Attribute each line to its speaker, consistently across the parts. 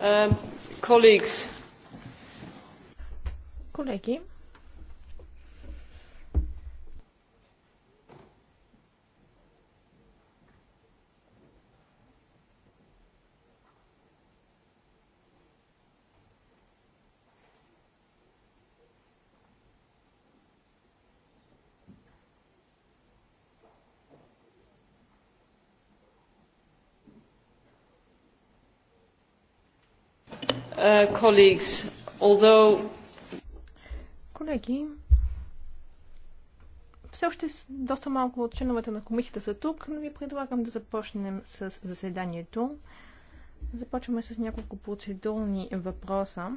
Speaker 1: Um, Колеги, Колеги, все още доста малко от членовете на комисията са тук, но ви предлагам да започнем с заседанието. Започваме с няколко процедурни въпроса,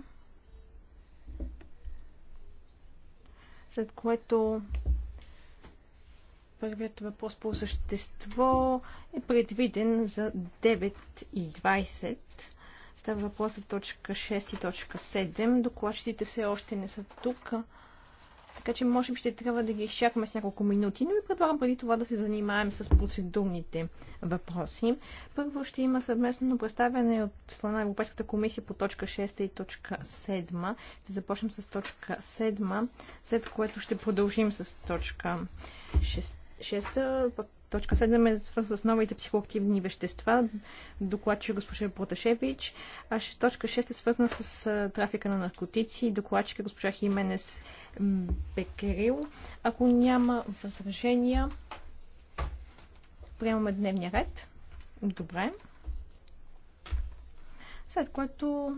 Speaker 1: след което първият въпрос по същество е предвиден за 9.20. Става въпрос за точка 6 и точка 7. Докладчиците все още не са тук. Така че може би ще трябва да ги изчакаме с няколко минути, но ви предлагам преди това да се занимаем с процедурните въпроси. Първо ще има съвместно представяне от страна Европейската комисия по точка 6 и точка 7. Ще започнем с точка 7, след което ще продължим с точка 6, 6 Точка 7 е свързана с новите психоактивни вещества, докладчик е госпожа Проташевич, а точка 6 е свързана с трафика на наркотици, Докладчика е госпожа Хименес Бекерил. Ако няма възражения, приемаме дневния ред. Добре. След което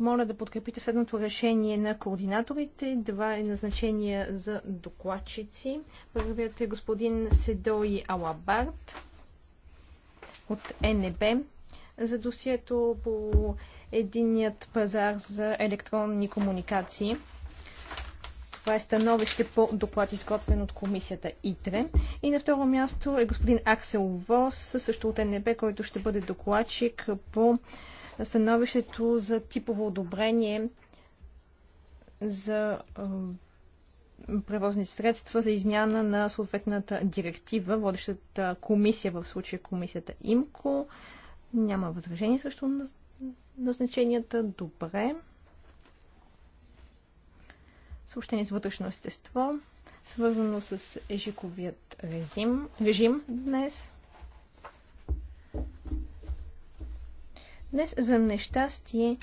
Speaker 1: моля да подкрепите следното решение на координаторите. Два е назначения за докладчици. Първият е господин Седои Алабард от НБ за досието по единният пазар за електронни комуникации. Това е становище по доклад, изготвен от комисията ИТРЕ. И на второ място е господин Аксел Вос, също от НБ, който ще бъде докладчик по становището за типово одобрение за превозни средства за измяна на съответната директива, водещата комисия, в случая комисията ИМКО. Няма възражение срещу назначенията. Добре. Съобщение с вътрешно естество, свързано с ежиковият режим, режим днес. Днес за нещастие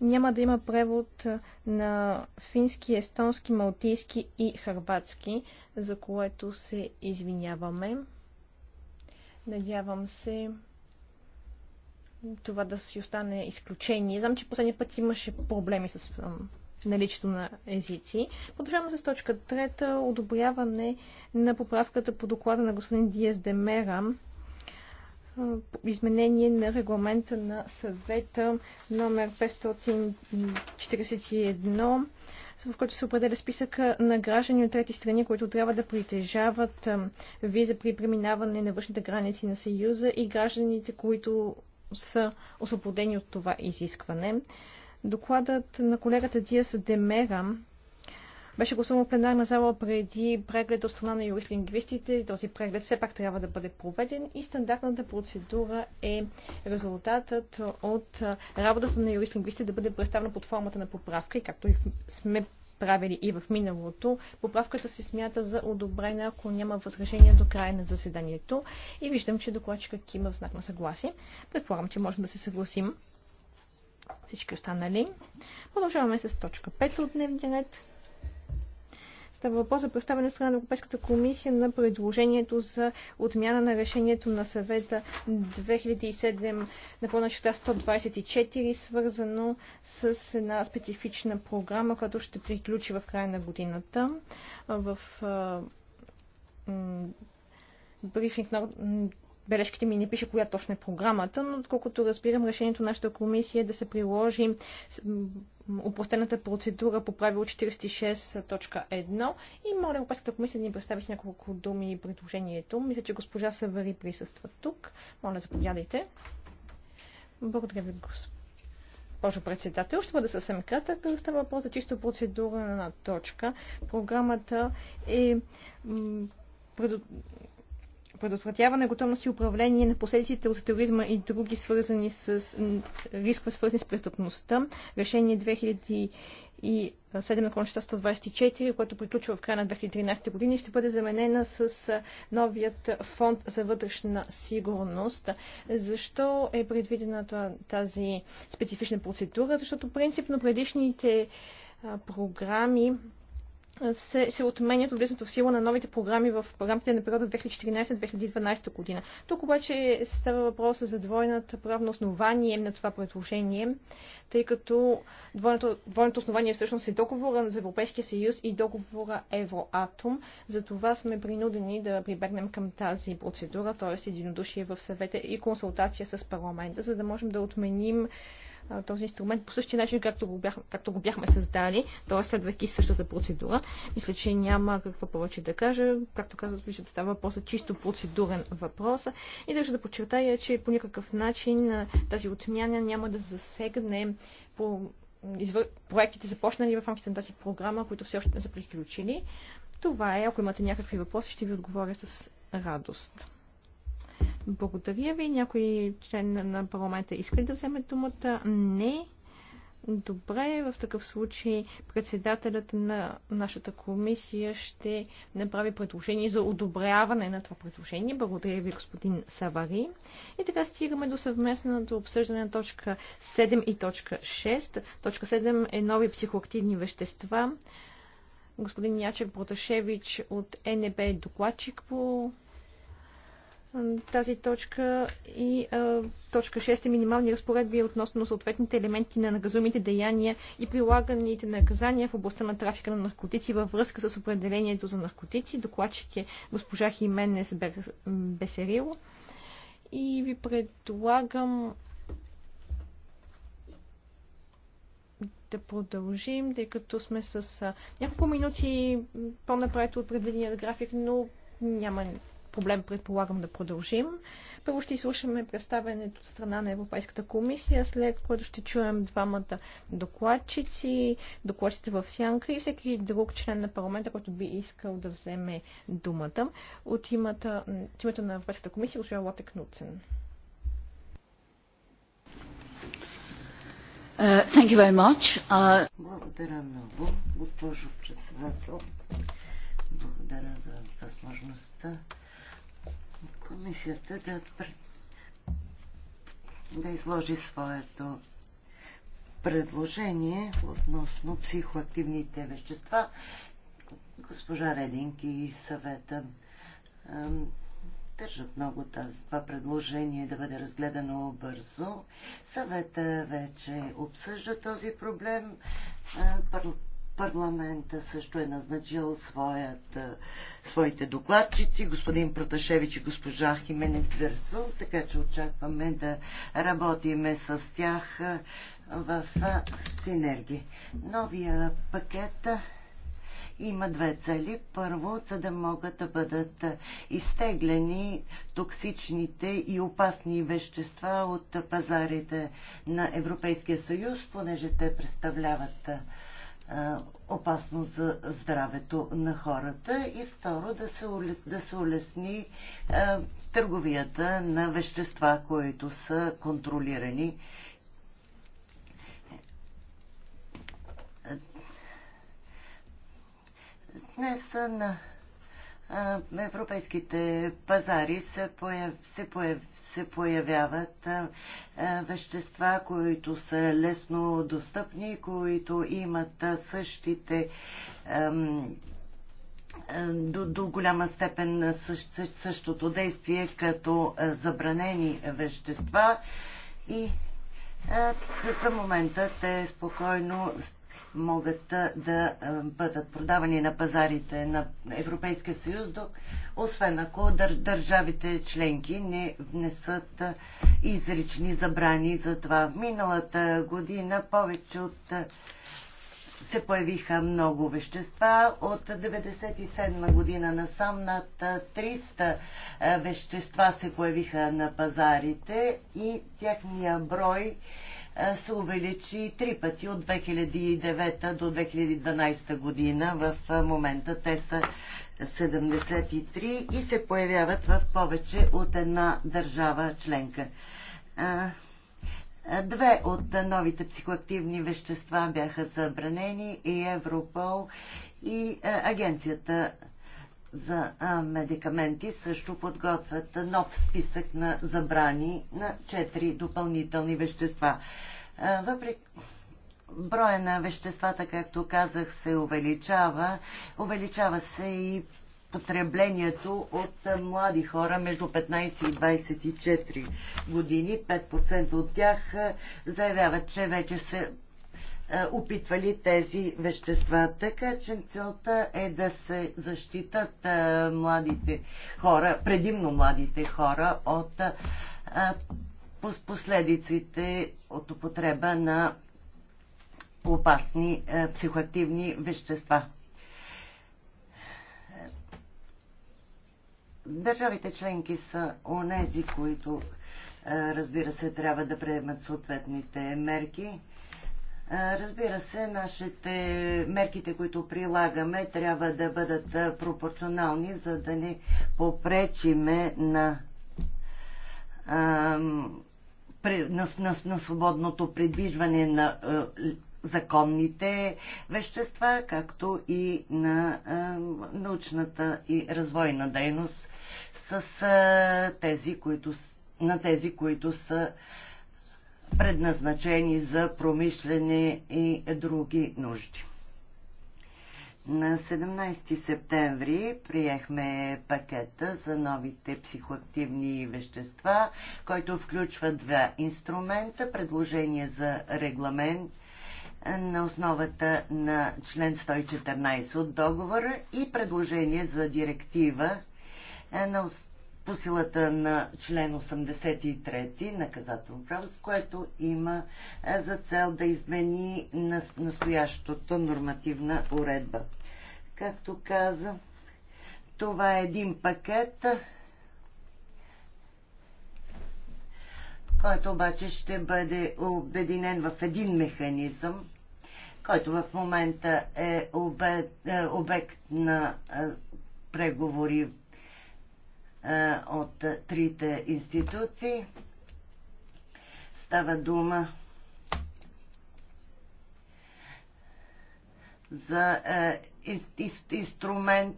Speaker 1: няма да има превод на фински, естонски, малтийски и хърватски, за което се извиняваме. Надявам се това да си остане изключение. Знам, че последния път имаше проблеми с наличието на езици. Продължаваме с точка трета. Одобряване на поправката по доклада на господин Диес Демера изменение на регламента на съвета номер 541, в който се определя списъка на граждани от трети страни, които трябва да притежават виза при преминаване на външните граници на Съюза и гражданите, които са освободени от това изискване. Докладът на колегата Диас Демера беше гласувано пленарна зала преди преглед от страна на юрист-лингвистите. Този преглед все пак трябва да бъде проведен и стандартната процедура е резултатът от работата на юрист-лингвистите да бъде представена под формата на поправка и както и сме правили и в миналото. Поправката се смята за одобрена, ако няма възражение до края на заседанието. И виждам, че докладчика има в знак на съгласие. Предполагам, че можем да се съгласим. Всички останали. Продължаваме с точка 5 от дневния ред. Става въпрос за представяне от страна на Европейската комисия на предложението за отмяна на решението на съвета 2007 на пълна 124, свързано с една специфична програма, която ще приключи в края на годината. В брифинг на бележките ми не пише коя точно е програмата, но отколкото разбирам, решението на нашата комисия е да се приложи упростената процедура по правило 46.1 и моля Европейската комисия да ни представи с няколко думи предложението. Мисля, че госпожа Савари присъства тук. Моля, заповядайте. Благодаря ви, госпожо председател. Ще бъда съвсем кратък. Става въпрос за чисто процедура на точка. Програмата е предотвратяване, готовност и управление на последиците от тероризма и други свързани с рискове, свързани с престъпността. Решение 2007 на 124, което приключва в края на 2013 година ще бъде заменена с новият фонд за вътрешна сигурност. Защо е предвидена тази специфична процедура? Защото принципно предишните програми се, се отменят от влизането в сила на новите програми в програмите на периода 2014-2012 година. Тук обаче става въпрос за двойната правно основание на това предложение, тъй като двойното, двойното основание всъщност е договора за Европейския съюз и договора Евроатом. За това сме принудени да прибегнем към тази процедура, т.е. единодушие в съвета и консултация с парламента, за да можем да отменим този инструмент по същия начин, както го, бях, както го бяхме създали, т.е. следвайки същата процедура. Мисля, че няма какво повече да кажа. Както казах, виждате, става въпрос чисто процедурен въпрос. И държа да подчертая, че по никакъв начин тази отмяна няма да засегне по извър... проектите започнали в рамките на тази програма, които все още не са приключили. Това е, ако имате някакви въпроси, ще ви отговоря с радост. Благодаря ви. Някой член на парламента иска да вземе думата? Не. Добре, в такъв случай председателят на нашата комисия ще направи предложение за одобряване на това предложение. Благодаря ви, господин Савари. И така стигаме до съвместното обсъждане на точка 7 и точка 6. Точка 7 е нови психоактивни вещества. Господин Ячек Проташевич от НБ е докладчик по тази точка и а, точка 6 е минимални разпоредби относно съответните елементи на наказумите деяния и прилаганите наказания в областта на трафика на наркотици във връзка с определението за наркотици. Докладчик е госпожа Хименес Бесерило, И ви предлагам да продължим, тъй като сме с няколко минути по-напред от предвидения график, но няма проблем предполагам да продължим. Първо ще изслушаме представенето от страна на Европейската комисия, след което ще чуем двамата докладчици, докладчите в Сянка и всеки друг член на парламента, който би искал да вземе думата от името, от името на Европейската комисия, госпожа Лотек Нуцен.
Speaker 2: Uh, thank you very much. Uh... Благодаря много, госпожо председател. Благодаря за възможността комисията да, да изложи своето предложение относно психоактивните вещества. Госпожа Рединки и съвета държат много тази, това предложение да бъде разгледано бързо. Съвета вече обсъжда този проблем. Парламента също е назначил своят, своите докладчици, господин Проташевич и госпожа Хименес Версо, така че очакваме да работиме с тях в синергия. Новия пакет има две цели. Първо, за да могат да бъдат изтеглени токсичните и опасни вещества от пазарите на Европейския съюз, понеже те представляват опасно за здравето на хората и второ да се, улес, да се улесни е, търговията на вещества, които са контролирани. Днес на европейските пазари се, появ, се, появ, се появяват вещества, които са лесно достъпни, които имат същите до, до голяма степен същ, същото действие като забранени вещества и за момента те спокойно могат да бъдат продавани на пазарите на Европейския съюз, освен ако държавите членки не внесат изрични забрани за това. Миналата година повече от се появиха много вещества. От 1997 година насам над 300 вещества се появиха на пазарите и тяхния брой е, се увеличи три пъти от 2009 до 2012 година. В е, момента те са 73 и се появяват в повече от една държава членка. Е, две от новите психоактивни вещества бяха забранени и Европол и Агенцията за медикаменти също подготвят нов списък на забрани на 4 допълнителни вещества. Въпреки броя на веществата, както казах, се увеличава. Увеличава се и потреблението от млади хора между 15 и 24 години. 5% от тях заявяват, че вече се е, опитвали тези вещества. Така че целта е да се защитат е, младите хора, предимно младите хора от е, последиците от употреба на опасни психоактивни вещества. Държавите членки са онези, които разбира се трябва да приемат съответните мерки Разбира се, нашите мерките, които прилагаме, трябва да бъдат пропорционални, за да не попречиме на, на, на, на свободното придвижване на законните вещества, както и на научната и развойна дейност с тези, които, на тези, които са предназначени за промишлени и други нужди. На 17 септември приехме пакета за новите психоактивни вещества, който включва два инструмента. Предложение за регламент на основата на член 114 от договора и предложение за директива на основата по силата на член 83 наказателно право, с което има е, за цел да измени настоящото нормативна уредба. Както каза, това е един пакет, който обаче ще бъде обединен в един механизъм, който в момента е, е обект на е, преговори е, от трите институции. Става дума за е, инструмент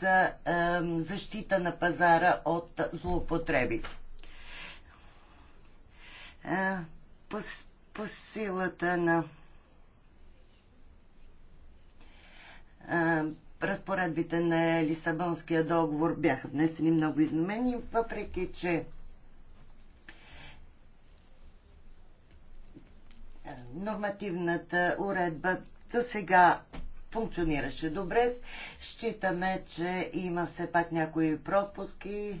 Speaker 2: за е, защита на пазара от злоупотреби. По, по силата на разпоредбите на Лисабонския договор бяха внесени много изменени, въпреки че е, нормативната уредба за сега функционираше добре. Считаме, че има все пак някои пропуски, е,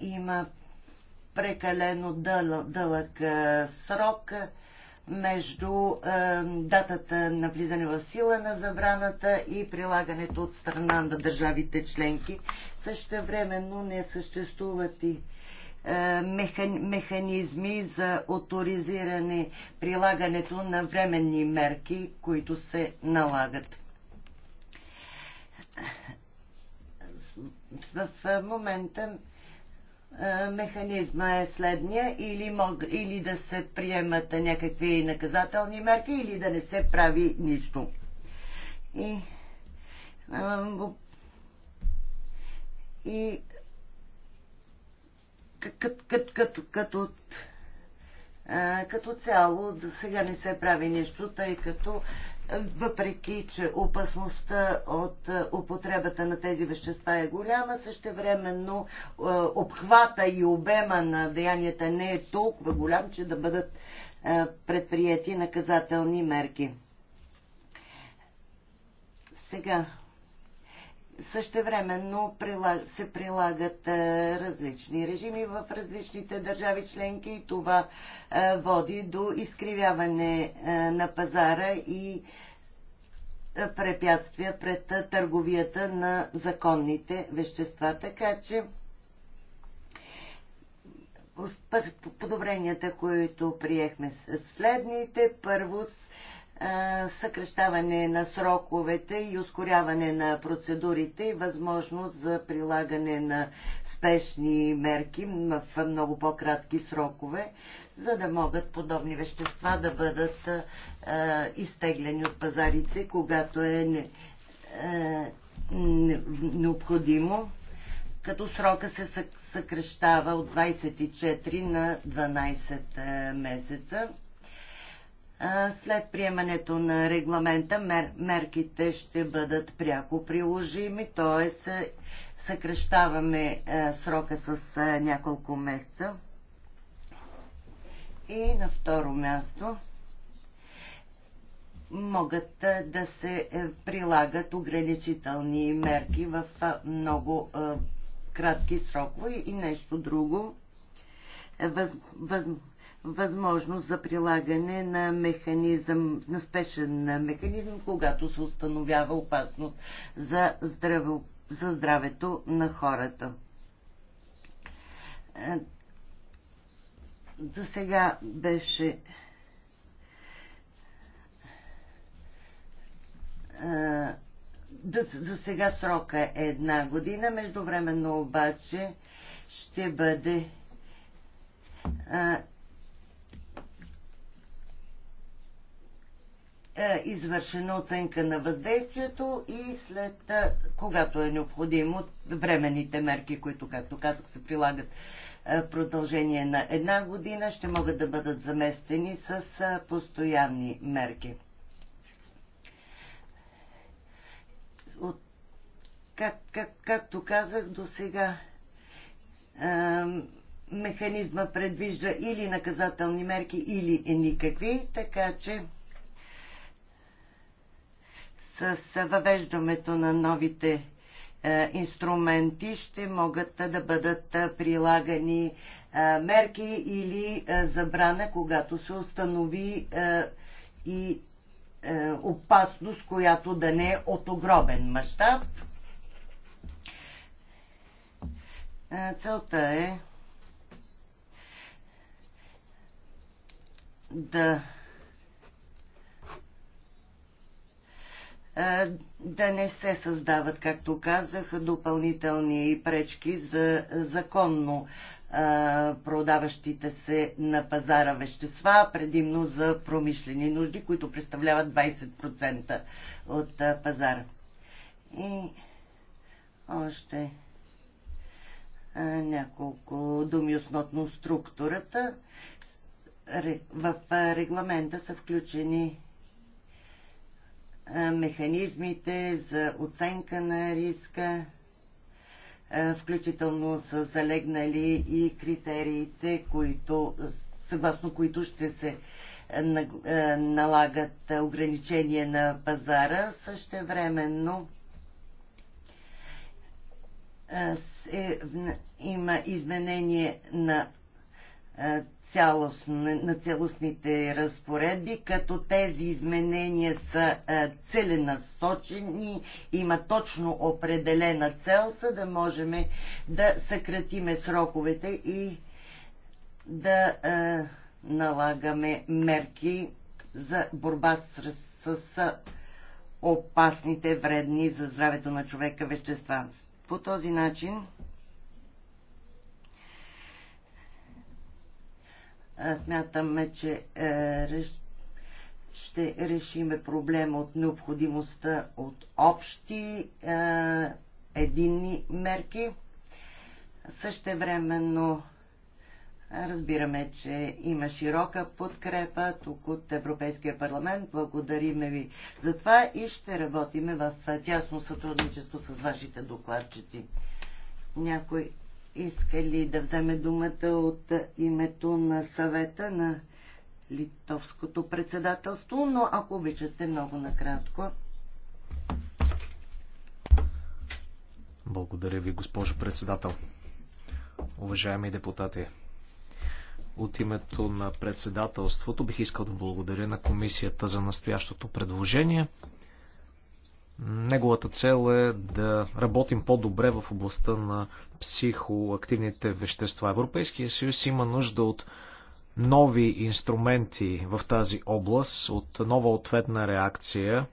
Speaker 2: има прекалено дълъг е, срок между е, датата на влизане в сила на забраната и прилагането от страна на държавите членки. Същевременно не съществуват и е, механизми за авторизиране прилагането на временни мерки, които се налагат. В момента е, механизма е следния или, мог, или да се приемат някакви наказателни мерки, или да не се прави нищо. И, а, е, и като, като, като, е, като цяло да сега не се прави нищо, тъй като въпреки че опасността от е, употребата на тези вещества е голяма, същевременно е, обхвата и обема на деянията не е толкова голям, че да бъдат е, предприяти наказателни мерки. Сега, същевременно се прилагат различни режими в различните държави членки и това води до изкривяване на пазара и препятствия пред търговията на законните вещества. Така че подобренията, които приехме следните. Първо съкрещаване на сроковете и ускоряване на процедурите и възможност за прилагане на спешни мерки в много по-кратки срокове, за да могат подобни вещества да бъдат изтеглени от пазарите, когато е, необходимо, като срока се съкращава от 24 на 12 месеца след приемането на регламента мерките ще бъдат пряко приложими, т.е. съкрещаваме срока с няколко месеца. И на второ място могат да се е, прилагат ограничителни мерки в много кратки срокове и нещо друго. Е, въз, възможност за прилагане на механизъм, на спешен механизъм, когато се установява опасност за, здраве, за здравето на хората. До е, сега беше е, за сега срока е една година, междувременно обаче ще бъде е, Е, извършена оценка на въздействието и след, е, когато е необходимо, временните мерки, които, както казах, се прилагат е, продължение на една година, ще могат да бъдат заместени с постоянни мерки. От, как, как, както казах до сега, механизма предвижда или наказателни мерки, или никакви, така че с въвеждането на новите е, инструменти ще могат да бъдат е, прилагани е, мерки или забрана, когато се установи и опасност, която да не е от огромен мащаб. Целта е да да не се създават, както казах, допълнителни пречки за законно продаващите се на пазара вещества, предимно за промишлени нужди, които представляват 20% от пазара. И още няколко думи относно структурата. В регламента са включени механизмите за оценка на риска, включително са залегнали и критериите, които, съгласно които ще се налагат ограничения на пазара. Същевременно е, има изменение на цялост, на цялостните разпоредби, като тези изменения са е, целенасочени, има точно определена цел, за да можем да съкратиме сроковете и да е, налагаме мерки за борба с, с, с опасните вредни за здравето на човека вещества. По този начин смятаме, че е, ще решиме проблема от необходимостта от общи е, единни мерки. Същевременно разбираме, че има широка подкрепа тук от Европейския парламент. Благодариме ви за това и ще работиме в тясно сътрудничество с вашите докладчици. Някой искали да вземе думата от името на съвета на литовското председателство, но ако обичате много накратко.
Speaker 3: Благодаря ви, госпожо председател. Уважаеми депутати, от името на председателството бих искал да благодаря на комисията за настоящото предложение. Неговата цел е да работим по-добре в областта на психоактивните вещества. Европейския съюз има нужда от нови инструменти в тази област, от нова ответна реакция.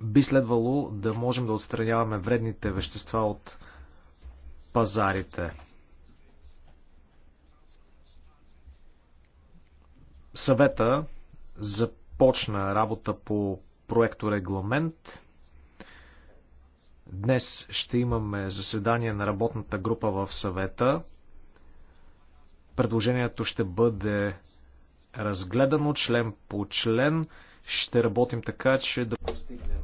Speaker 3: Би следвало да можем да отстраняваме вредните вещества от пазарите. Съвета започна работа по проекторегламент. Днес ще имаме заседание на работната група в съвета. Предложението ще бъде разгледано член по член. Ще работим така, че да постигнем.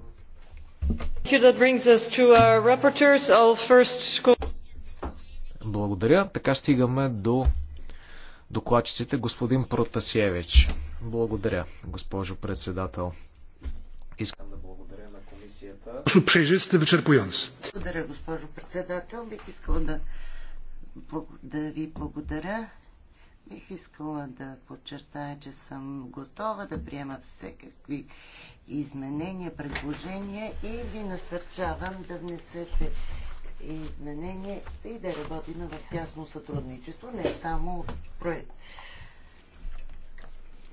Speaker 3: Благодаря. Така стигаме до докладчиците господин Протасевич. Благодаря, госпожо председател. Искам да благодаря на
Speaker 2: комисията.
Speaker 3: Прежисте вичерпуянс.
Speaker 2: Благодаря, госпожо председател. Бих искала да, да ви благодаря. Бих искала да подчертая, че съм готова да приема всякакви изменения, предложения и ви насърчавам да внесете изменения и да работим в тясно сътрудничество, не само проект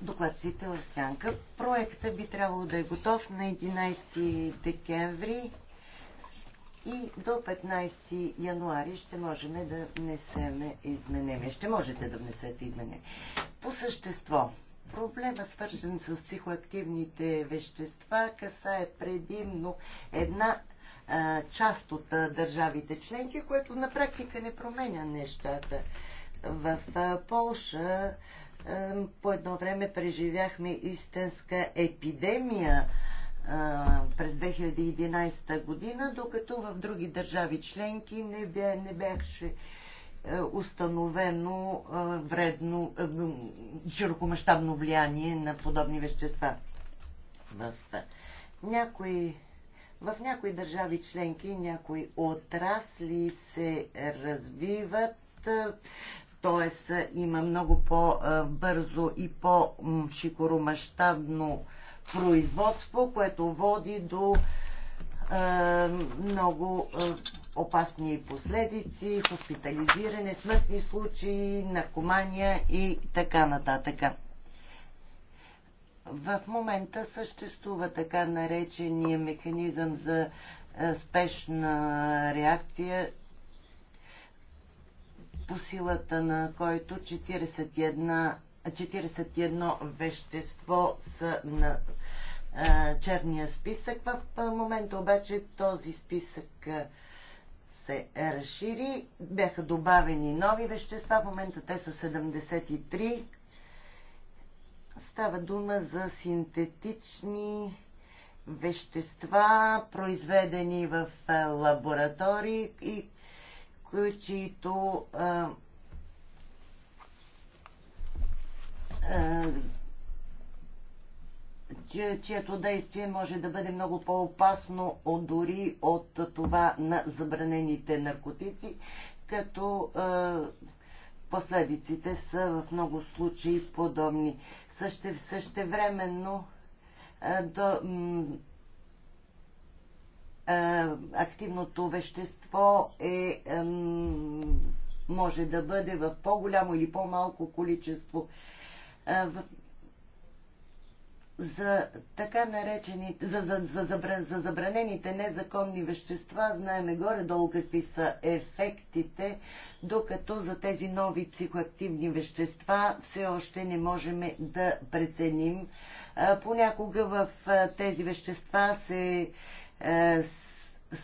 Speaker 2: докладците в сянка. Проекта би трябвало да е готов на 11 декември и до 15 януари ще можем да внесеме изменение. Ще можете да внесете изменение. По същество, проблема свързан с психоактивните вещества касае предимно една а, част от а, държавите членки, което на практика не променя нещата. В а, Полша по едно време преживяхме истинска епидемия през 2011 година, докато в други държави членки не, бе, не беше е, установено вредно, широкомащабно влияние на подобни вещества. В някои, в някои държави членки, някои отрасли се развиват т.е. има много по-бързо и по-шикоромащабно производство, което води до много опасни последици, хоспитализиране, смъртни случаи, наркомания и така нататък. В момента съществува така наречения механизъм за спешна реакция по силата на който 41, 41 вещество са на а, черния списък. В момента обаче този списък а, се разшири. Бяха добавени нови вещества. В момента те са 73. Става дума за синтетични вещества, произведени в лаборатории и чието а, че, чието действие може да бъде много по-опасно от дори от това на забранените наркотици, като е, последиците са в много случаи подобни. Също, същевременно е, до, е, активното вещество е, може да бъде в по-голямо или по-малко количество. Е, за така наречените, за, за, за, за, за забранените незаконни вещества знаеме горе-долу какви са ефектите, докато за тези нови психоактивни вещества все още не можем да преценим. Е, понякога в тези вещества се е,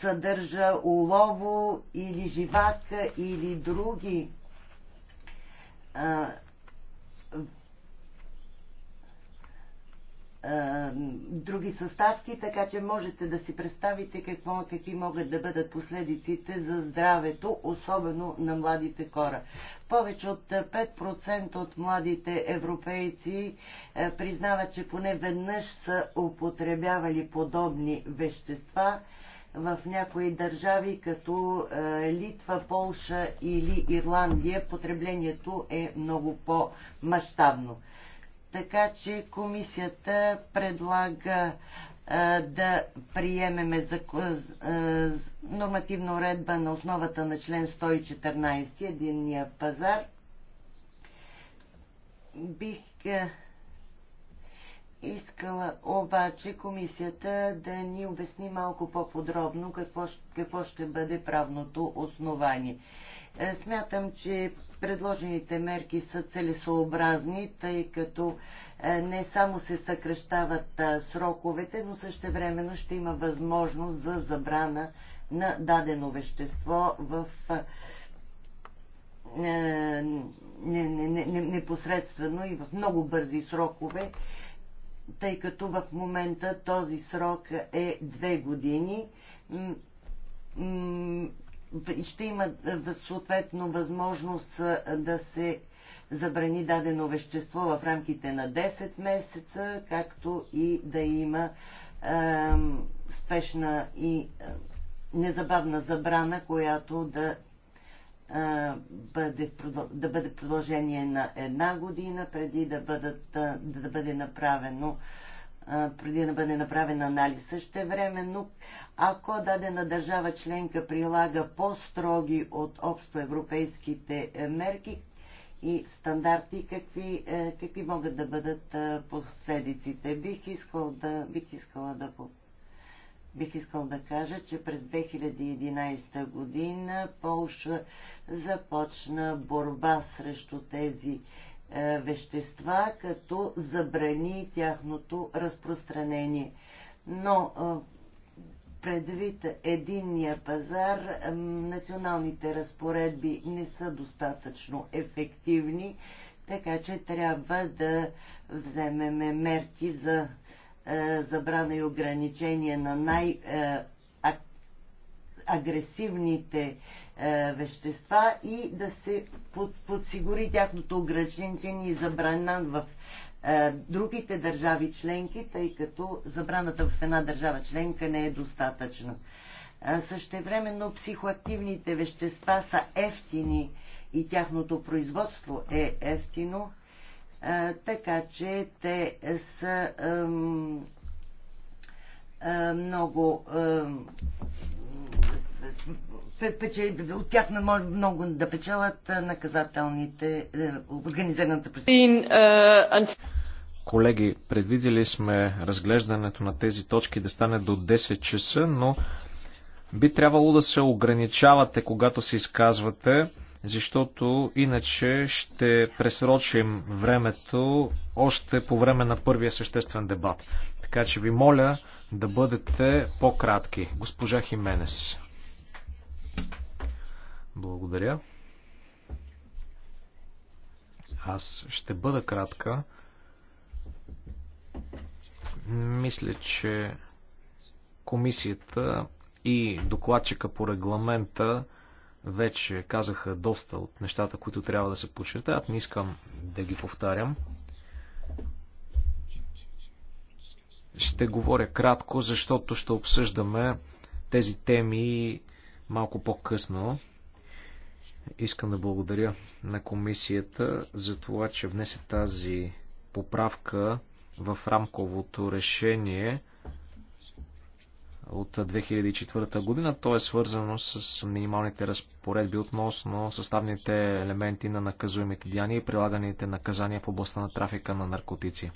Speaker 2: съдържа улово или живака или други други съставки, така че можете да си представите какво, какви могат да бъдат последиците за здравето, особено на младите хора. Повече от 5% от младите европейци признават, че поне веднъж са употребявали подобни вещества в някои държави, като Литва, Полша или Ирландия, потреблението е много по-масштабно. Така че комисията предлага да приемеме нормативна уредба на основата на член 114, единния пазар. Бих искала обаче комисията да ни обясни малко по-подробно какво, какво ще бъде правното основание. Е, смятам, че предложените мерки са целесообразни, тъй като е, не само се съкръщават е, сроковете, но също времено ще има възможност за забрана на дадено вещество в е, непосредствено и в много бързи срокове, тъй като в момента този срок е две години ще има е, съответно възможност е, да се забрани дадено вещество в рамките на 10 месеца, както и да има е, спешна и е, незабавна забрана, която да, е, бъде, да бъде продължение на една година, преди да, бъдат, е, да бъде направено е, преди да бъде направен анализ. Също време, но ако дадена държава членка прилага по-строги от общоевропейските е, мерки и стандарти, какви, е, какви могат да бъдат е, последиците? Бих искал да, бих искала да Бих искал да кажа, че през 2011 година Полша започна борба срещу тези е, вещества, като забрани тяхното разпространение. Но е, предвид единния пазар, е, националните разпоредби не са достатъчно ефективни, така че трябва да вземеме мерки за забрана и ограничение на най- агресивните е, вещества и да се подсигури тяхното ограничение и е забрана в е, другите държави членки, тъй като забраната в една държава членка не е достатъчна. Същевременно психоактивните вещества са ефтини и тяхното производство е ефтино, така че те са много от тях не може много да печелят наказателните, е, организираната престъпност.
Speaker 3: Uh, Колеги, предвидели сме разглеждането на тези точки да стане до 10 часа, но би трябвало да се ограничавате, когато се изказвате, защото иначе ще пресрочим времето още по време на първия съществен дебат. Така че ви моля да бъдете по-кратки. Госпожа Хименес. Благодаря. Аз ще бъда кратка. Мисля, че комисията и докладчика по регламента вече казаха доста от нещата, които трябва да се подчертаят. Не искам да ги повтарям. Ще говоря кратко, защото ще обсъждаме тези теми малко по-късно. Искам да благодаря на комисията за това, че внесе тази поправка в рамковото решение от 2004 година. То е свързано с минималните разпоредби относно съставните елементи на наказуемите деяния и прилаганите наказания в областта на трафика на наркотици.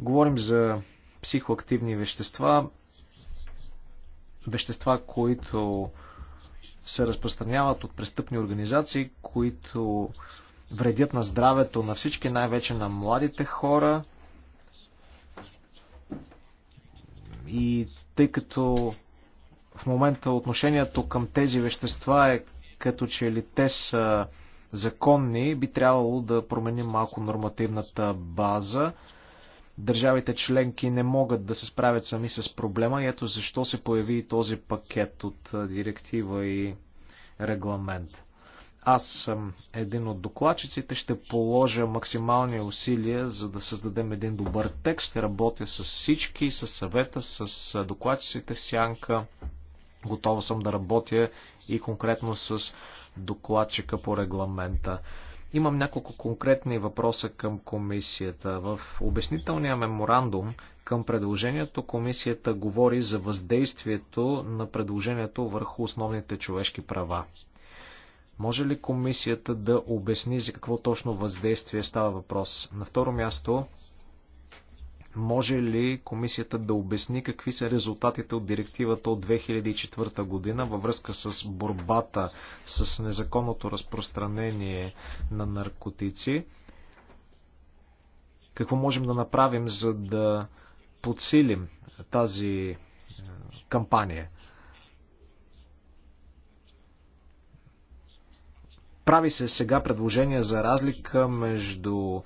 Speaker 3: Говорим за психоактивни вещества вещества, които се разпространяват от престъпни организации, които вредят на здравето на всички, най-вече на младите хора. И тъй като в момента отношението към тези вещества е като че ли те са законни, би трябвало да променим малко нормативната база държавите членки не могат да се справят сами с проблема и ето защо се появи този пакет от директива и регламент. Аз съм един от докладчиците, ще положа максимални усилия, за да създадем един добър текст, ще работя с всички, с съвета, с докладчиците в сянка. Готова съм да работя и конкретно с докладчика по регламента. Имам няколко конкретни въпроса към комисията. В обяснителния меморандум към предложението комисията говори за въздействието на предложението върху основните човешки права. Може ли комисията да обясни за какво точно въздействие става въпрос? На второ място, може ли комисията да обясни какви са резултатите от директивата от 2004 година във връзка с борбата с незаконното разпространение на наркотици? Какво можем да направим, за да подсилим тази е, кампания? Прави се сега предложение за разлика между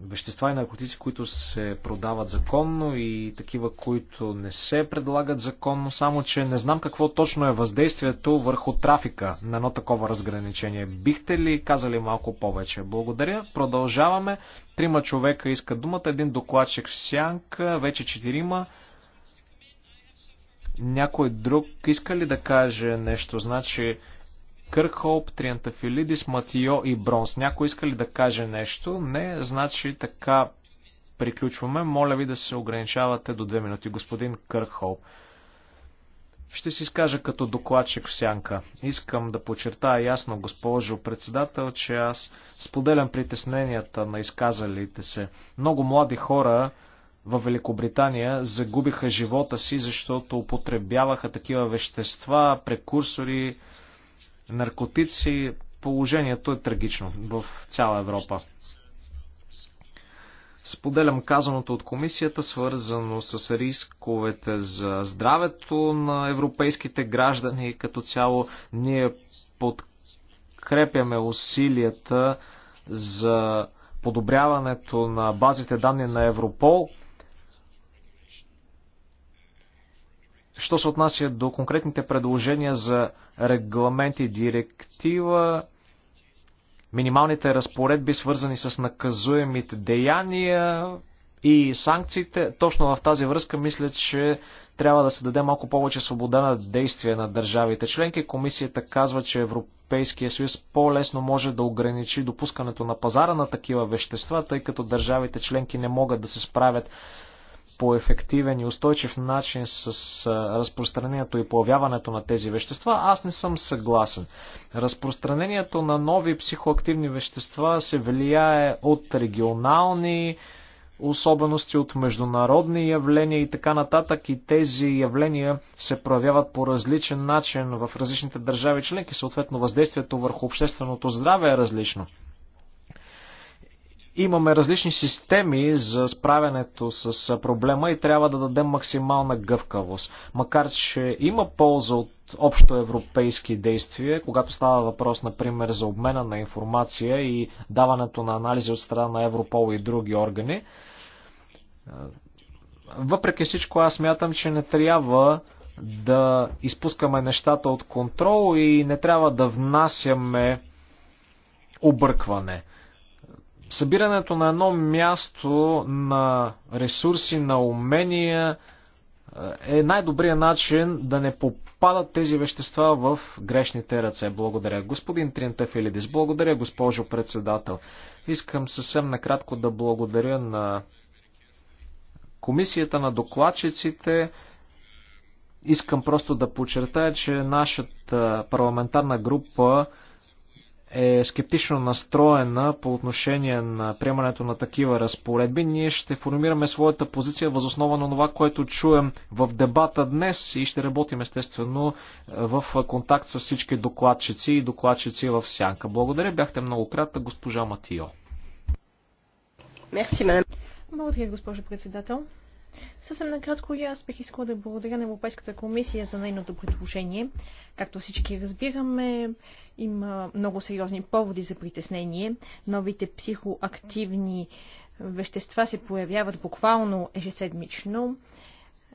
Speaker 3: вещества и наркотици, които се продават законно и такива, които не се предлагат законно, само че не знам какво точно е въздействието върху трафика на едно такова разграничение. Бихте ли казали малко повече? Благодаря. Продължаваме. Трима човека искат думата, един докладчик в сянка, вече четирима. Някой друг иска ли да каже нещо? Значи Кърхолп, Триантафилидис, Матио и Бронс. Някой иска ли да каже нещо? Не, значи така приключваме. Моля ви да се ограничавате до две минути. Господин Кърхолп. Ще си скажа като докладчик в сянка. Искам да подчертая ясно, госпожо председател, че аз споделям притесненията на изказалите се. Много млади хора в Великобритания загубиха живота си, защото употребяваха такива вещества, прекурсори, наркотици, положението е трагично в цяла Европа. Споделям казаното от комисията, свързано с рисковете за здравето на европейските граждани. Като цяло ние подкрепяме усилията за подобряването на базите данни на Европол. Що се отнася до конкретните предложения за регламент и директива, минималните разпоредби, свързани с наказуемите деяния и санкциите. Точно в тази връзка мисля, че трябва да се даде малко повече свобода на действие на държавите членки. Комисията казва, че Европейския съюз по-лесно може да ограничи допускането на пазара на такива вещества, тъй като държавите членки не могат да се справят по ефективен и устойчив начин с разпространението и появяването на тези вещества, аз не съм съгласен. Разпространението на нови психоактивни вещества се влияе от регионални особености, от международни явления и така нататък и тези явления се проявяват по различен начин в различните държави членки, съответно въздействието върху общественото здраве е различно. Имаме различни системи за справянето с проблема и трябва да дадем максимална гъвкавост. Макар, че има полза от общо европейски действия, когато става въпрос, например, за обмена на информация и даването на анализи от страна на Европол и други органи, въпреки всичко аз мятам, че не трябва да изпускаме нещата от контрол и не трябва да внасяме объркване събирането на едно място на ресурси, на умения е най-добрият начин да не попадат тези вещества в грешните ръце. Благодаря. Господин Филидис, благодаря, госпожо председател. Искам съвсем накратко да благодаря на комисията на докладчиците. Искам просто да подчертая, че нашата парламентарна група е скептично настроена по отношение на приемането на такива разпоредби. Ние ще формираме своята позиция възоснова на това, което чуем в дебата днес и ще работим естествено в контакт с всички докладчици и докладчици в сянка. Благодаря, бяхте много кратка, госпожа Матио.
Speaker 1: Мерси, Благодаря, госпожо председател. Съвсем накратко и аз бих искала да благодаря на Европейската комисия за нейното предложение. Както всички разбираме, има много сериозни поводи за притеснение. Новите психоактивни вещества се появяват буквално ежеседмично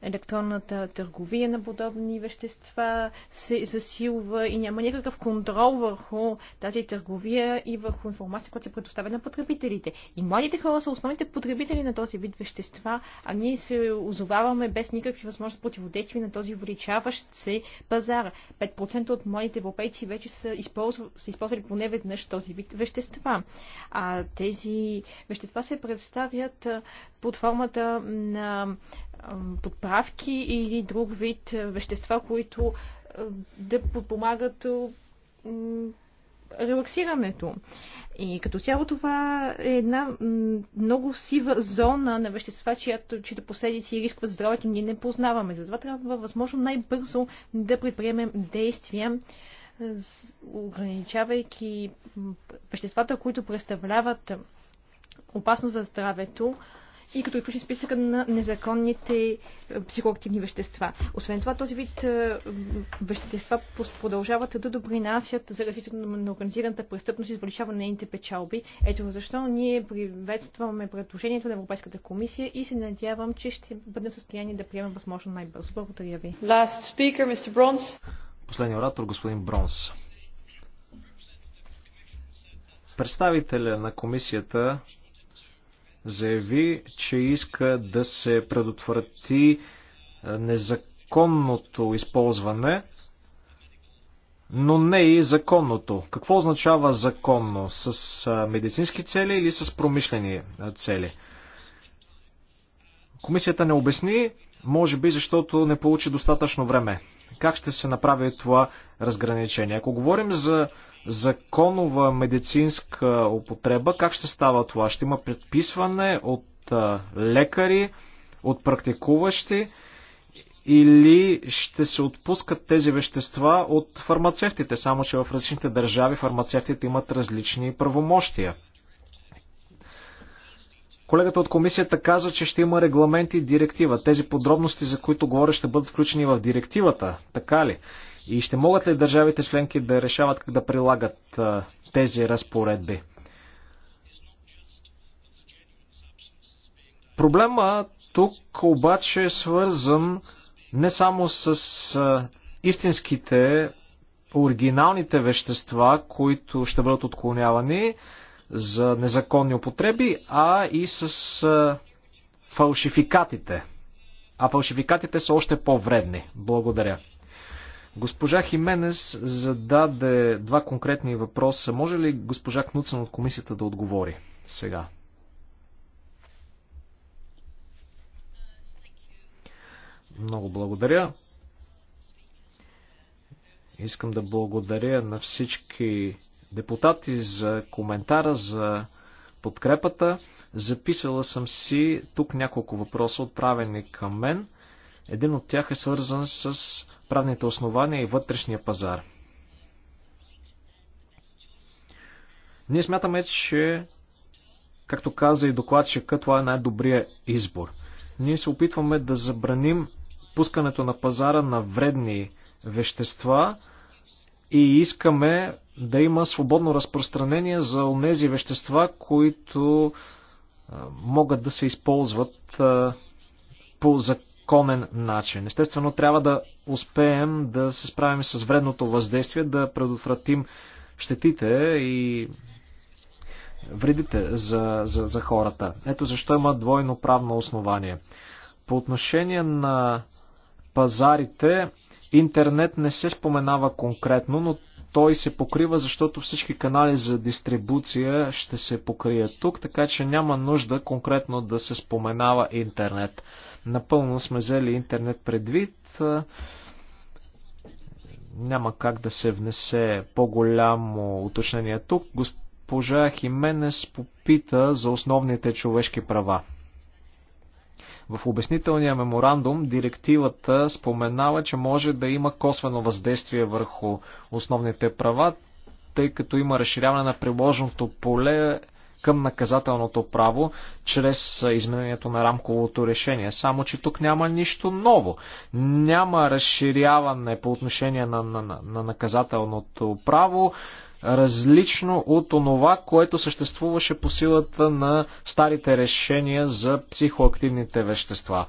Speaker 1: електронната търговия на подобни вещества се засилва и няма никакъв контрол върху тази търговия и върху информация, която се предоставя на потребителите. И младите хора са основните потребители на този вид вещества, а ние се озоваваме без никакви възможности противодействие на този увеличаващ се пазар. 5% от младите европейци вече са, използв... са използвали поне веднъж този вид вещества. А тези вещества се представят под формата на под добавки или друг вид е, вещества, които е, да подпомагат е, релаксирането. И като цяло това е една много сива зона на вещества, чиято, чието последици и рисква здравето ние не познаваме. Затова трябва възможно най-бързо да предприемем действия, ограничавайки веществата, които представляват опасност за здравето, и като изключи списъка на незаконните е, психоактивни вещества. Освен това, този вид е, вещества продължават да допринасят за развитието на организираната престъпност и завишаване на нейните печалби. Ето защо ние приветстваме предложението на Европейската комисия и се надявам, че ще бъдем в състояние да приемем възможно най-бързо. Благодаря ви. Last speaker, Mr. Bronze.
Speaker 3: Последният оратор, господин Бронс. Представителя на комисията заяви, че иска да се предотврати незаконното използване, но не и законното. Какво означава законно? С медицински цели или с промишлени цели? Комисията не обясни, може би защото не получи достатъчно време как ще се направи това разграничение? Ако говорим за законова медицинска употреба, как ще става това? Ще има предписване от лекари, от практикуващи или ще се отпускат тези вещества от фармацевтите, само че в различните държави фармацевтите имат различни правомощия. Колегата от комисията каза, че ще има регламент и директива. Тези подробности, за които говоря, ще бъдат включени в директивата, така ли? И ще могат ли държавите членки да решават как да прилагат а, тези разпоредби? Проблема тук обаче е свързан не само с а, истинските, оригиналните вещества, които ще бъдат отклонявани, за незаконни употреби, а и с фалшификатите. А фалшификатите са още по-вредни. Благодаря. Госпожа Хименес зададе два конкретни въпроса. Може ли госпожа Кнуцен от комисията да отговори сега? Много благодаря. Искам да благодаря на всички депутати за коментара, за подкрепата. Записала съм си тук няколко въпроса, отправени към мен. Един от тях е свързан с правните основания и вътрешния пазар. Ние смятаме, че, както каза и докладчика, това е най-добрият избор. Ние се опитваме да забраним пускането на пазара на вредни вещества и искаме да има свободно разпространение за онези вещества, които могат да се използват по законен начин. Естествено, трябва да успеем да се справим с вредното въздействие, да предотвратим щетите и вредите за, за, за хората. Ето защо има двойно правно основание. По отношение на пазарите, интернет не се споменава конкретно, но той се покрива, защото всички канали за дистрибуция ще се покрият тук, така че няма нужда конкретно да се споменава интернет. Напълно сме взели интернет предвид. Няма как да се внесе по-голямо уточнение тук. Госпожа Хименес попита за основните човешки права. В обяснителния меморандум директивата споменава, че може да има косвено въздействие върху основните права, тъй като има разширяване на приложеното поле към наказателното право чрез изменението на рамковото решение. Само, че тук няма нищо ново. Няма разширяване по отношение на, на, на наказателното право различно от онова, което съществуваше по силата на старите решения за психоактивните вещества.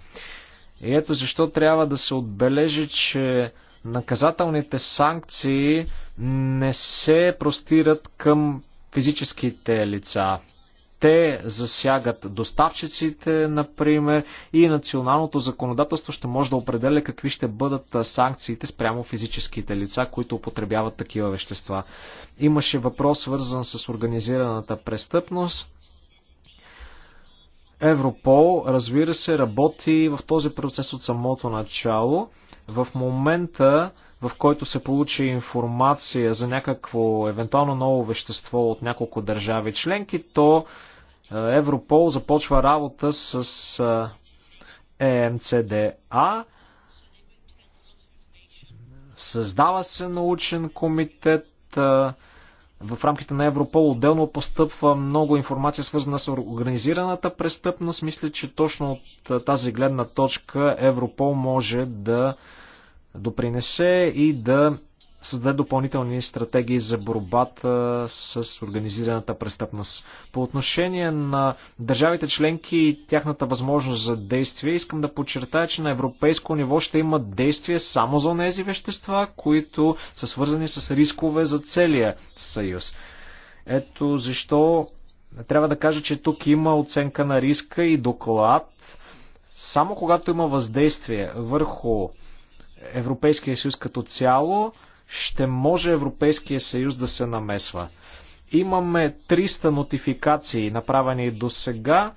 Speaker 3: И ето защо трябва да се отбележи, че наказателните санкции не се простират към физическите лица. Те засягат доставчиците, например, и националното законодателство ще може да определя какви ще бъдат санкциите спрямо физическите лица, които употребяват такива вещества. Имаше въпрос, свързан с организираната престъпност. Европол, разбира се, работи в този процес от самото начало. В момента в който се получи информация за някакво евентуално ново вещество от няколко държави членки, то е, Европол започва работа с ЕМЦДА. Е Създава се научен комитет. Е, в рамките на Европол отделно постъпва много информация, свързана с организираната престъпност. Мисля, че точно от тази гледна точка Европол може да допринесе и да създаде допълнителни стратегии за борбата с организираната престъпност. По отношение на държавите членки и тяхната възможност за действие, искам да подчертая, че на европейско ниво ще има действие само за тези вещества, които са свързани с рискове за целия съюз. Ето защо трябва да кажа, че тук има оценка на риска и доклад. Само когато има въздействие върху Европейския съюз като цяло, ще може Европейския съюз да се намесва. Имаме 300 нотификации, направени до сега,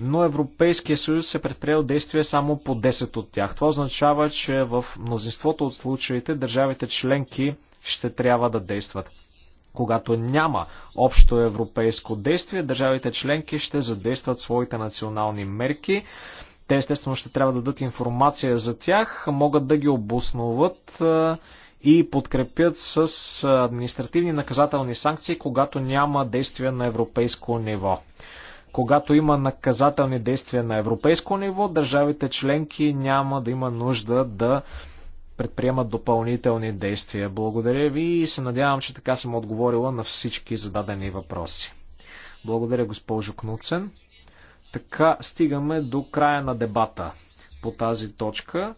Speaker 3: но Европейския съюз се предприел действия само по 10 от тях. Това означава, че в мнозинството от случаите държавите членки ще трябва да действат. Когато няма общо европейско действие, държавите членки ще задействат своите национални мерки. Те естествено ще трябва да дадат информация за тях, могат да ги обосноват и подкрепят с административни наказателни санкции, когато няма действия на европейско ниво. Когато има наказателни действия на европейско ниво, държавите членки няма да има нужда да предприемат допълнителни действия. Благодаря ви и се надявам, че така съм отговорила на всички зададени въпроси. Благодаря, госпожо Кнуцен. Така стигаме до края на дебата по тази точка.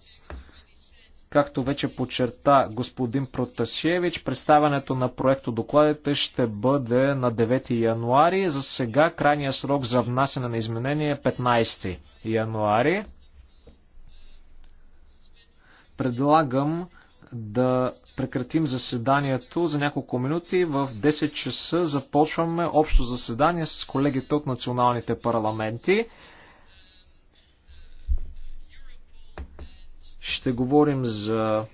Speaker 3: Както вече подчерта господин Протасевич, представянето на проекто докладите ще бъде на 9 януари. За сега крайният срок за внасяне на изменение е 15 януари. Предлагам да прекратим заседанието за няколко минути. В 10 часа започваме общо заседание с колегите от националните парламенти. Ще говорим за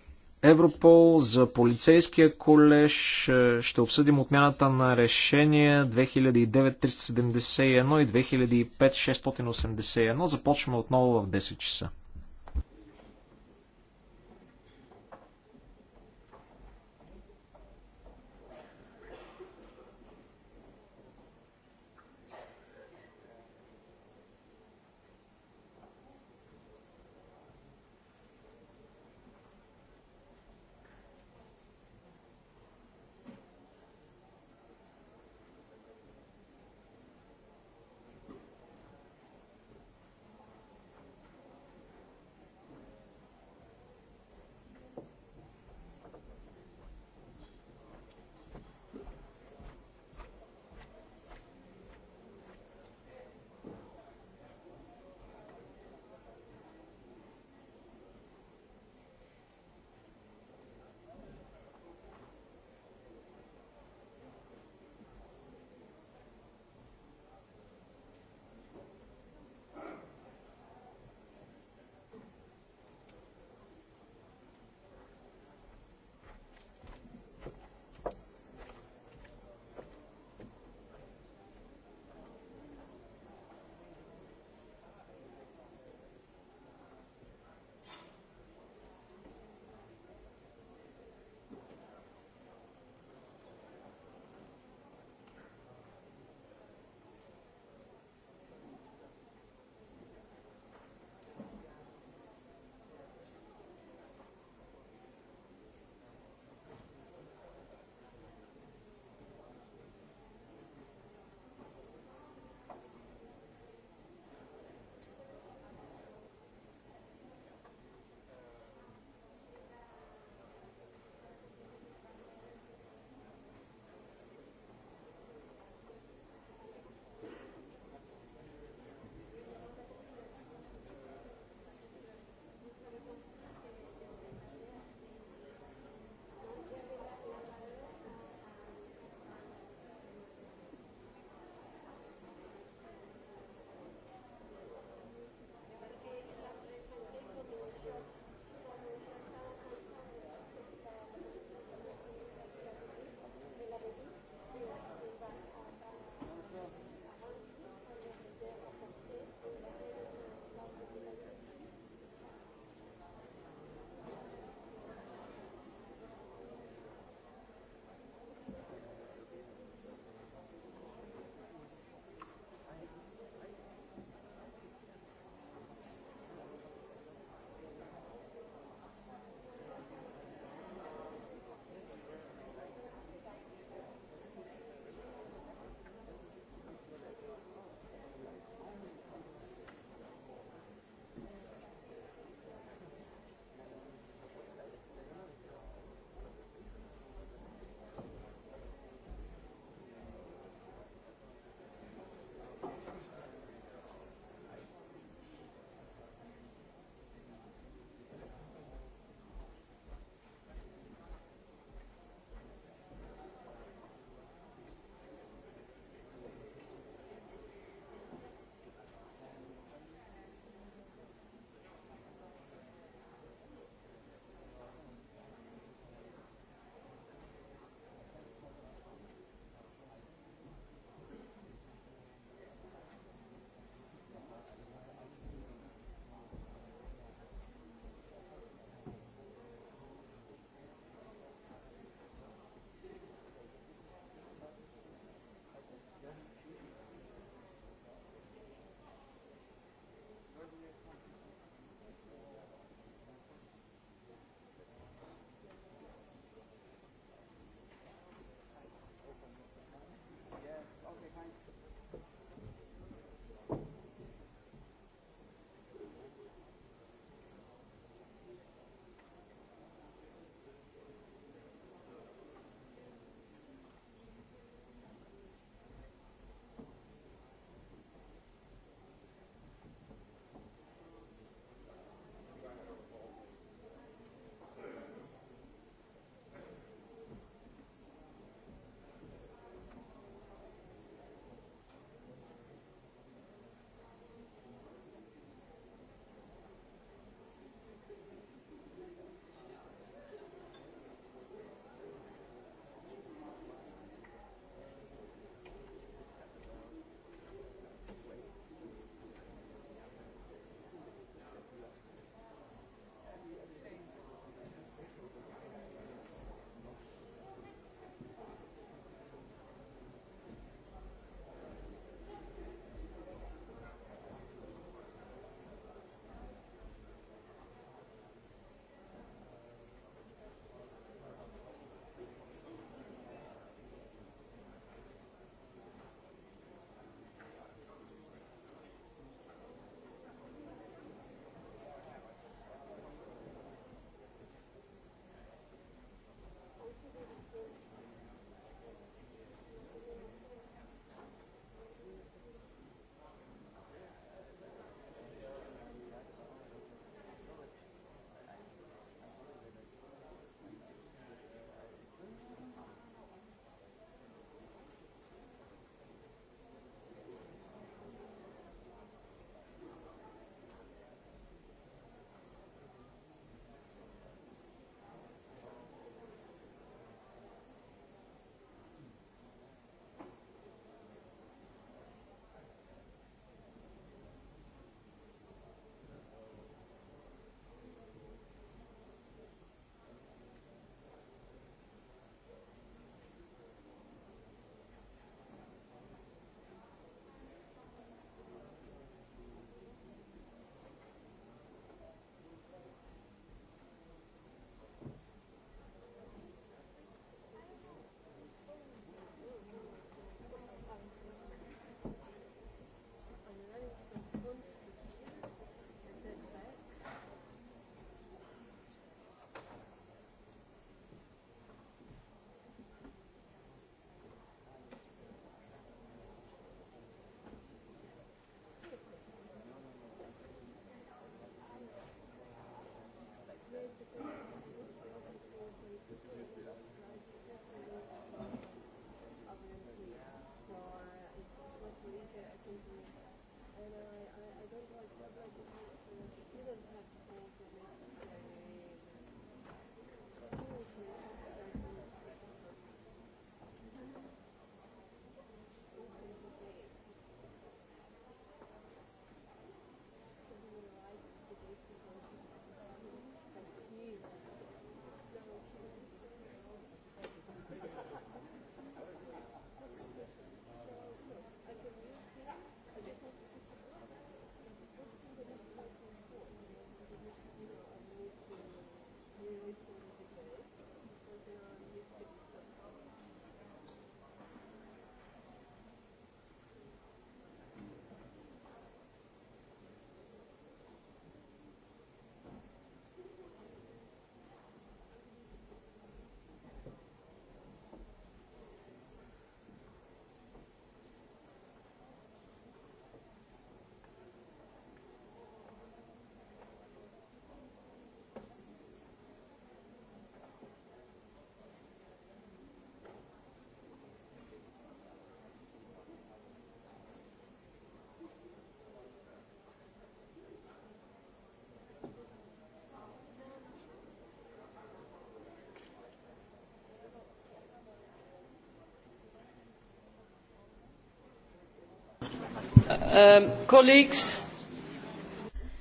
Speaker 3: Европол, за полицейския колеж, ще обсъдим отмяната на решения 2009-371 и 2005-681. Започваме отново в 10 часа.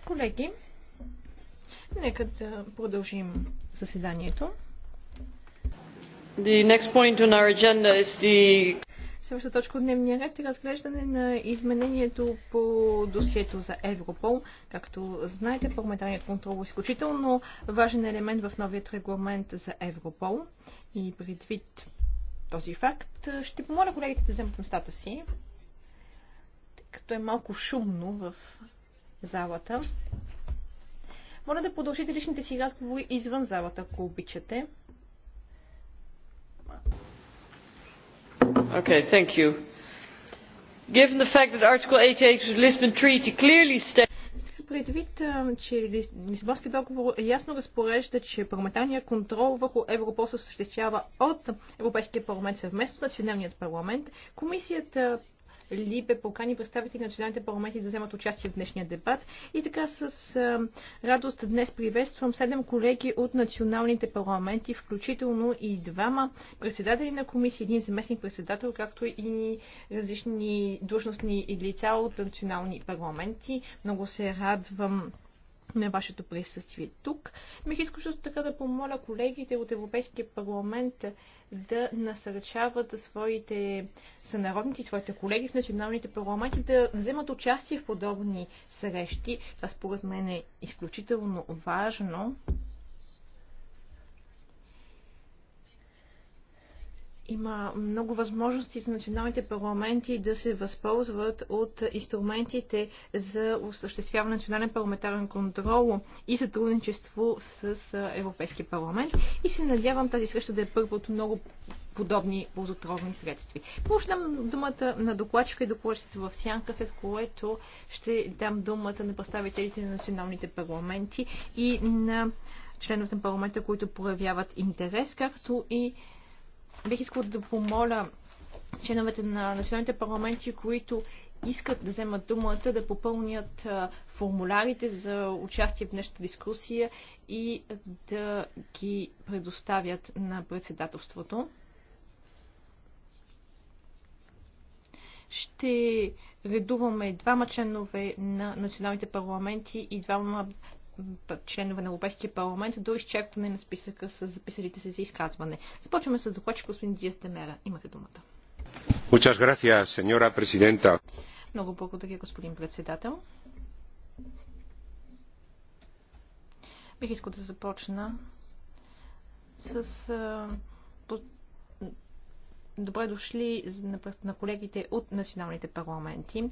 Speaker 1: Колеги, нека да продължим заседанието. The next point on our agenda is the... Следващата точка от дневния ред е разглеждане на изменението по досието за Европол. Както знаете, парламентарният контрол е изключително важен елемент в новият регламент за Европол. И предвид този факт, ще помоля колегите да вземат местата си като е малко шумно в залата. Моля да продължите личните си разговори извън залата, ако обичате. Okay, thank you. Given the fact that Article 88 of the Lisbon Treaty clearly states предвид, че Лисбонския договор ясно разпорежда, че парламентарния контрол върху Европол се осъществява от Европейския парламент съвместно с националният парламент, комисията Либе покани представители на националните парламенти да вземат участие в днешния дебат. И така с радост днес приветствам седем колеги от националните парламенти, включително и двама председатели на комисии, един заместник председател, както и различни длъжностни лица от национални парламенти. Много се радвам на вашето присъствие тук. Бих искал също така да помоля колегите от Европейския парламент да насърчават своите сънародници, своите колеги в националните парламенти да вземат участие в подобни срещи. Това според мен е изключително важно. Има много възможности за националните парламенти да се възползват от инструментите за осъществяване на национален парламентарен контрол и сътрудничество с Европейския парламент. И се надявам тази среща да е първо от много подобни ползотровни средства. Може думата на докладчика и докладчица в сянка, след което ще дам думата на представителите на националните парламенти и на членовете на парламента, които проявяват интерес, както и бих искала да помоля членовете на националните парламенти, които искат да вземат думата, да попълнят формулярите за участие в днешната дискусия и да ги предоставят на председателството. Ще редуваме двама членове на националните парламенти и двама членове на Европейския парламент до изчерпване на списъка с записалите се за изказване. Започваме с докладчик господин Диас Демера. Имате думата.
Speaker 4: Muchas gracias, señora presidenta.
Speaker 1: Много благодаря, господин председател. Бих искал да започна с а, по... добре дошли на, на колегите от националните парламенти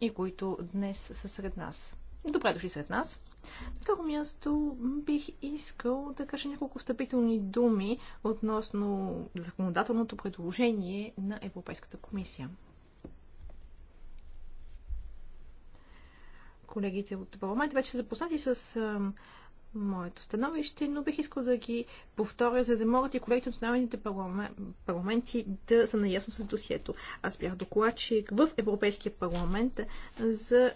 Speaker 1: и които днес са сред нас. Добре дошли сред нас. На второ място бих искал да кажа няколко встъпителни думи относно законодателното предложение на Европейската комисия. Колегите от парламент вече са запознати с моето становище, но бих искал да ги повторя, за да могат и колегите от националните парламенти да са наясно с досието. Аз бях докладчик в Европейския парламент за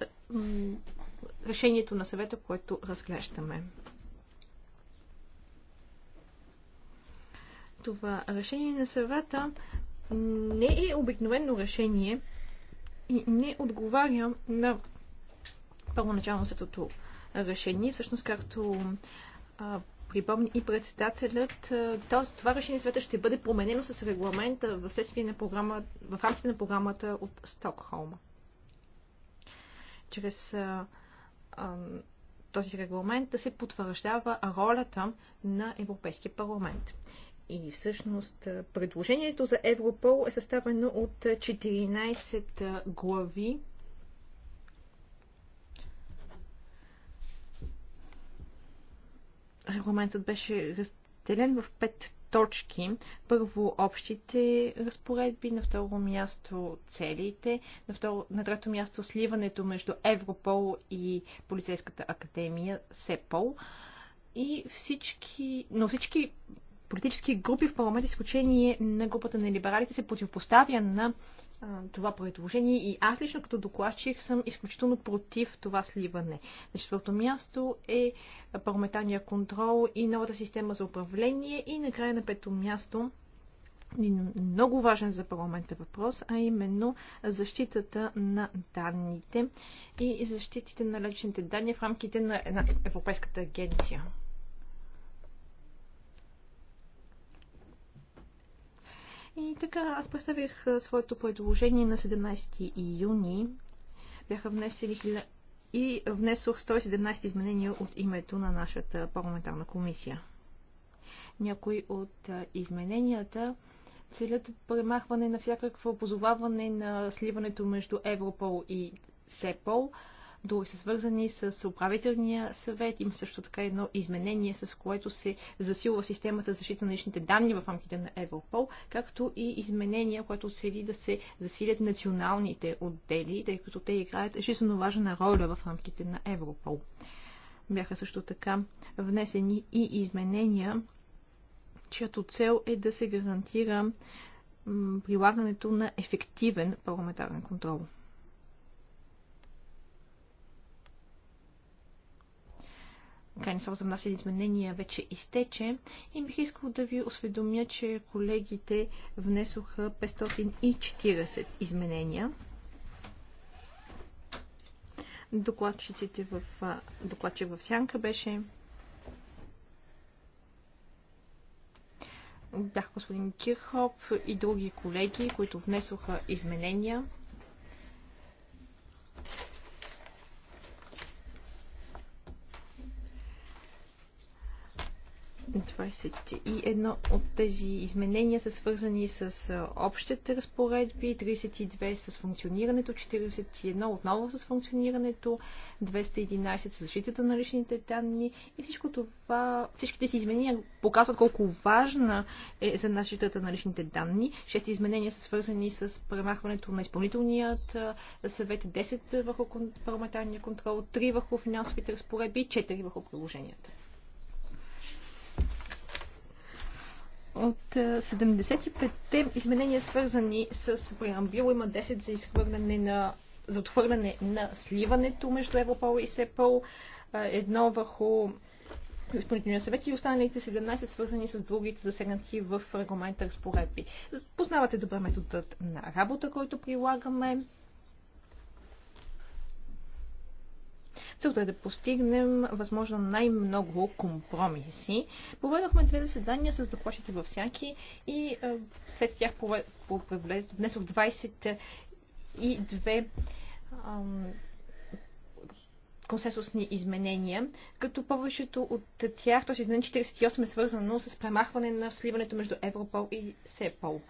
Speaker 1: решението на съвета, което разглеждаме. Това решение на съвета не е обикновено решение и не отговаря на първоначално сетото решение. Всъщност, както припомни и председателят, а, това решение света ще бъде променено с регламента в, на програма, в рамките на програмата от Стокхолма. Чрез а, а, този регламент да се потвърждава ролята на Европейския парламент. И всъщност предложението за Европол е съставено от 14 глави, регламентът беше разделен в пет точки. Първо общите разпоредби, на второ място целите, на, второ, на трето място сливането между Европол и Полицейската академия СЕПОЛ. И всички, но всички политически групи в парламент, изключение на групата на либералите, се противопоставя на това предложение и аз лично като докладчик съм изключително против това сливане. На четвърто място е парламентарния контрол и новата система за управление и накрая на пето място много важен за парламента въпрос, а именно защитата на данните и защитите на личните данни в рамките на една Европейската агенция. И така, аз представих своето предложение на 17 юни. Бяха внесени и внесох 117 изменения от името на нашата парламентарна комисия. Някои от измененията целят премахване на всякакво позоваване на сливането между Европол и СЕПОЛ, други са свързани с управителния съвет. Има също така едно изменение, с което се засилва системата за защита на личните данни в рамките на Европол, както и изменения, което цели да се засилят националните отдели, тъй като те играят жизненно важна роля в рамките на Европол. Бяха също така внесени и изменения, чиято цел е да се гарантира прилагането на ефективен парламентарен контрол. крайни срок за изменения вече изтече и бих искал да ви осведомя, че колегите внесоха 540 изменения. Докладчиците в, докладчик в сянка беше бях господин Кирхоп и други колеги, които внесоха изменения. 21 от тези изменения са свързани с общите разпоредби, 32 с функционирането, 41 отново с функционирането, 211 с защитата на личните данни и всичко това, всички тези изменения показват колко важна е за защитата на личните данни. 6 изменения са свързани с премахването на изпълнителният съвет, 10 върху парламентарния контрол, 3 върху финансовите разпоредби и 4 върху приложенията. От 75-те е, изменения, свързани с преамбил, има 10 за изхвърляне на за отхвърляне на сливането между Европол и СЕПОЛ, е, едно върху изпълнителния съвет и останалите 17 свързани с другите засегнати в регламента разпоредби. Познавате добре методът на работа, който прилагаме. Целта е да постигнем възможно най-много компромиси. Проведохме две заседания с докладчите във всяки и а, след тях внесох 22 и консенсусни изменения, като повечето от тях, т.е. 48 е свързано с премахване на сливането между Европол и СЕПОЛ.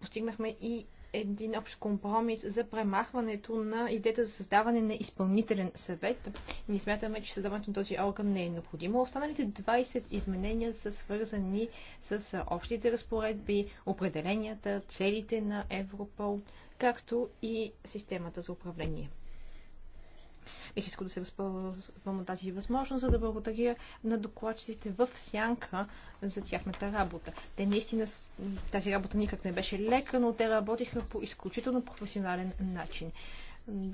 Speaker 1: Постигнахме и един общ компромис за премахването на идеята за създаване на изпълнителен съвет. Ние смятаме, че създаването на този орган не е необходимо. Останалите 20 изменения са свързани с общите разпоредби, определенията, целите на Европол, както и системата за управление. Бих искал да се възползвам от тази възможност, за да благодаря на докладчиците в сянка за тяхната работа. Те наистина, тази работа никак не беше лека, но те работиха по изключително професионален начин.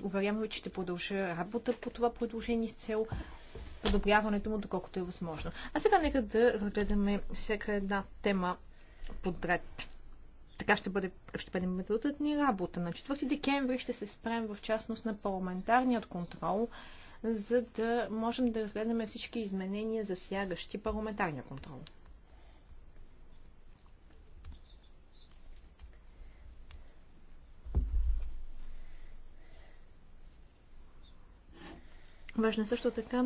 Speaker 1: Уверявам ви, че ще продължа работа по това предложение с цел подобряването му, доколкото е възможно. А сега нека да разгледаме всяка една тема подред така ще бъде, ще бъде методът ни работа. На 4 декември ще се спрем в частност на парламентарният контрол, за да можем да разгледаме всички изменения, засягащи парламентарния контрол. Важно е също така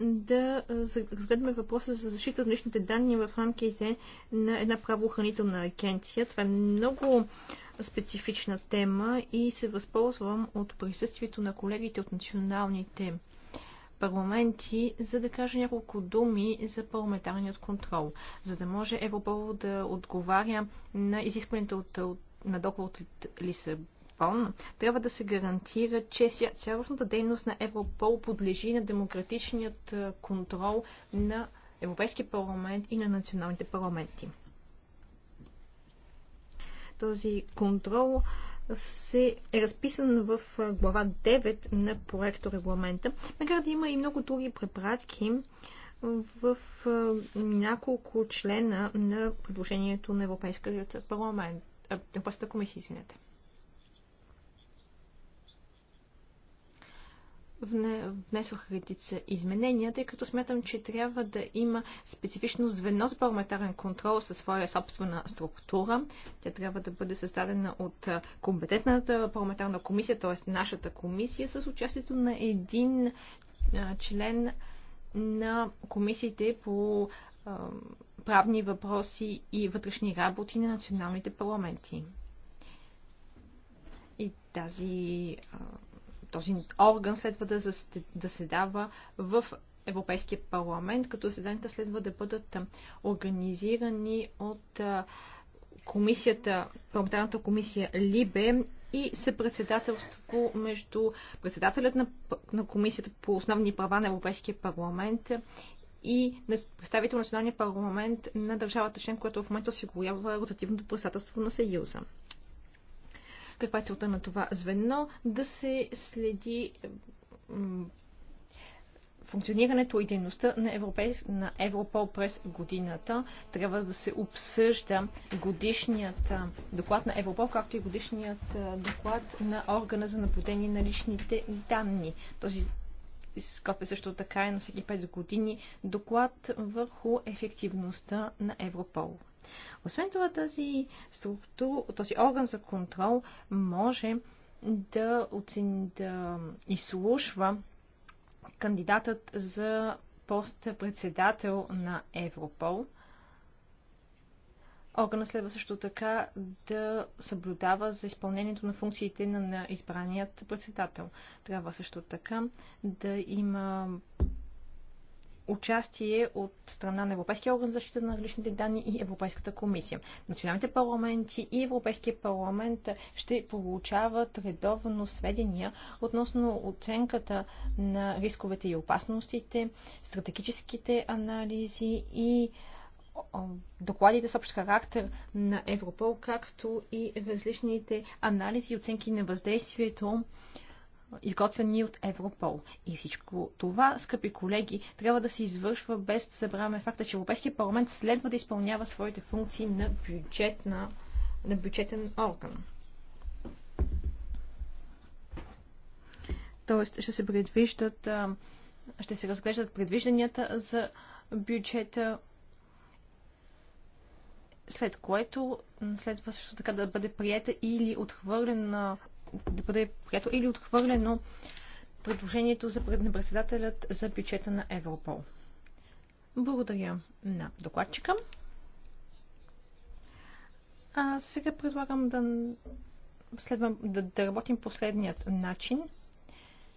Speaker 1: да разгледаме въпроса за защита от личните данни в рамките на една правоохранителна агенция. Това е много специфична тема и се възползвам от присъствието на колегите от националните парламенти, за да кажа няколко думи за парламентарният контрол, за да може Европол да отговаря на изискването от, от, на договор от Лисабон Европол, трябва да се гарантира, че цялостната дейност на Европол подлежи на демократичният контрол на Европейския парламент и на националните парламенти. Този контрол се е разписан в глава 9 на проекто регламента, макар да има и много други препратки в няколко члена на предложението на Европейската парламент, Европейската комисия, извинете. внесох редица изменения, тъй като смятам, че трябва да има специфично звено за парламентарен контрол със своя собствена структура. Тя трябва да бъде създадена от компетентната парламентарна комисия, т.е. нашата комисия, с участието на един член на комисиите по правни въпроси и вътрешни работи на националните парламенти. И тази този орган следва да, да се дава в Европейския парламент, като заседанията следва да бъдат организирани от комисията, парламентарната комисия Либе и съпредседателство между председателят на, на комисията по основни права на Европейския парламент и представител на националния парламент на държавата член, която в момента осигурява ротативното председателство на Съюза. Каква е целта на това звено? Да се следи функционирането и дейността на, Европейс... на Европол през годината. Трябва да се обсъжда годишният доклад на Европол, както и годишният доклад на органа за наблюдение на личните данни. Този изкопя е също така е на всеки 5 години доклад върху ефективността на Европол. Освен това, тази структура, този орган за контрол може да, оцени, да изслушва кандидатът за пост председател на Европол. Органът следва също така да съблюдава за изпълнението на функциите на избраният председател. Трябва също така да има участие от страна на Европейския орган за защита на личните данни и Европейската комисия. Националните парламенти и Европейския парламент ще получават редовно сведения относно оценката на рисковете и опасностите, стратегическите анализи и докладите с общ характер на Европол, както и различните анализи и оценки на въздействието изготвени от Европол. И всичко това, скъпи колеги, трябва да се извършва без да събраме факта, че Европейския парламент следва да изпълнява своите функции на, на, на бюджетен орган. Тоест, ще се предвиждат, ще се разглеждат предвижданията за бюджета след което следва също така да бъде приета или отхвърлена да бъде прието или отхвърлено предложението за на председателят за бюджета на Европол. Благодаря на докладчика. А сега предлагам да, следвам, да, да работим последният начин.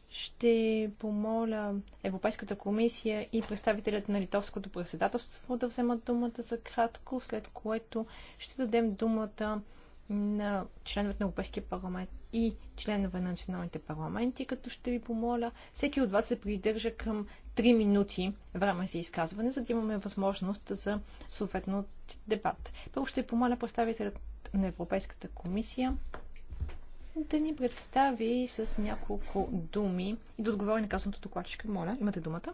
Speaker 1: Ще помоля Европейската комисия и представителят на Литовското председателство да вземат думата за кратко, след което ще дадем думата на членовете на Европейския парламент и членове на националните парламенти, като ще ви помоля всеки от вас се придържа към 3 минути време за изказване, за да имаме възможност за съответно дебат. Първо ще помоля представителят на Европейската комисия да ни представи с няколко думи и да отговори на казаното докладчика. Моля, имате думата.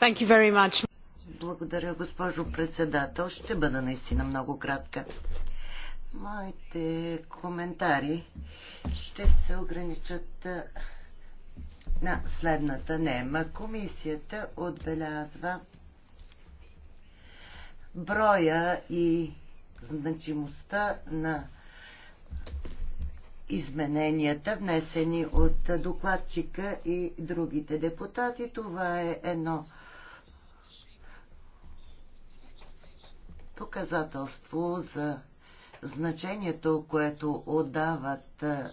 Speaker 2: Thank you very much. Благодаря, госпожо председател. Ще бъда наистина много кратка. Моите коментари ще се ограничат на следната нема. Комисията отбелязва броя и значимостта на измененията, внесени от докладчика и другите депутати. Това е едно показателство за значението, което отдават е,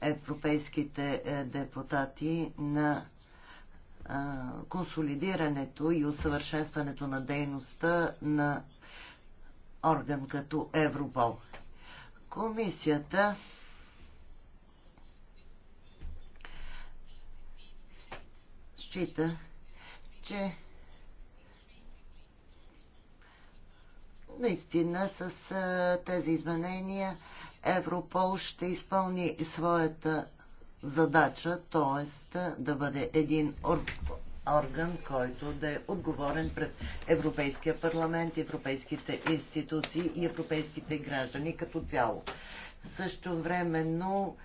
Speaker 2: европейските е, депутати на е, консолидирането и усъвършенстването на дейността на орган като Европол. Комисията счита, че наистина с тези изменения Европол ще изпълни своята задача, т.е. да бъде един орган, който да е отговорен пред Европейския парламент, европейските институции и европейските граждани като цяло. Също времено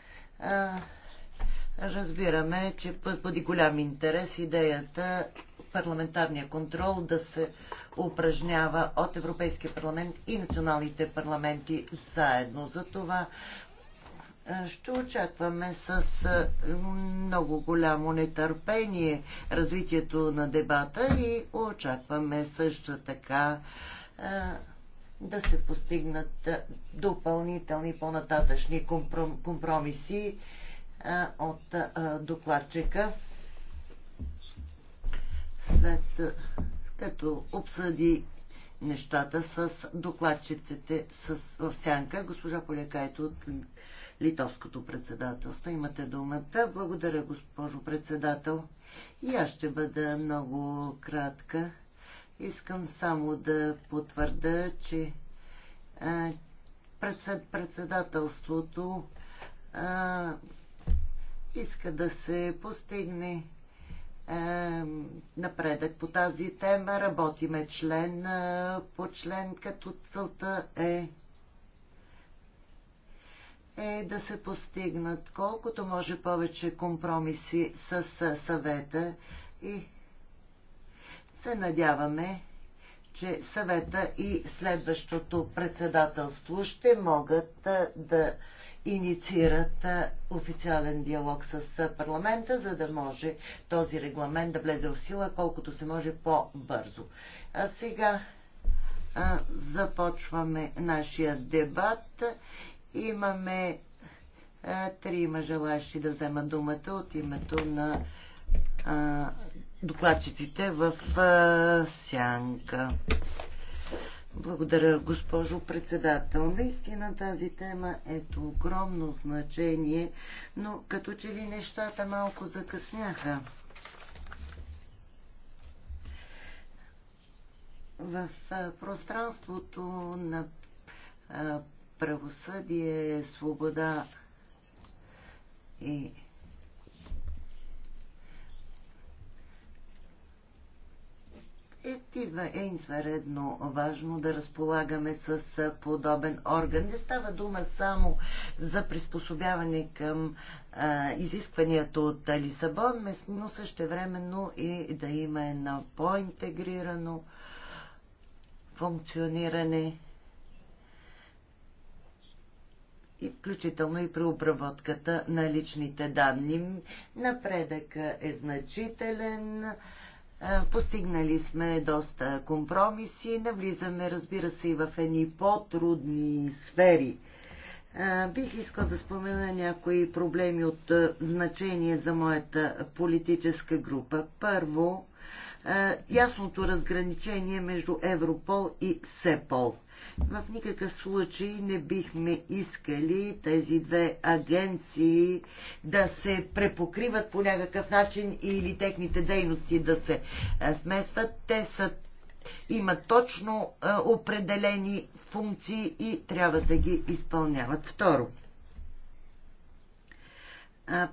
Speaker 2: разбираме, че възбуди голям интерес идеята парламентарния контрол да се упражнява от Европейския парламент и националните парламенти заедно. За това е, ще очакваме с е, много голямо нетърпение развитието на дебата и очакваме също така е, да се постигнат допълнителни по-нататъчни компромиси от докладчика след като обсъди нещата с докладчиците с, в сянка. Госпожа Полякайто от Литовското председателство. Имате думата. Благодаря, госпожо председател. И аз ще бъда много кратка. Искам само да потвърда, че председателството а, иска да се постигне е, напредък по тази тема. Работиме член е, по член, като целта е е да се постигнат колкото може повече компромиси с е, съвета и се надяваме, че съвета и следващото председателство ще могат да инициират официален диалог с парламента, за да може този регламент да влезе в сила колкото се може по-бързо. А сега а, започваме нашия дебат. Имаме а, трима желащи да вземат думата от името на а, докладчиците в а, Сянка. Благодаря, госпожо председател. Наистина тази тема е огромно значение, но като че ли нещата малко закъсняха. В пространството на правосъдие, свобода и е извънредно важно да разполагаме с подобен орган. Не става дума само за приспособяване към а, изискванията от Лисабон, но също времено и да има едно по-интегрирано функциониране и включително и при обработката на личните данни. Напредък е значителен. Постигнали сме доста компромиси, навлизаме, разбира се, и в едни по-трудни сфери. Бих искал да спомена някои проблеми от значение за моята политическа група. Първо, ясното разграничение между Европол и СЕПОЛ. В никакъв случай не бихме искали тези две агенции да се препокриват по някакъв начин или техните дейности да се смесват. Те са, имат точно определени функции и трябва да ги изпълняват. Второ,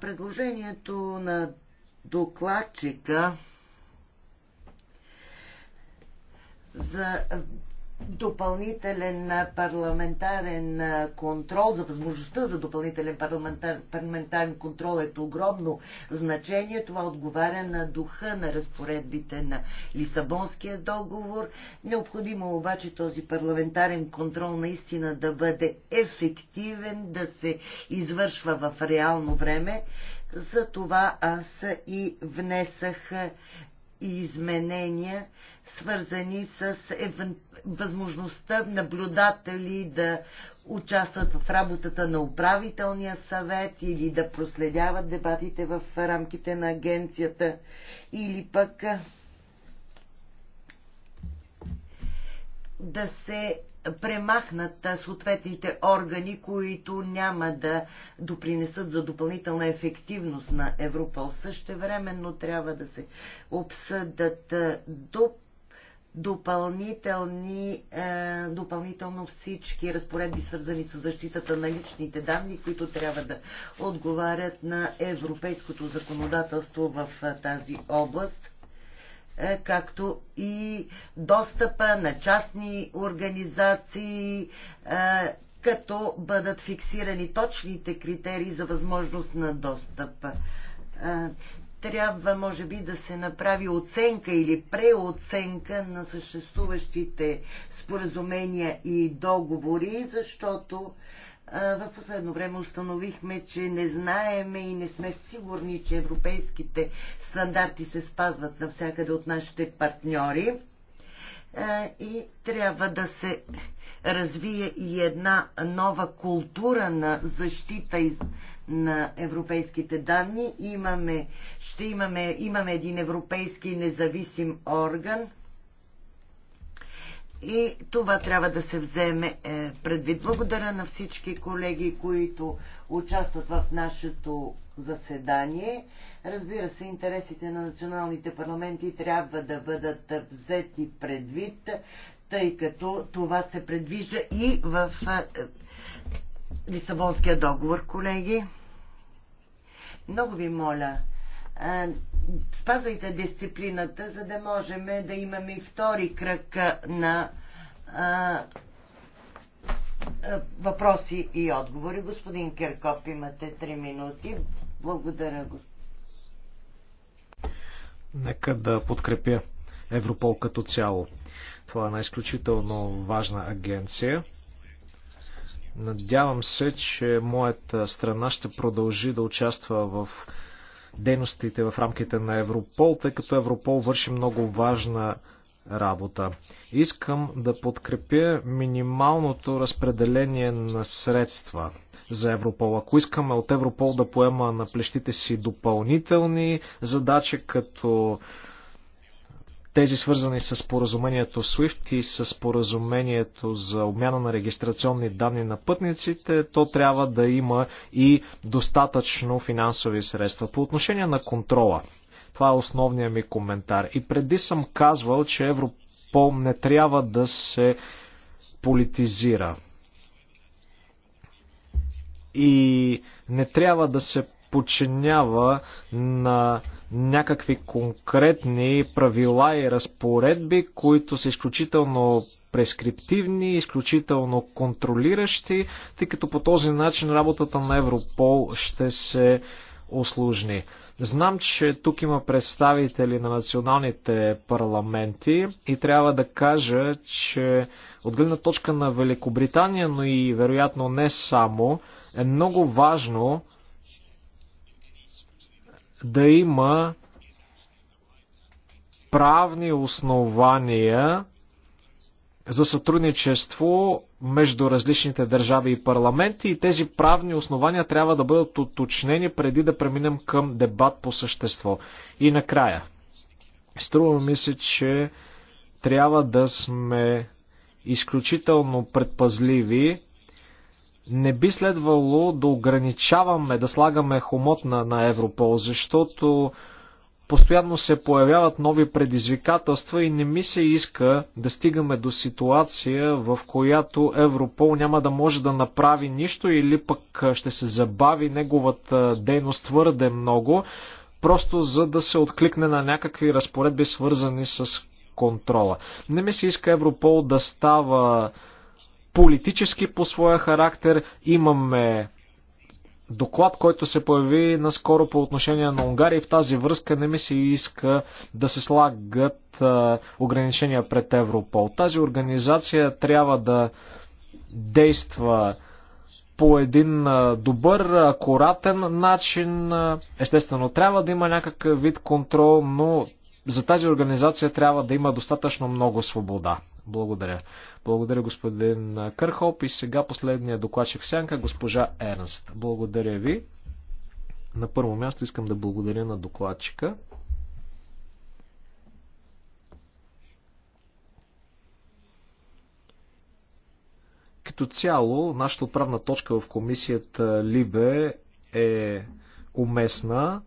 Speaker 2: предложението на докладчика за допълнителен парламентарен контрол, за възможността за допълнителен парламентар, парламентарен контрол е огромно значение. Това отговаря на духа на разпоредбите на Лисабонския договор. Необходимо е обаче този парламентарен контрол наистина да бъде ефективен, да се извършва в реално време. За това аз и внесах изменения свързани с възможността наблюдатели да участват в работата на управителния съвет или да проследяват дебатите в рамките на агенцията или пък да се премахнат съответните органи, които няма да допринесат за допълнителна ефективност на Европол. Същевременно трябва да се обсъдат доп допълнителни, е, допълнително всички разпоредби, свързани с защитата на личните данни, които трябва да отговарят на европейското законодателство в е, тази област, е, както и достъпа на частни организации, е, като бъдат фиксирани точните критерии за възможност на достъп трябва, може би, да се направи оценка или преоценка на съществуващите споразумения и договори, защото в последно време установихме, че не знаеме и не сме сигурни, че европейските стандарти се спазват навсякъде от нашите партньори. И трябва да се развие и една нова култура на защита и на европейските данни. Имаме, ще имаме, имаме един европейски независим орган, и това трябва да се вземе е, предвид. Благодаря на всички колеги, които участват в нашето заседание. Разбира се, интересите на националните парламенти трябва да бъдат взети предвид, тъй като това се предвижда и в е, Лисабонския договор, колеги. Много ви моля, спазвайте дисциплината, за да можем да имаме и втори кръг на въпроси и отговори. Господин Кирков, имате три минути. Благодаря, го.
Speaker 3: Нека да подкрепя Европол като цяло. Това е една изключително важна агенция. Надявам се, че моята страна ще продължи да участва в дейностите в рамките на Европол, тъй като Европол върши много важна работа. Искам да подкрепя минималното разпределение на средства за Европол. Ако искаме от Европол да поема на плещите си допълнителни задачи, като тези свързани с поразумението SWIFT и с поразумението за обмяна на регистрационни данни на пътниците, то трябва да има и достатъчно финансови средства. По отношение на контрола, това е основният ми коментар. И преди съм казвал, че Европол не трябва да се политизира. И не трябва да се подчинява на някакви конкретни правила и разпоредби, които са изключително прескриптивни, изключително контролиращи, тъй като по този начин работата на Европол ще се осложни. Знам, че тук има представители на националните парламенти и трябва да кажа, че от гледна точка на Великобритания, но и вероятно не само, е много важно да има правни основания за сътрудничество между различните държави и парламенти и тези правни основания трябва да бъдат уточнени преди да преминем към дебат по същество. И накрая, струва ми се, че трябва да сме изключително предпазливи не би следвало да ограничаваме, да слагаме хомот на, на Европол, защото постоянно се появяват нови предизвикателства и не ми се иска да стигаме до ситуация, в която Европол няма да може да направи нищо или пък ще се забави неговата дейност твърде много, просто за да се откликне на някакви разпоредби, свързани с контрола. Не ми се иска Европол да става политически по своя характер. Имаме доклад, който се появи наскоро по отношение на Унгария и в тази връзка не ми се иска да се слагат ограничения пред Европол. Тази организация трябва да действа по един добър, акуратен начин. Естествено, трябва да има някакъв вид контрол, но за тази организация трябва да има достатъчно много свобода. Благодаря. Благодаря господин Кърхоп и сега последния докладчик в сянка, госпожа Ернст. Благодаря ви. На първо място искам да благодаря на докладчика. Като цяло, нашата отправна точка в комисията Либе е уместна.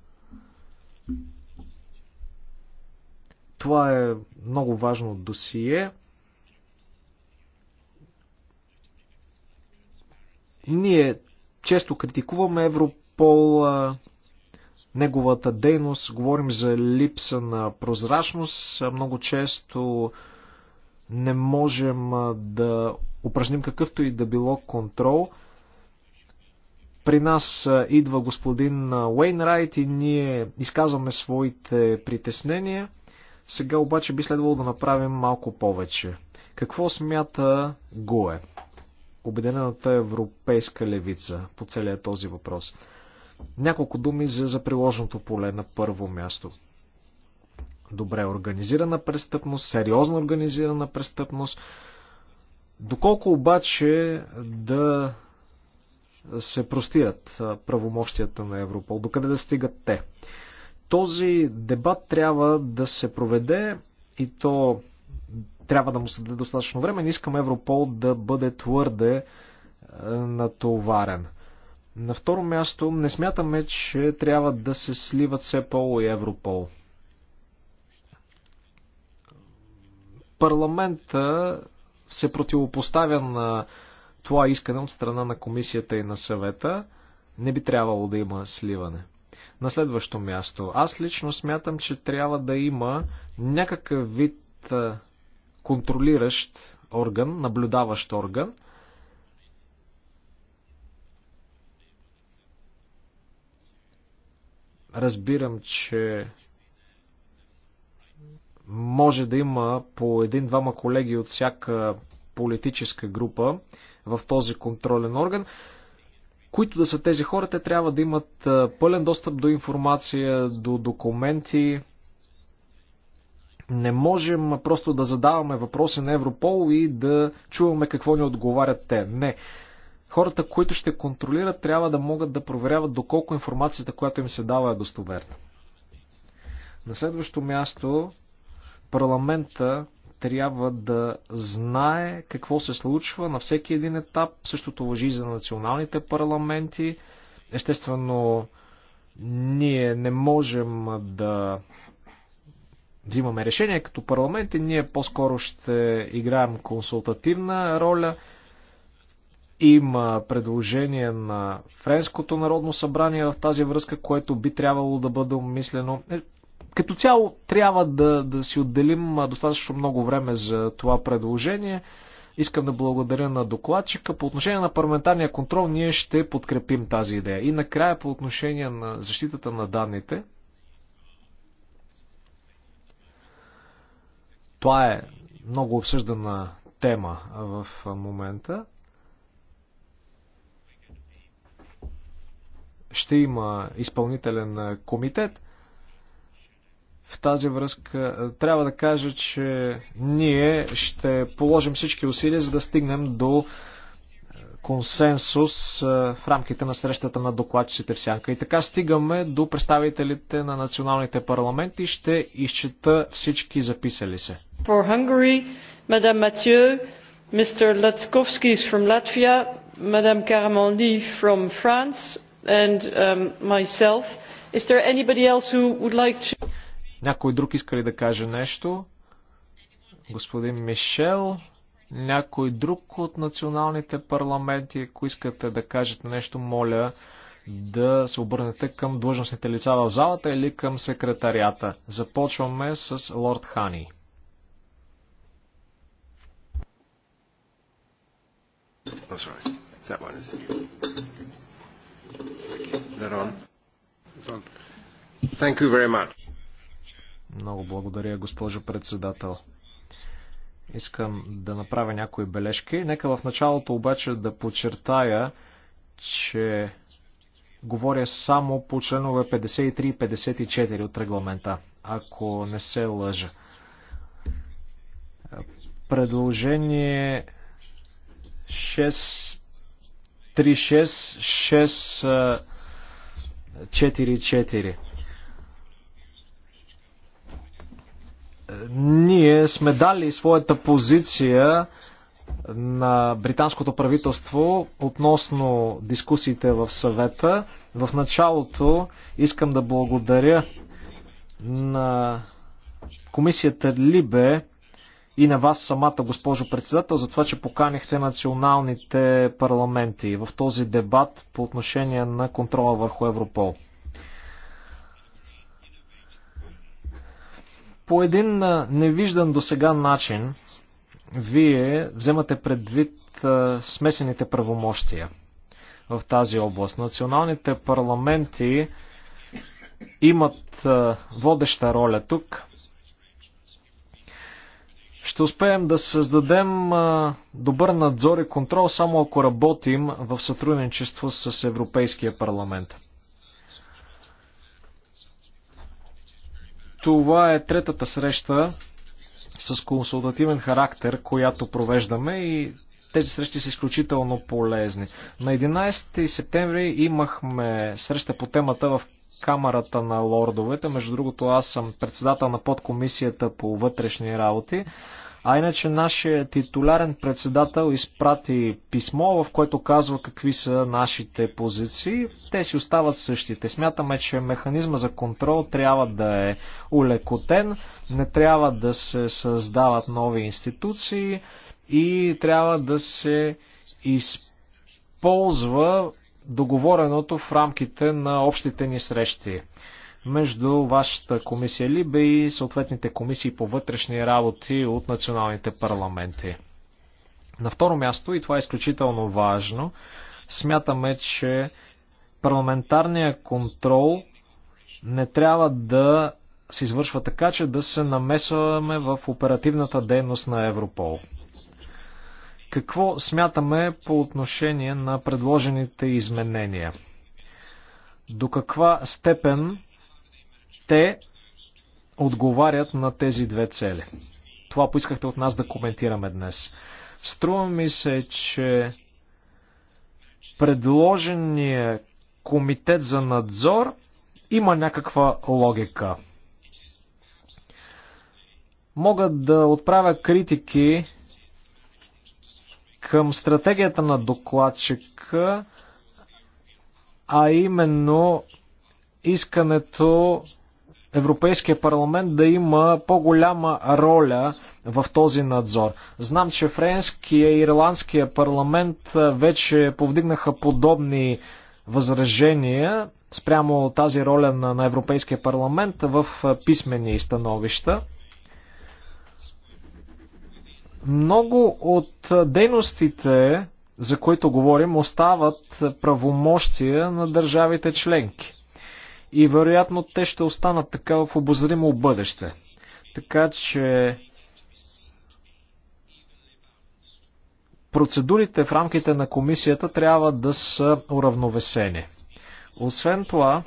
Speaker 3: Това е много важно досие. Ние често критикуваме Европол, неговата дейност, говорим за липса на прозрачност, много често не можем да упражним какъвто и да било контрол. При нас идва господин Уейнрайт и ние изказваме своите притеснения. Сега обаче би следвало да направим малко повече. Какво смята Гуе? Обединената европейска левица по целия този въпрос. Няколко думи за, за приложното поле на първо място. Добре организирана престъпност, сериозна организирана престъпност. Доколко обаче да се простират правомощията на Европол, докъде да стигат те? Този дебат трябва да се проведе и то трябва да му се даде достатъчно време. Не искам Европол да бъде твърде е, натоварен. На второ място, не смятаме, че трябва да се сливат СЕПОЛ и Европол. Парламента се противопоставя на това искане от страна на комисията и на съвета. Не би трябвало да има сливане. На следващо място, аз лично смятам, че трябва да има някакъв вид е, контролиращ орган, наблюдаващ орган. Разбирам, че може да има по един-двама колеги от всяка политическа група в този контролен орган. Които да са тези хора, те трябва да имат пълен достъп до информация, до документи, не можем просто да задаваме въпроси на Европол и да чуваме какво ни отговарят те. Не. Хората, които ще контролират, трябва да могат да проверяват доколко информацията, която им се дава е достоверна. На следващо място, парламента трябва да знае какво се случва на всеки един етап. Същото въжи и за националните парламенти. Естествено, ние не можем да взимаме решение като парламент и ние по-скоро ще играем консултативна роля. Има предложение на Френското народно събрание в тази връзка, което би трябвало да бъде умислено. Е, като цяло трябва да, да си отделим достатъчно много време за това предложение. Искам да благодаря на докладчика. По отношение на парламентарния контрол ние ще подкрепим тази идея. И накрая по отношение на защитата на данните, Това е много обсъждана тема в момента. Ще има изпълнителен комитет. В тази връзка е, трябва да кажа, че ние ще положим всички усилия, за да стигнем до е, консенсус е, в рамките на срещата на докладчиците в Сянка. И така стигаме до представителите на националните парламенти. Ще изчета всички записали се. For
Speaker 1: Hungary, Madame Mathieu, Mr. Latskovskis from Latvia, Madame Caramondi from France, and um, myself. Is there anybody
Speaker 3: else who would like to... Някой друг иска ли да каже нещо? Господин Мишел, някой друг от националните парламенти, ако искате да кажете нещо, моля да се обърнете към длъжностните лица в залата или към секретарията. Започваме с лорд Хани. Oh, sorry. Is that one,
Speaker 4: Is that on? It's on.
Speaker 3: Thank you very much. Много благодаря, госпожо председател. Искам да направя някои бележки. Нека в началото обаче да подчертая, че говоря само по членове 53 и 54 от регламента, ако не се лъжа. Предложение 6, 3, 6, 6, 4, 4. Ние сме дали своята позиция на британското правителство относно дискусиите в съвета. В началото искам да благодаря на комисията Либе и на вас самата, госпожо председател, за това, че поканихте националните парламенти в този дебат по отношение на контрола върху Европол. По един невиждан до сега начин, вие вземате предвид смесените правомощия в тази област. Националните парламенти имат водеща роля тук – ще успеем да създадем добър надзор и контрол само ако работим в сътрудничество с Европейския парламент. Това е третата среща с консултативен характер, която провеждаме и тези срещи са изключително полезни. На 11 септември имахме среща по темата, в камерата на лордовете. Между другото, аз съм председател на подкомисията по вътрешни работи. А иначе нашия титулярен председател изпрати писмо, в което казва какви са нашите позиции. Те си остават същите. Смятаме, че механизма за контрол трябва да е улекотен, не трябва да се създават нови институции и трябва да се използва договореното в рамките на общите ни срещи между вашата комисия Либе и съответните комисии по вътрешни работи от националните парламенти. На второ място, и това е изключително важно, смятаме, че парламентарния контрол не трябва да се извършва така, че да се намесваме в оперативната дейност на Европол. Какво смятаме по отношение на предложените изменения? До каква степен те отговарят на тези две цели? Това поискахте от нас да коментираме днес. Струва ми се, че предложения комитет за надзор има някаква логика. Мога да отправя критики към стратегията на докладчика, а именно искането Европейския парламент да има по-голяма роля в този надзор. Знам, че френския и ирландския парламент вече повдигнаха подобни възражения спрямо тази роля на, на Европейския парламент в писмени становища. Много от дейностите, за които говорим, остават правомощия на държавите членки. И вероятно те ще останат така в обозримо бъдеще. Така че процедурите в рамките на комисията трябва да са уравновесени. Освен това,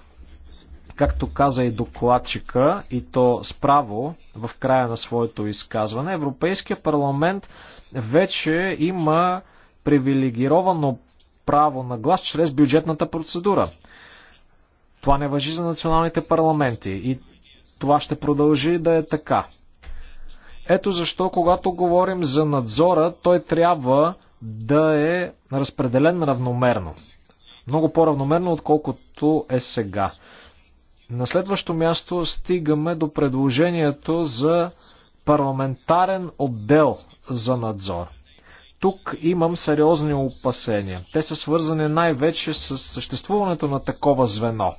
Speaker 3: Както каза и докладчика, и то справо в края на своето изказване, Европейския парламент вече има привилегировано право на глас чрез бюджетната процедура. Това не въжи за националните парламенти и това ще продължи да е така. Ето защо, когато говорим за надзора, той трябва да е разпределен равномерно. Много по-равномерно, отколкото е сега. На следващо място стигаме до предложението за парламентарен отдел за надзор. Тук имам сериозни опасения. Те са свързани най-вече с съществуването на такова звено.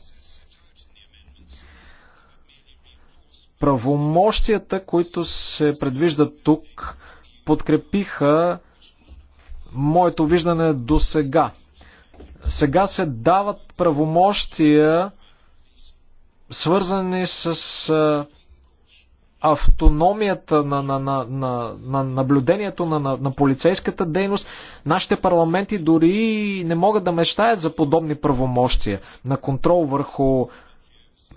Speaker 3: Правомощията, които се предвиждат тук, подкрепиха моето виждане до сега. Сега се дават правомощия свързани с автономията на, на, на, на, на наблюдението на, на, на полицейската дейност, нашите парламенти дори не могат да мечтаят за подобни правомощия на контрол върху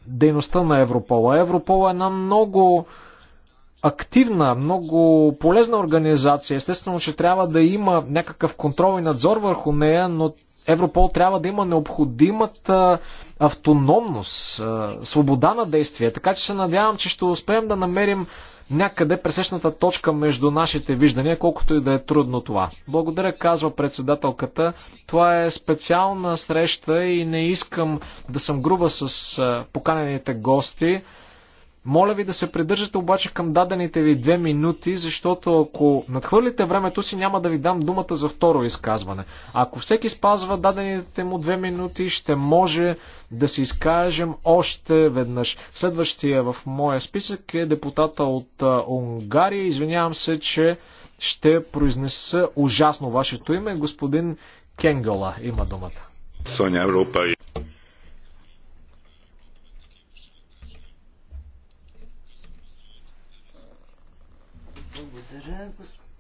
Speaker 3: дейността на Европола. Европол е една много активна, много полезна организация. Естествено, че трябва да има някакъв контрол и надзор върху нея, но Европол трябва да има необходимата автономност, е, свобода на действие. Така че се надявам, че ще успеем да намерим някъде пресечната точка между нашите виждания, колкото и да е трудно това. Благодаря, казва председателката. Това е специална среща и не искам да съм груба с е, поканените гости. Моля ви да се придържате обаче към дадените ви две минути, защото ако надхвърлите времето си, няма да ви дам думата за второ изказване. Ако всеки спазва дадените му две минути, ще може да се изкажем още веднъж. Следващия в моя списък е депутата от Унгария. Извинявам се, че ще произнеса ужасно вашето име. Господин Кенгела има думата.
Speaker 4: Соня Европа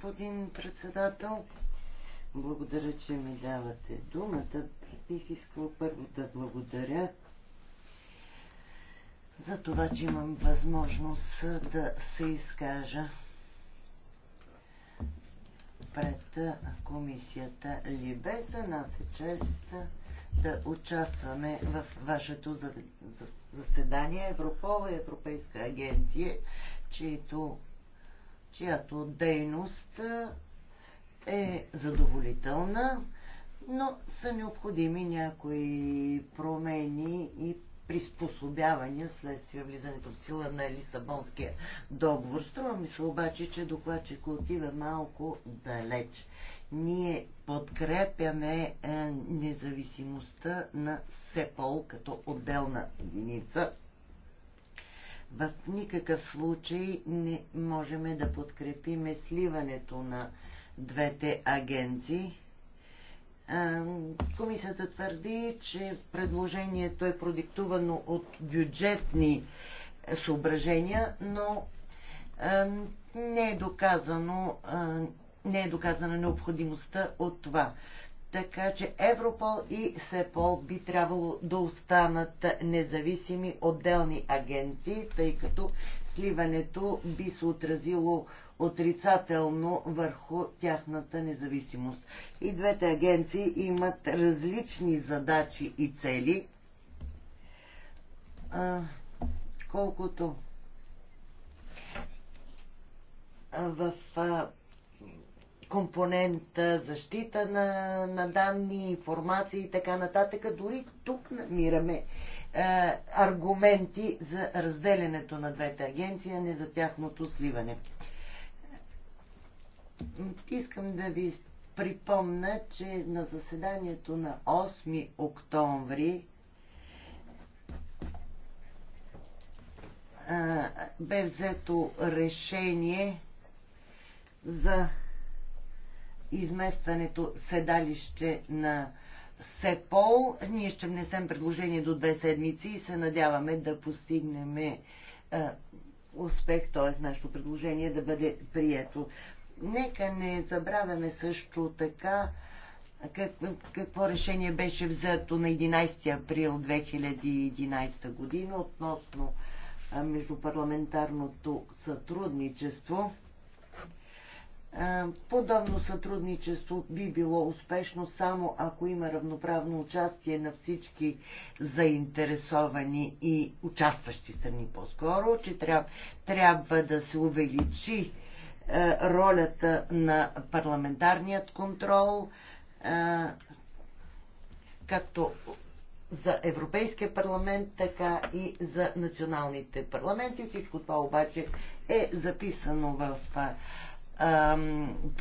Speaker 2: господин председател. Благодаря, че ми давате думата. Бих искала първо да благодаря за това, че имам възможност да се изкажа пред комисията Либе. За нас е чест да участваме в вашето заседание Европола, е Европейска агенция, чието чиято дейност е задоволителна, но са необходими някои промени и приспособявания следствие влизането в сила на Лисабонския договор. Струва ми се обаче, че докладчик отива малко далеч. Ние подкрепяме е, независимостта на СЕПОЛ като отделна единица – в никакъв случай не можем да подкрепим сливането на двете агенции. Комисията твърди, че предложението е продиктувано от бюджетни съображения, но не е доказано не е доказана необходимостта от това. Така че Европол и СЕПОЛ би трябвало да останат независими отделни агенции, тъй като сливането би се отразило отрицателно върху тяхната независимост. И двете агенции имат различни задачи и цели. А, колкото в а, компонент защита на, на данни, информация и така нататък. Дори тук намираме е, аргументи за разделянето на двете агенции, а не за тяхното сливане. Искам да ви припомна, че на заседанието на 8 октомври е, бе взето решение за изместването седалище на СЕПОЛ. Ние ще внесем предложение до две седмици и се надяваме да постигнем е, успех, т.е. нашето предложение да бъде прието. Нека не забравяме също така как, какво решение беше взето на 11 април 2011 година относно е, междупарламентарното сътрудничество. Е, подобно сътрудничество би било успешно само ако има равноправно участие на всички заинтересовани и участващи страни по-скоро, че трябва, трябва да се увеличи е, ролята на парламентарният контрол, е, както за Европейския парламент, така и за националните парламенти. Всичко това обаче е записано в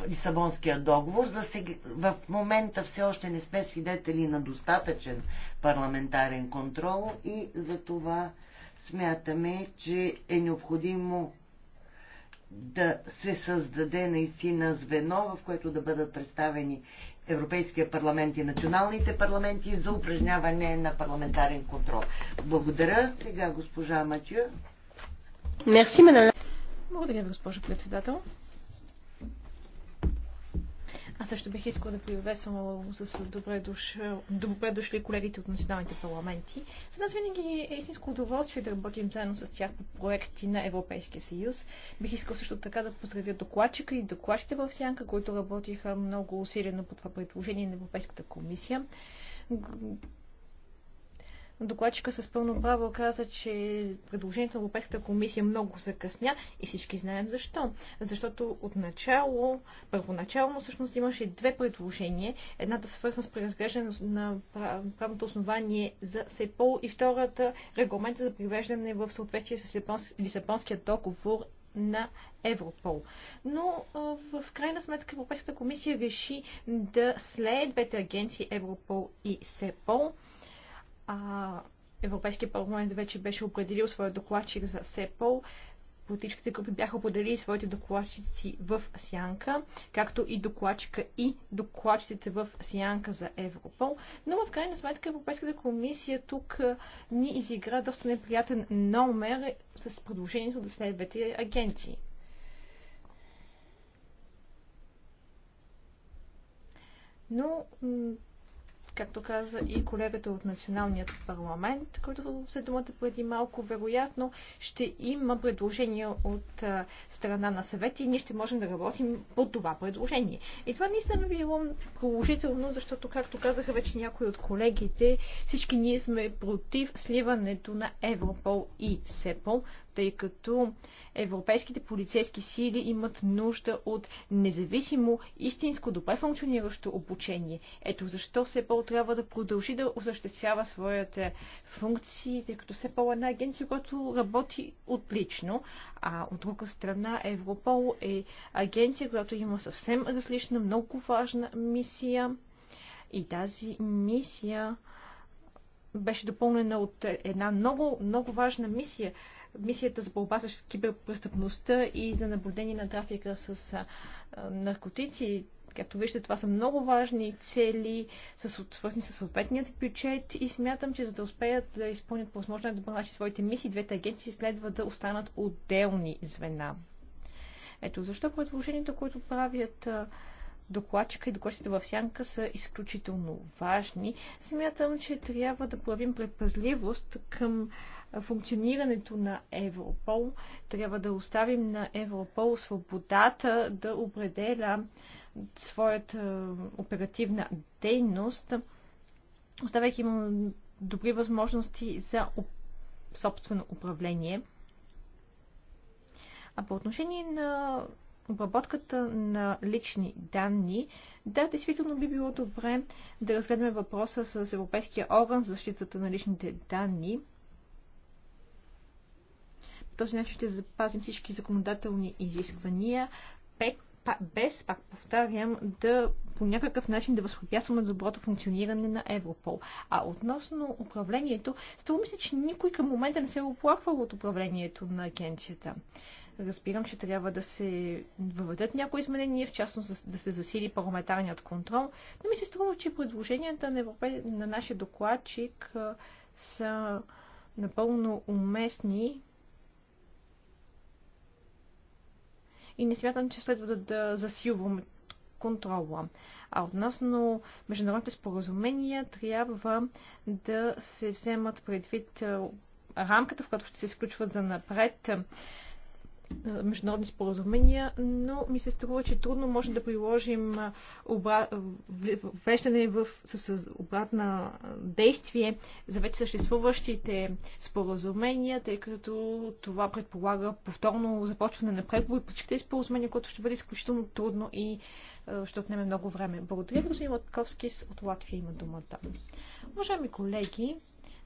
Speaker 2: Лисабонския договор. За сег... в момента все още не сме свидетели на достатъчен парламентарен контрол и за това смятаме, че е необходимо да се създаде наистина звено, в което да бъдат представени Европейския парламент и националните парламенти за упражняване на парламентарен контрол. Благодаря. Сега госпожа Матю.
Speaker 1: Мерси, Благодаря ви, госпожо председател. Аз също бих искала да приветствам с добре, душ, добре дошли колегите от националните парламенти. За нас винаги е истинско удоволствие да работим заедно с тях по проекти на Европейския съюз. Бих искал също така да поздравя докладчика и докладчите в Сянка, които работиха много усилено по това предложение на Европейската комисия Докладчика с пълно право каза, че предложението на Европейската комисия много закъсня и всички знаем защо. Защото отначало, първоначално всъщност имаше две предложения. Едната свързана с преразглеждане на правното основание за СЕПОЛ и втората регламент за привеждане в съответствие с Лисабонския договор на Европол. Но в крайна сметка Европейската комисия реши да слее двете агенции Европол и СЕПОЛ а Европейския парламент вече беше определил своя докладчик за СЕПОЛ. Политическите групи бяха определили своите докладчици в Сянка, както и докладчика и докладчиците в Сянка за Европол. Но в крайна сметка Европейската комисия тук ни изигра доста неприятен номер с предложението да след двете агенции. Но както каза и колегата от Националният парламент, който се думата преди малко, вероятно ще има предложения от страна на съвет и ние ще можем да работим по това предложение. И това не би било положително, защото, както казаха вече някои от колегите, всички ние сме против сливането на Европол и СЕПОЛ, тъй като европейските полицейски сили имат нужда от независимо, истинско, добре функциониращо обучение. Ето защо все по трябва да продължи да осъществява своите функции, тъй като все по е една агенция, която работи отлично, а от друга страна Европол е агенция, която има съвсем различна, много важна мисия. И тази мисия беше допълнена от една много, много важна мисия, мисията за борба с киберпрестъпността и за наблюдение на трафика с наркотици. Както виждате, това са много важни цели, свързани с съответният бюджет и смятам, че за да успеят да изпълнят по възможно добър начин своите мисии, двете агенции следва да останат отделни звена. Ето защо предложението, което правят докладчика и докладчите в сянка са изключително важни. Смятам, че трябва да проявим предпазливост към функционирането на Европол. Трябва да оставим на Европол свободата да определя своята е, оперативна дейност, оставяйки им добри възможности за собствено управление. А по отношение на обработката на лични данни, да, действително би било добре да разгледаме въпроса с Европейския орган за защитата на личните данни. По този начин ще запазим всички законодателни изисквания, без, пак повтарям, да по някакъв начин да възпрепятстваме доброто функциониране на Европол. А относно управлението, струва ми се, че никой към момента не се е оплаквал от управлението на агенцията. Разбирам, че трябва да се въведат някои изменения, в частност да се засили парламентарният контрол, но ми се струва, че предложенията на, Европе... на нашия докладчик са напълно уместни и не смятам, че следва да, да засилваме контрола. А относно международните споразумения, трябва да се вземат предвид рамката, в която ще се изключват за напред международни споразумения, но ми се струва, че трудно може да приложим обра... в... с обратна действие за вече съществуващите споразумения, тъй като това предполага повторно започване на преговори по всичките споразумения, което ще бъде изключително трудно и ще отнеме много време. Благодаря, господин Латковски от Латвия има думата. Уважаеми колеги,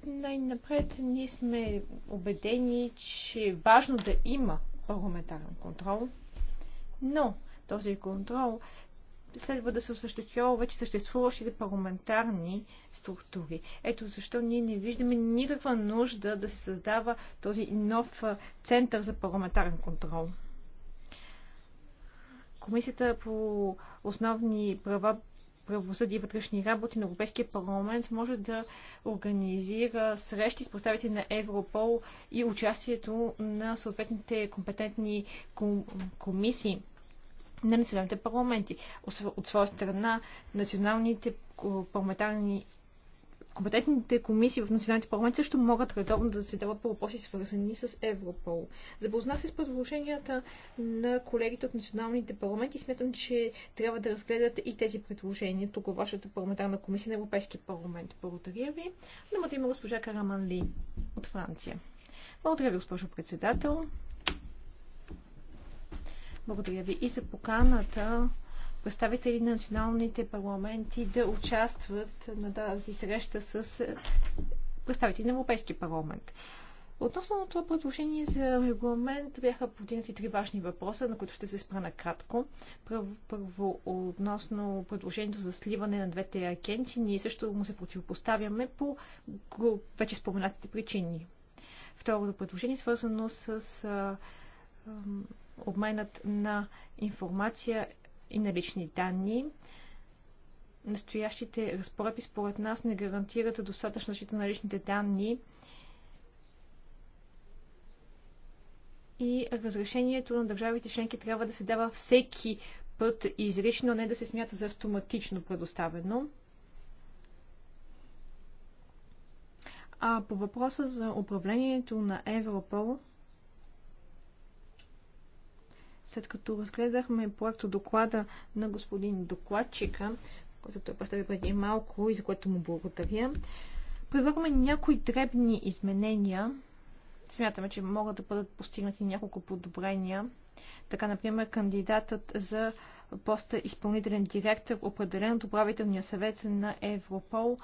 Speaker 1: най-напред ние сме убедени, че е важно да има парламентарен контрол, но този контрол следва да се осъществява вече съществуващите парламентарни структури. Ето защо ние не виждаме никаква нужда да се създава този нов център за парламентарен контрол. Комисията по основни права правосъдие и вътрешни работи на Европейския парламент може да организира срещи с представители на Европол и участието на съответните компетентни комисии на националните парламенти. От своя страна, националните парламентарни Компетентните комисии в националните парламенти също могат редовно да заседават по въпроси, свързани с Европол. Запознах се с предложенията на колегите от националните парламенти и смятам, че трябва да разгледат и тези предложения тук във вашата парламентарна комисия на Европейския парламент. Благодаря ви. Думата има госпожа Караман Ли от Франция. Благодаря ви, госпожо председател. Благодаря ви и за поканата представители на националните парламенти да участват на тази среща с е, представители на Европейския парламент. Относно това предложение за регламент бяха подинати три важни въпроса, на които ще се спра накратко. Първо, първо относно предложението за сливане на двете агенции, ние също му се противопоставяме по вече споменатите причини. Второто предложение е свързано с а, обменът на информация и на лични данни. Настоящите разпоредби според нас не гарантират достатъчна защита на личните данни и разрешението на държавите членки трябва да се дава всеки път изрично, а не да се смята за автоматично предоставено. А по въпроса за управлението на Европол, след като разгледахме проекто доклада на господин докладчика, който той представи преди малко и за което му благодаря, предлагаме някои дребни изменения. Смятаме, че могат да бъдат постигнати няколко подобрения. Така, например, кандидатът за поста изпълнителен директор, определен от управителния съвет на Европол,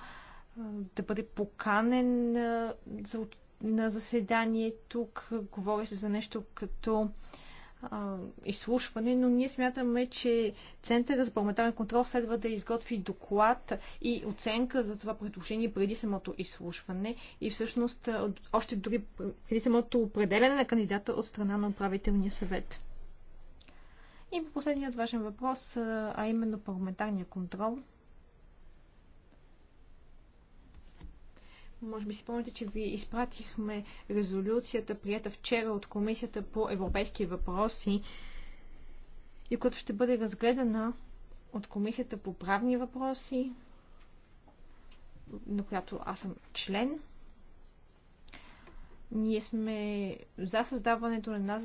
Speaker 1: да бъде поканен на заседание тук. Говори се за нещо като изслушване, но ние смятаме, че Центъра за парламентарен контрол следва да изготви доклад и оценка за това предложение преди самото изслушване и всъщност още дори преди самото определене на кандидата от страна на управителния съвет. И по последният важен въпрос, а именно парламентарния контрол – Може би си помните, че ви изпратихме резолюцията, прията вчера от Комисията по европейски въпроси и която ще бъде разгледана от Комисията по правни въпроси, на която аз съм член. Ние сме за създаването на една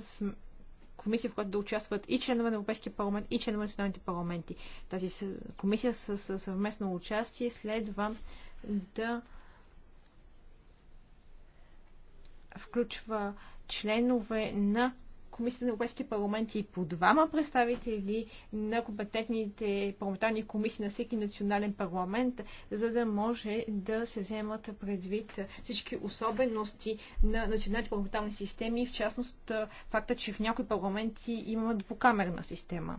Speaker 1: комисия, в която да участват и членове на Европейския парламент, и членове на националните парламенти. Тази комисия със съвместно участие следва да включва членове на Комисията на Европейския парламент и по двама представители на компетентните парламентарни комисии на всеки национален парламент, за да може да се вземат предвид всички особености на националните парламентарни системи, в частност факта, че в някои парламенти има двукамерна система.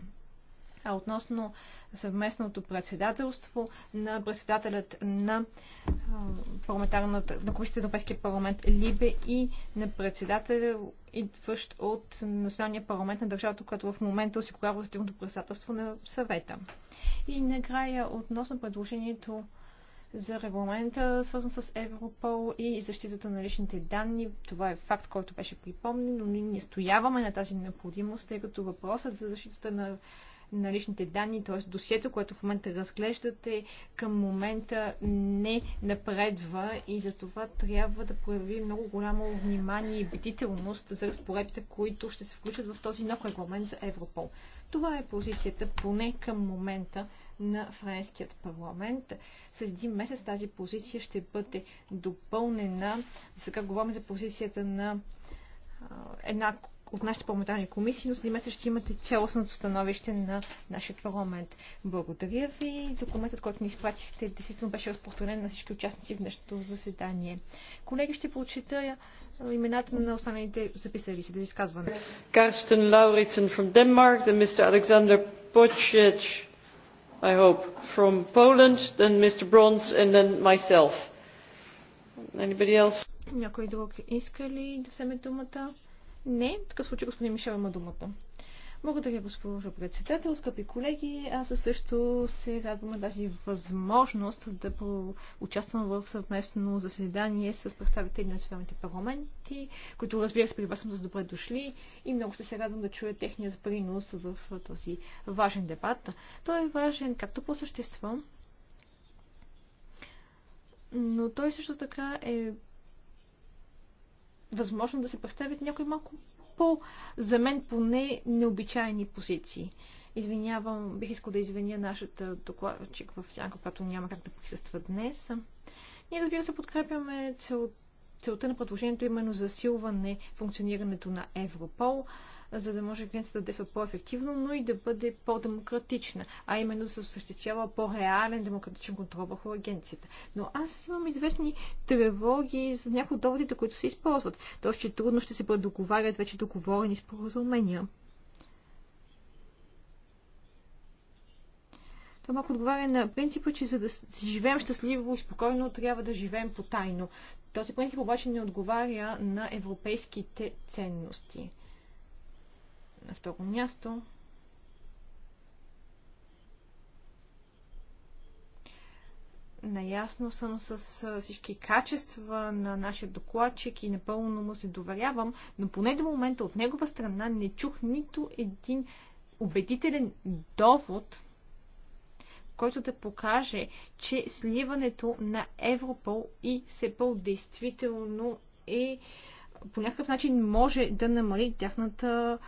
Speaker 1: А относно съвместното председателство на председателят на парламентарната на Комисията Европейския парламент Либе и на председателя, идващ от Националния парламент на държавата, която в момента осигурява активното председателство на съвета. И накрая относно предложението за регламента, свързан с Европол и защитата на личните данни. Това е факт, който беше припомнен, но ние не стояваме на тази необходимост, тъй като въпросът за защитата на на личните данни, т.е. досието, което в момента разглеждате, към момента не напредва и за това трябва да прояви много голямо внимание и бдителност за разпоредбите, които ще се включат в този нов регламент за Европол. Това е позицията поне към момента на френският парламент. След един месец тази позиция ще бъде допълнена. Сега говорим за позицията на една от нашите парламентарни комисии, но след месец ще имате цялостното становище на нашия парламент. Благодаря ви. Документът, който ни изпратихте, действително беше разпространен на всички участници в днешното заседание. Колеги, ще прочита имената на останалите записали се за да изказване. Карстен Лауритсен from Denmark, then Mr. Alexander Pocic, I hope, from Poland, then Mr. Bronze and then myself. Anybody else? Някой друг иска ли да вземе думата? Не, в такъв случай господин Мишел има думата. Благодаря, госпожо председател, скъпи колеги. Аз също се радвам тази възможност да участвам в съвместно заседание с представители на националните парламенти, които разбира се при вас съм за добре дошли и много ще се радвам да чуя техният принос в този важен дебат. Той е важен както по същество, но той също така е възможно да се представят някои малко по, за мен поне, необичайни позиции. Извинявам, бих искал да извиня нашата докладчик в сянка, която няма как да присъства днес. Ние, разбира се, подкрепяме цел, целта на предложението именно засилване функционирането на Европол за да може агенцията да действа по-ефективно, но и да бъде по-демократична, а именно да се осъществява по-реален демократичен контрол върху агенцията. Но аз имам известни тревоги за някои доводите, които се използват. Тоест, че трудно ще се предоговарят вече договорени споразумения. Това малко отговаря на принципа, че за да си живеем щастливо и спокойно, трябва да живеем потайно. Този принцип обаче не отговаря на европейските ценности. На второ място наясно съм с всички качества на нашия докладчик и напълно му се доверявам, но поне до момента от негова страна не чух нито един убедителен довод, който да покаже, че сливането на Европол и СЕПОЛ действително е по някакъв начин може да намали тяхната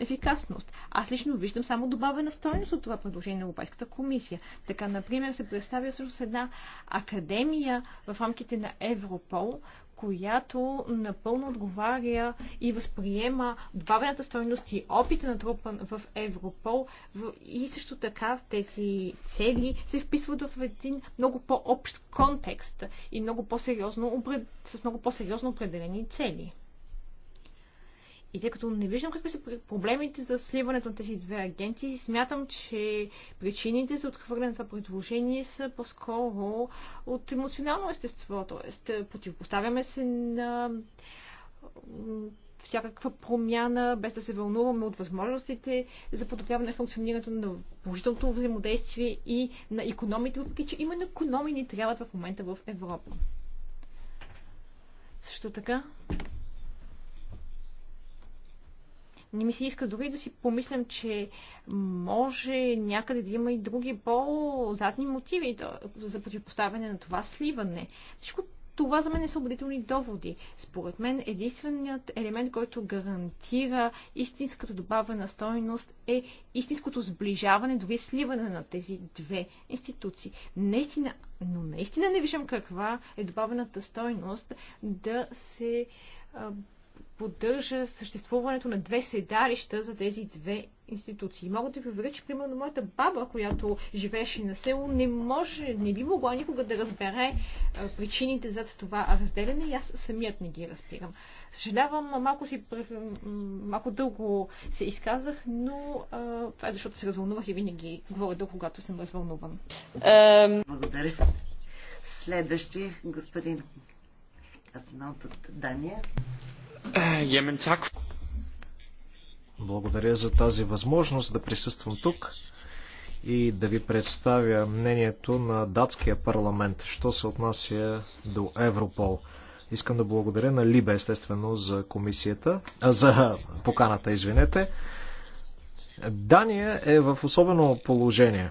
Speaker 1: ефикасност. Аз лично виждам само добавена стоеност от това предложение на Европейската комисия. Така, например, се представя с една академия в рамките на Европол, която напълно отговаря и възприема добавената стоеност и опита на трупа в Европол и също така тези цели се вписват в един много по-общ контекст и много по-сериозно, с много по-сериозно определени цели. И тъй като не виждам какви са проблемите за сливането на тези две агенции, смятам, че причините за отхвърляне на това предложение са по-скоро от емоционално естество. Тоест, противопоставяме се на всякаква промяна, без да се вълнуваме от възможностите за подобряване на функционирането на положителното взаимодействие и на економите, въпреки че именно економи ни трябват в момента в Европа. Също така, не ми се иска дори да си помислям, че може някъде да има и други по-задни мотиви за противопоставяне на това сливане. Всичко това за мен е са доводи. Според мен единственият елемент, който гарантира истинската добавена стойност е истинското сближаване, дори сливане на тези две институции. Наистина, но наистина не виждам каква е добавената стойност да се поддържа съществуването на две седалища за тези две институции. Мога да ви уверя, че примерно моята баба, която живееше на село, не може, не би могла никога да разбере а, причините за това разделяне и аз самият не ги разбирам. Съжалявам, малко, си, малко дълго се изказах, но а, това е защото се развълнувах и винаги говоря дълго, когато съм развълнуван.
Speaker 2: Благодаря. Следващи, е господин Атанал от Дания.
Speaker 3: Благодаря за тази възможност да присъствам тук и да ви представя мнението на датския парламент, що се отнася до Европол. Искам да благодаря на Либе, естествено, за комисията, а, за поканата, извинете. Дания е в особено положение.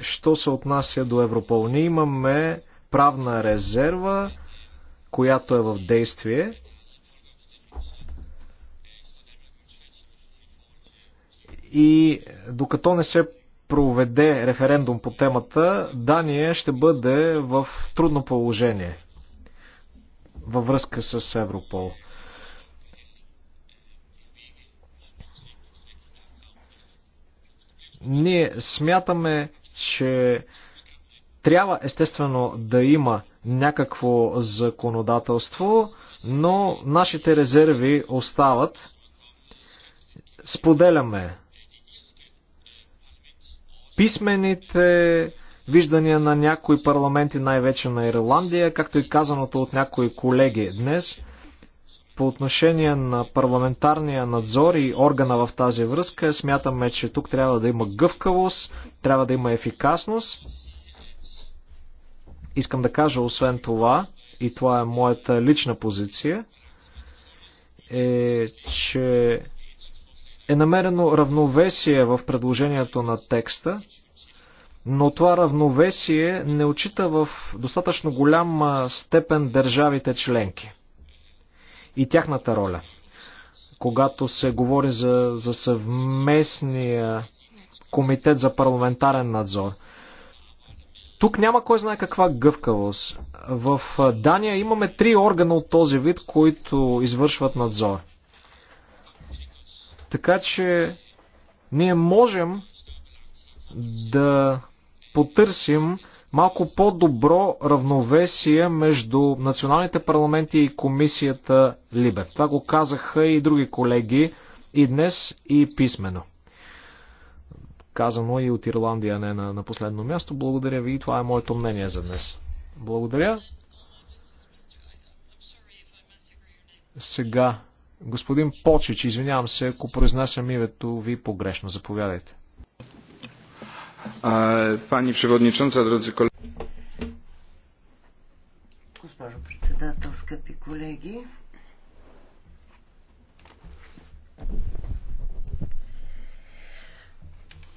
Speaker 3: Що се отнася до Европол? Ние имаме правна резерва, която е в действие. И докато не се проведе референдум по темата, Дания ще бъде в трудно положение във връзка с Европол. Ние смятаме, че трябва естествено да има някакво законодателство, но нашите резерви остават. Споделяме писмените виждания на някои парламенти, най-вече на Ирландия, както и казаното от някои колеги днес – по отношение на парламентарния надзор и органа в тази връзка, смятаме, че тук трябва да има гъвкавост, трябва да има ефикасност. Искам да кажа, освен това, и това е моята лична позиция, е, че е намерено равновесие в предложението на текста, но това равновесие не отчита в достатъчно голяма степен държавите членки и тяхната роля. Когато се говори за, за съвместния комитет за парламентарен надзор – тук няма кой знае каква гъвкавост. В Дания имаме три органа от този вид, които извършват надзор. Така че ние можем да потърсим малко по-добро равновесие между националните парламенти и комисията ЛИБЕР. Това го казаха и други колеги и днес и писменно казано и от Ирландия, не на, на последно място. Благодаря ви и това е моето мнение за днес. Благодаря. Сега, господин Почич, извинявам се, ако произнасям името ви погрешно. Заповядайте. Пани Przewodnicząca, drodzy колеги.
Speaker 2: Госпожо председател, скъпи колеги,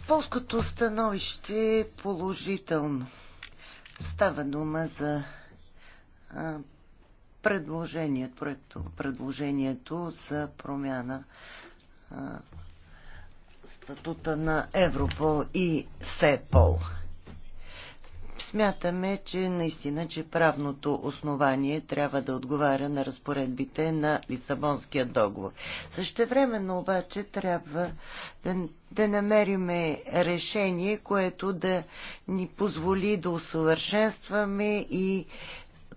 Speaker 2: Полското становище е положително. Става дума за а, предложението, проекто, предложението за промяна а, статута на Европол и СЕПОЛ. Смятаме, че наистина, че правното основание трябва да отговаря на разпоредбите на Лисабонския договор. Същевременно обаче трябва да, да намериме решение, което да ни позволи да усъвършенстваме и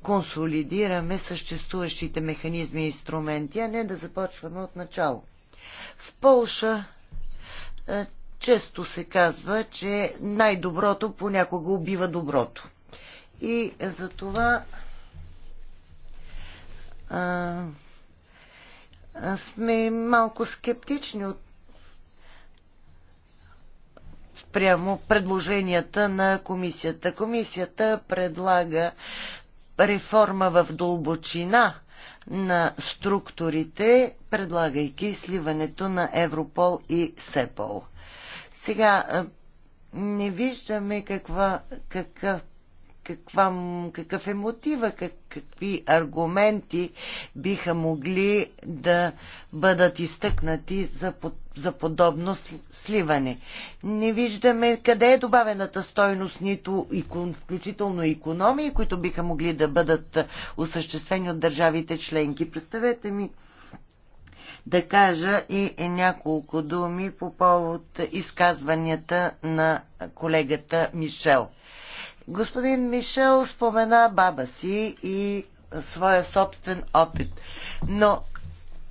Speaker 2: консолидираме съществуващите механизми и инструменти, а не да започваме от начало. В Полша е, често се казва, че най-доброто понякога убива доброто. И за това а, сме малко скептични от прямо предложенията на комисията. Комисията предлага реформа в дълбочина на структурите, предлагайки сливането на Европол и СЕПОЛ. Сега не виждаме каква, какъв каква, какъв е мотива, как, какви аргументи биха могли да бъдат изтъкнати за, за подобно сливане. Не виждаме къде е добавената стойност, нито включително економии, които биха могли да бъдат осъществени от държавите членки. Представете ми да кажа и няколко думи по повод изказванията на колегата Мишел. Господин Мишел спомена баба си и своя собствен опит. Но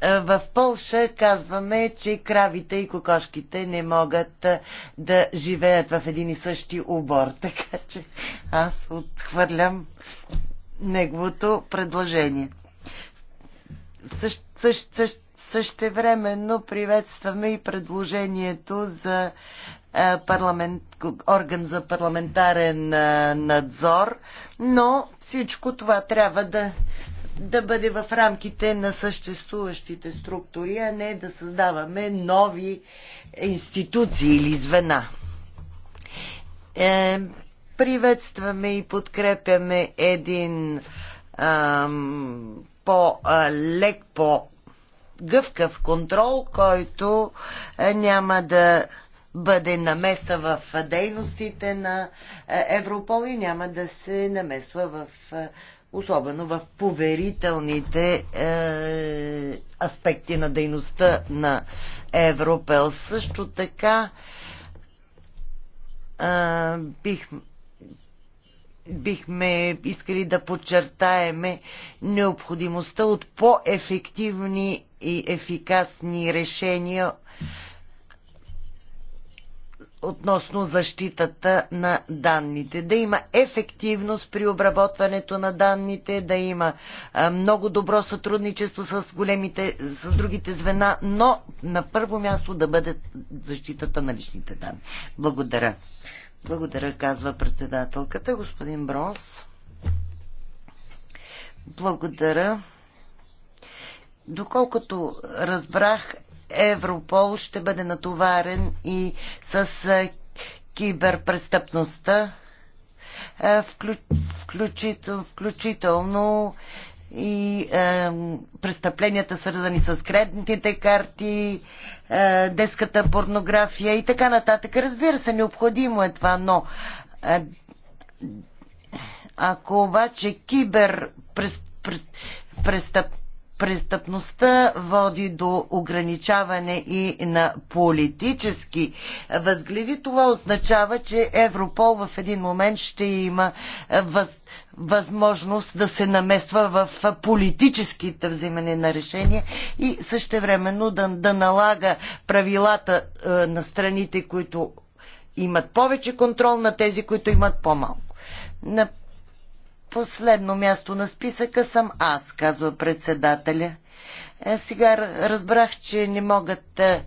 Speaker 2: е, в Пълша казваме, че кравите и кокошките не могат е, да живеят в един и същи обор. Така че аз отхвърлям неговото предложение. Същ, същ, същ, Същевременно приветстваме и предложението за е, парламент, орган за парламентарен е, надзор, но всичко това трябва да, да бъде в рамките на съществуващите структури, а не да създаваме нови институции или звена. Е, приветстваме и подкрепяме един ам, по-лек, по гъвкав контрол, който е, няма да бъде намеса в дейностите на е, Европол и няма да се намесва в е, особено в поверителните е, аспекти на дейността на Европел. Също така е, бих, бихме искали да подчертаеме необходимостта от по-ефективни и ефикасни решения относно защитата на данните. Да има ефективност при обработването на данните, да има много добро сътрудничество с, големите, с другите звена, но на първо място да бъде защитата на личните данни. Благодаря. Благодаря, казва председателката, господин Бронс. Благодаря. Доколкото разбрах, Европол ще бъде натоварен и с киберпрестъпността, включително, включително и е, престъпленията, свързани с кредитните карти, е, детската порнография и така нататък. Разбира се, необходимо е това, но е, ако обаче киберпрестъпността. Престъпността води до ограничаване и на политически възгледи. Това означава, че Европол в един момент ще има е, въз, възможност да се намесва в политическите вземане на решения и същевременно да, да налага правилата е, на страните, които имат повече контрол на тези, които имат по-малко. На Последно място на списъка съм аз, казва председателя. Е, сега разбрах, че не могат е, е,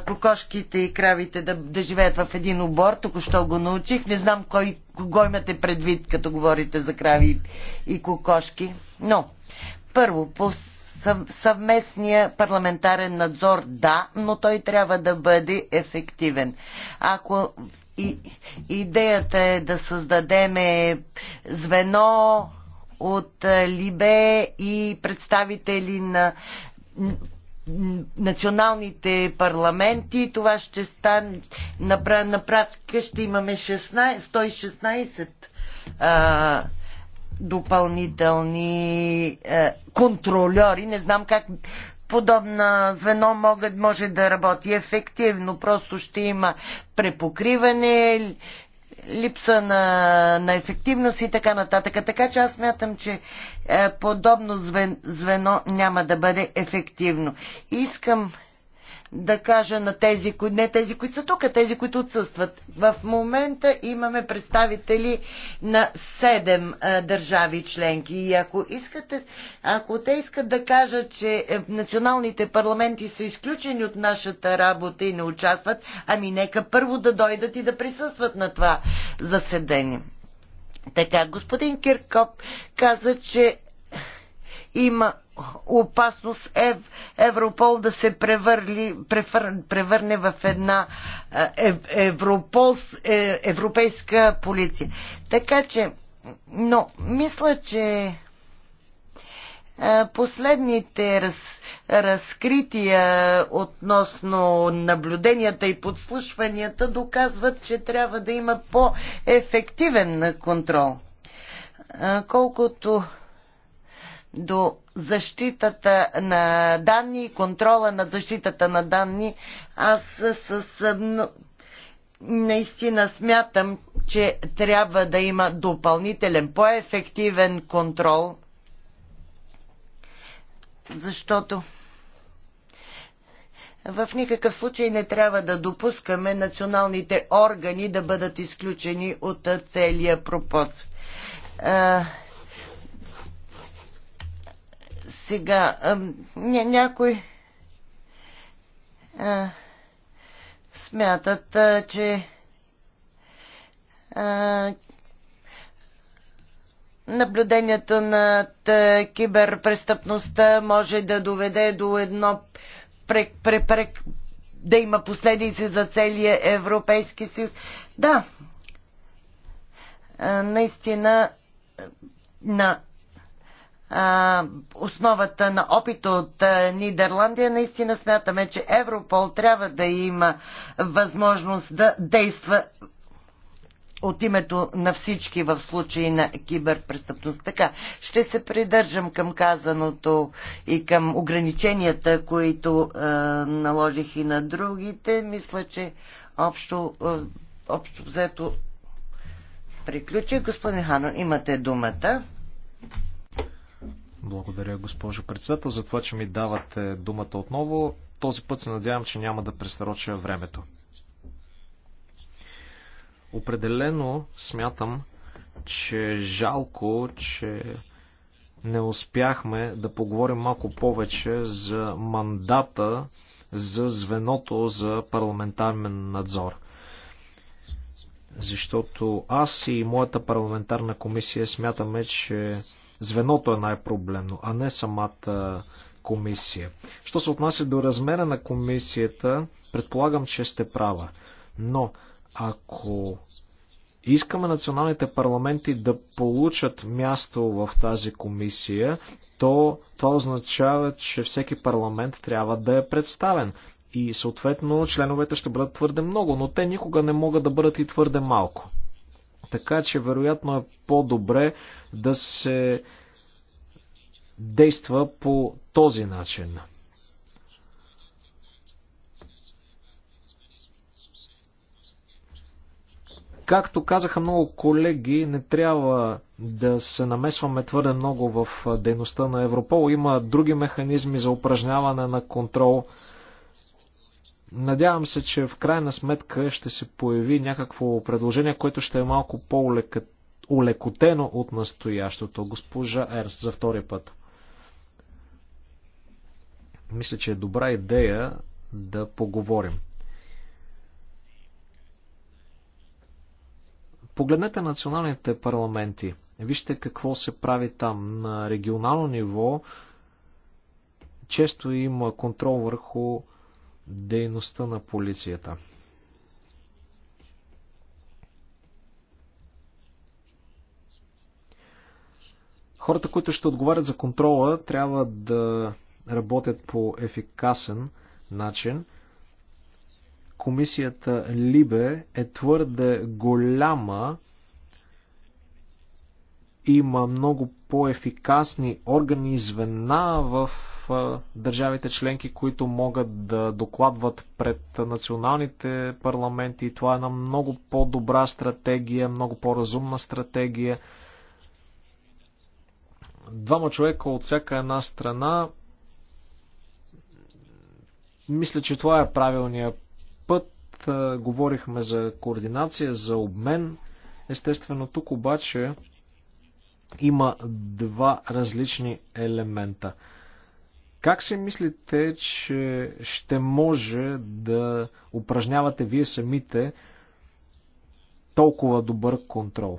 Speaker 2: кокошките и кравите да, да живеят в един обор. Току-що го научих. Не знам кой, кого имате предвид, като говорите за крави и кокошки. Но, първо, по съвместния парламентарен надзор, да, но той трябва да бъде ефективен. Ако и, идеята е да създадеме звено от е, Либе и представители на националните парламенти. Това ще стане на, на практика. Ще имаме 16, 116 а, допълнителни а, е, контролери. Не знам как подобна звено могат, може да работи ефективно. Просто ще има препокриване, липса на, на ефективност и така нататък. Така че аз мятам, че е, подобно звен, звено няма да бъде ефективно. Искам да кажа на тези, кои, не тези, които са тук, а тези, които отсъстват. В момента имаме представители на 7 държави членки. И ако искате, ако те искат да кажат, че е, националните парламенти са изключени от нашата работа и не участват, ами нека първо да дойдат и да присъстват на това заседание. Така, господин Киркоп каза, че има опасност Ев, Европол да се превърли, превър, превърне в една е, Европол, е, европейска полиция. Така че, но мисля, че последните раз, разкрития относно наблюденията и подслушванията доказват, че трябва да има по-ефективен контрол. Колкото до защитата на данни и контрола на защитата на данни. Аз с, с, наистина смятам, че трябва да има допълнителен, по-ефективен контрол, защото в никакъв случай не трябва да допускаме националните органи да бъдат изключени от целия пропоц. Сега, ня, някой а, смятат, а, че а, наблюдението над киберпрестъпността може да доведе до едно прек, прек, прек, да има последици за целия Европейски съюз. Да, наистина на а, основата на опит от а, Нидерландия, наистина смятаме, че Европол трябва да има възможност да действа от името на всички в случай на киберпрестъпност. Така, ще се придържам към казаното и към ограниченията, които е, наложих и на другите. Мисля, че общо, е, общо взето приключи. Господин Хано, имате думата.
Speaker 3: Благодаря, госпожо председател, за това, че ми давате думата отново. Този път се надявам, че няма да пресроча времето. Определено смятам, че жалко, че не успяхме да поговорим малко повече за мандата за звеното за парламентарен надзор. Защото аз и моята парламентарна комисия смятаме, че звеното е най-проблемно, а не самата комисия. Що се отнася до размера на комисията, предполагам, че сте права. Но ако искаме националните парламенти да получат място в тази комисия, то това означава, че всеки парламент трябва да е представен. И съответно членовете ще бъдат твърде много, но те никога не могат да бъдат и твърде малко. Така че вероятно е по-добре да се действа по този начин. Както казаха много колеги, не трябва да се намесваме твърде много в дейността на Европол. Има други механизми за упражняване на контрол. Надявам се, че в крайна сметка ще се появи някакво предложение, което ще е малко по-улекотено от настоящото. Госпожа Ерс, за втори път. Мисля, че е добра идея да поговорим. Погледнете националните парламенти. Вижте какво се прави там. На регионално ниво често има контрол върху дейността на полицията. Хората, които ще отговарят за контрола, трябва да работят по ефикасен начин. Комисията Либе е твърде голяма. Има много по-ефикасни органи и звена в държавите членки, които могат да докладват пред националните парламенти. Това е една много по-добра стратегия, много по-разумна стратегия. Двама човека от всяка една страна. Мисля, че това е правилният път. Говорихме за координация, за обмен. Естествено, тук обаче има два различни елемента. Как си мислите, че ще може да упражнявате вие самите толкова добър контрол?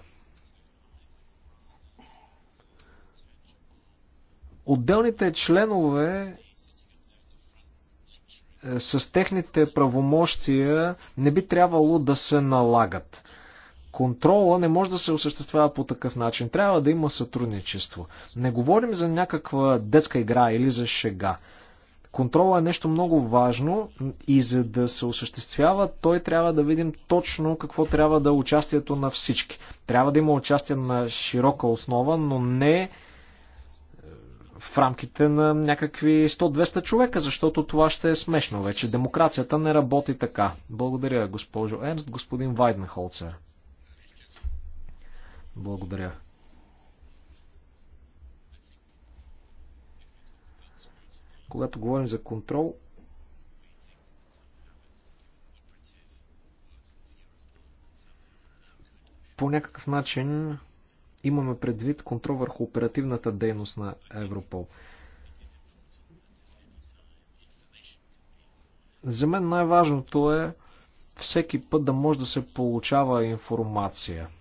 Speaker 3: Отделните членове е, с техните правомощия не би трябвало да се налагат контрола не може да се осъществява по такъв начин. Трябва да има сътрудничество. Не говорим за някаква детска игра или за шега. Контрола е нещо много важно и за да се осъществява, той трябва да видим точно какво трябва да е участието на всички. Трябва да има участие на широка основа, но не е, в рамките на някакви 100-200 човека, защото това ще е смешно вече. Демокрацията не работи така. Благодаря, госпожо Емст, господин Вайденхолцер. Благодаря. Когато говорим за контрол, по някакъв начин имаме предвид контрол върху оперативната дейност на Европол. За мен най-важното е всеки път да може да се получава информация –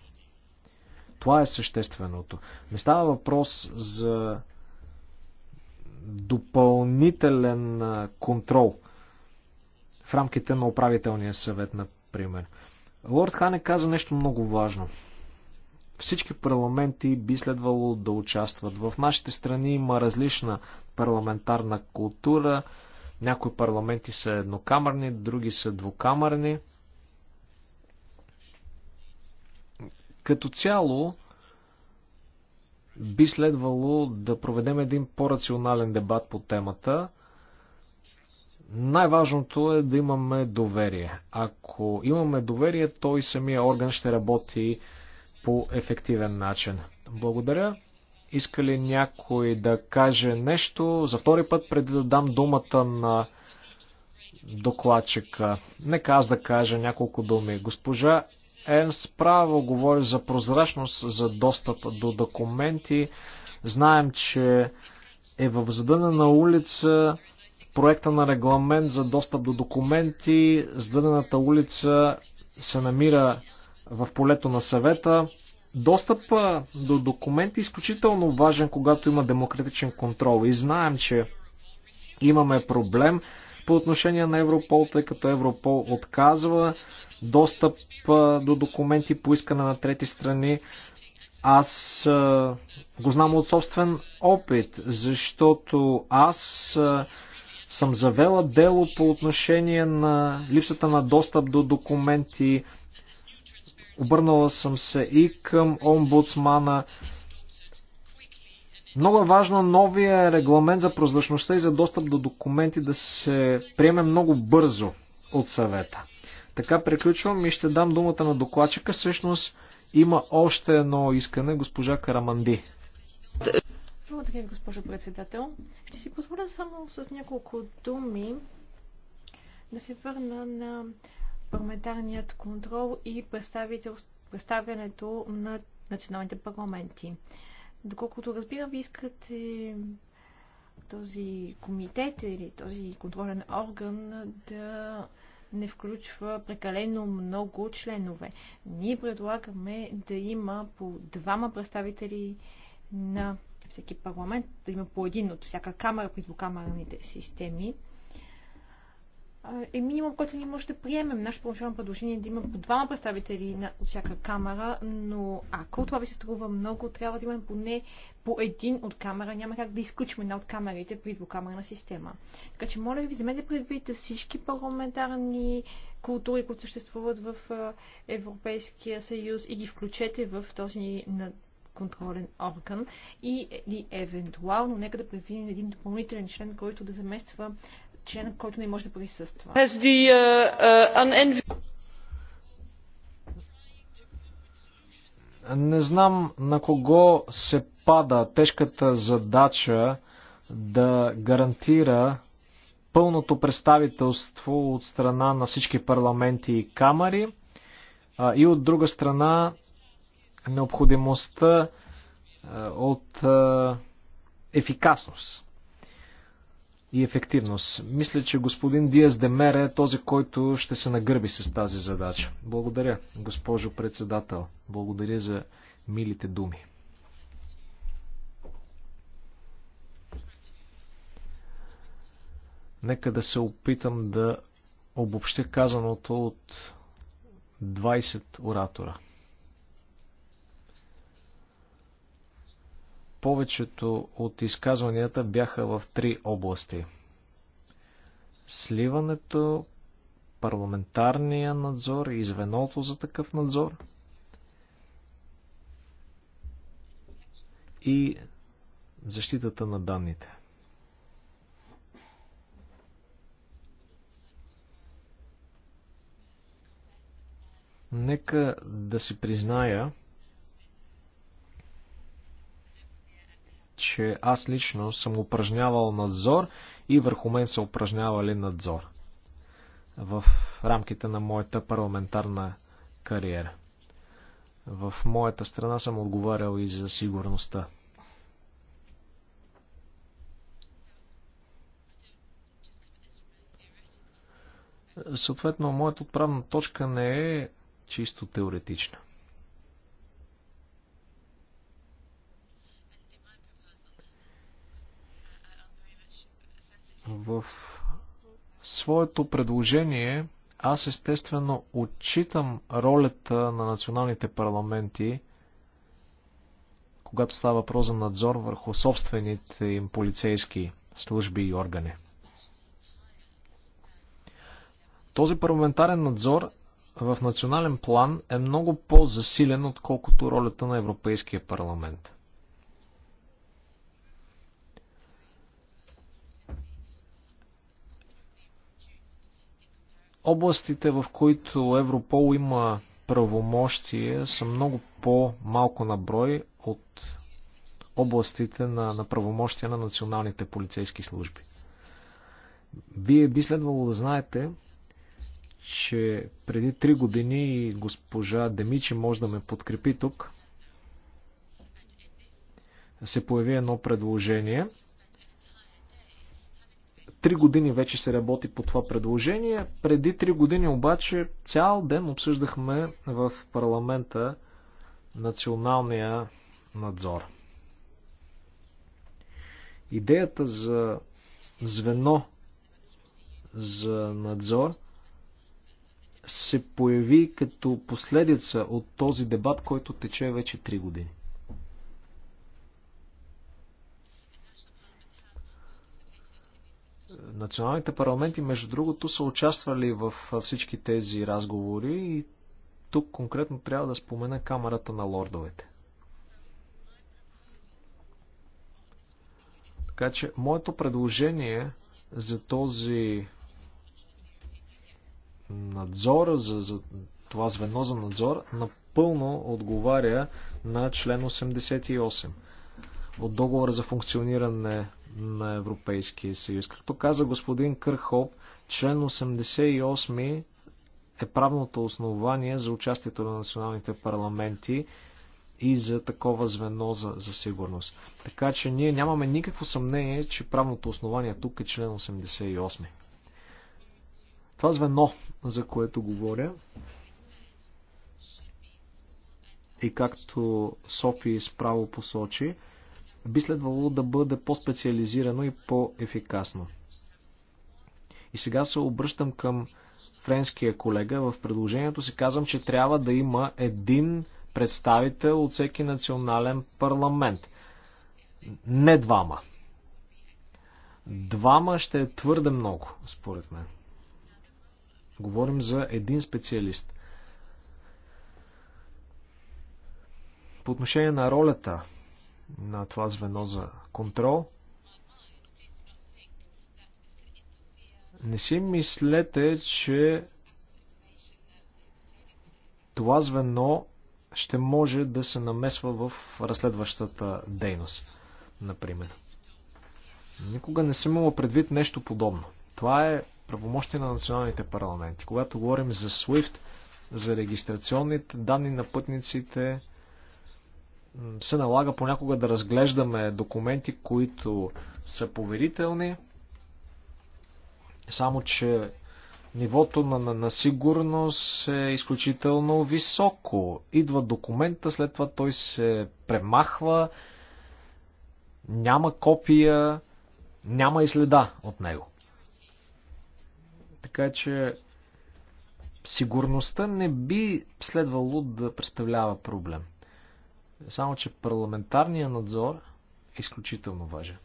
Speaker 3: това е същественото. Не става въпрос за допълнителен контрол в рамките на управителния съвет, например. Лорд Хане каза нещо много важно. Всички парламенти би следвало да участват. В нашите страни има различна парламентарна култура. Някои парламенти са еднокамерни, други са двукамерни. Като цяло, би следвало да проведем един по-рационален дебат по темата. Най-важното е да имаме доверие. Ако имаме доверие, той самия орган ще работи по ефективен начин. Благодаря. Иска ли някой да каже нещо за втори път, преди да дам думата на докладчика? Нека аз да кажа няколко думи. Госпожа Ернст право говори за прозрачност, за достъп до документи. Знаем, че е в задънена улица проекта на регламент за достъп до документи. Задънената улица се намира в полето на съвета. Достъп до документи е изключително важен, когато има демократичен контрол. И знаем, че имаме проблем по отношение на Европол, тъй като Европол отказва достъп до документи по искане на трети страни. Аз го знам от собствен опит, защото аз съм завела дело по отношение на липсата на достъп до документи. Обърнала съм се и към омбудсмана. Много е важно новия регламент за прозрачността и за достъп до документи да се приеме много бързо от съвета. Така приключвам и ще дам думата на докладчика. Всъщност има още едно искане, госпожа Караманди.
Speaker 1: Благодаря госпожо председател. Ще си позволя само с няколко думи да се върна на парламентарният контрол и представянето на националните парламенти. Доколкото разбирам, ви искате този комитет или този контролен орган да не включва прекалено много членове. Ние предлагаме да има по двама представители на всеки парламент, да има по един от всяка камера при двукамерните системи е минимум, който ние може да приемем. Нашето първоначално предложение е да има по двама представители на, от всяка камера, но ако това ви се струва много, трябва да имаме поне по един от камера. Няма как да изключим една от камерите при двукамерна система. Така че, моля ви, вземете предвид всички парламентарни култури, които съществуват в Европейския съюз и ги включете в този контролен орган и, и евентуално нека да предвидим един допълнителен член, който да замества член, който не може да присъства.
Speaker 3: Uh, uh, не знам на кого се пада тежката задача да гарантира пълното представителство от страна на всички парламенти и камери и от друга страна необходимостта от ефикасност и ефективност. Мисля, че господин Диас Демер е този, който ще се нагърби с тази задача. Благодаря, госпожо председател. Благодаря за милите думи. Нека да се опитам да обобщя казаното от 20 оратора. Повечето от изказванията бяха в три области. Сливането, парламентарния надзор и звеното за такъв надзор и защитата на данните. Нека да си призная, че аз лично съм упражнявал надзор и върху мен са упражнявали надзор в рамките на моята парламентарна кариера. В моята страна съм отговарял и за сигурността. Съответно, моята отправна точка не е чисто теоретична. В своето предложение аз естествено отчитам ролята на националните парламенти, когато става въпрос за надзор върху собствените им полицейски служби и органи. Този парламентарен надзор в национален план е много по-засилен, отколкото ролята на Европейския парламент. областите, в които Европол има правомощие, са много по-малко на брой от областите на, на правомощия на националните полицейски служби. Вие би следвало да знаете, че преди три години госпожа Демичи може да ме подкрепи тук. Се появи едно предложение – Три години вече се работи по това предложение. Преди три години обаче цял ден обсъждахме в парламента националния надзор. Идеята за звено за надзор се появи като последица от този дебат, който тече вече 3 години. Националните парламенти, между другото, са участвали в всички тези разговори и тук конкретно трябва да спомена Камерата на лордовете. Така че моето предложение за този надзор, за, за това звено за надзор, напълно отговаря на член 88 от договора за функциониране на Европейския съюз. Както каза господин Кърхоп, член 88 е правното основание за участието на националните парламенти и за такова звено за, за сигурност. Така че ние нямаме никакво съмнение, че правното основание тук е член 88. Това звено, за което говоря, и както Софи справо посочи, би следвало да бъде по-специализирано и по-ефикасно. И сега се обръщам към френския колега. В предложението си казвам, че трябва да има един представител от всеки национален парламент. Не двама. Двама ще е твърде много, според мен. Говорим за един специалист. По отношение на ролята на това звено за контрол. Не си мислете, че това звено ще може да се намесва в разследващата дейност, например. Никога не съм имал предвид нещо подобно. Това е правомощие на националните парламенти. Когато говорим за SWIFT, за регистрационните данни на пътниците, се налага понякога да разглеждаме документи, които са поверителни, само че нивото на, на, на сигурност е изключително високо. Идва документа, след това той се премахва, няма копия, няма и следа от него. Така че сигурността не би следвало да представлява проблем. Само, че парламентарният надзор е изключително важен.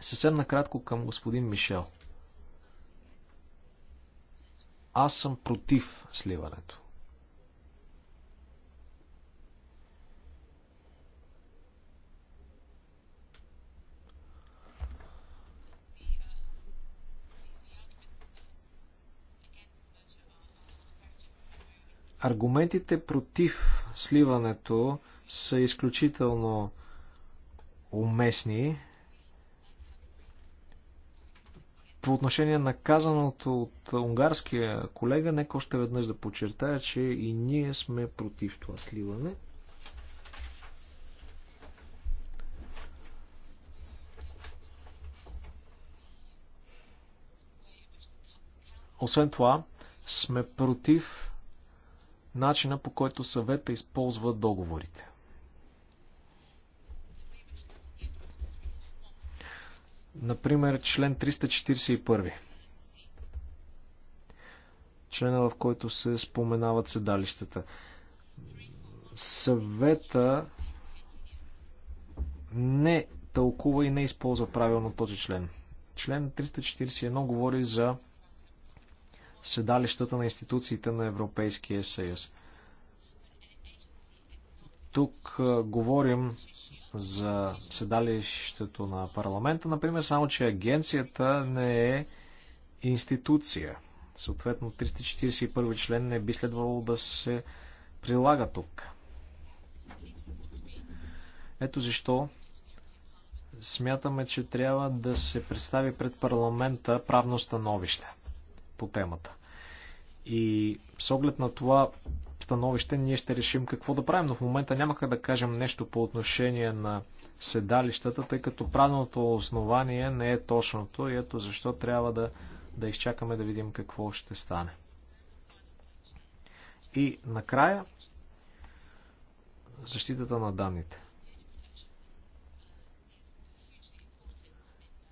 Speaker 3: Съвсем накратко към господин Мишел. Аз съм против сливането. Аргументите против сливането са изключително уместни. По отношение на казаното от унгарския колега, нека още веднъж да подчертая, че и ние сме против това сливане. Освен това, сме против начина по който съвета използва договорите. Например, член 341. Члена, в който се споменават седалищата. Съвета не тълкува и не използва правилно този член. Член 341 говори за седалищата на институциите на Европейския съюз. Тук говорим за седалището на парламента, например, само че агенцията не е институция. Съответно, 341 член не би следвало да се прилага тук. Ето защо смятаме, че трябва да се представи пред парламента правно становище по темата. И с оглед на това становище ние ще решим какво да правим, но в момента няма как да кажем нещо по отношение на седалищата, тъй като правилното основание не е точното и ето защо трябва да, да изчакаме да видим какво ще стане. И накрая защитата на данните.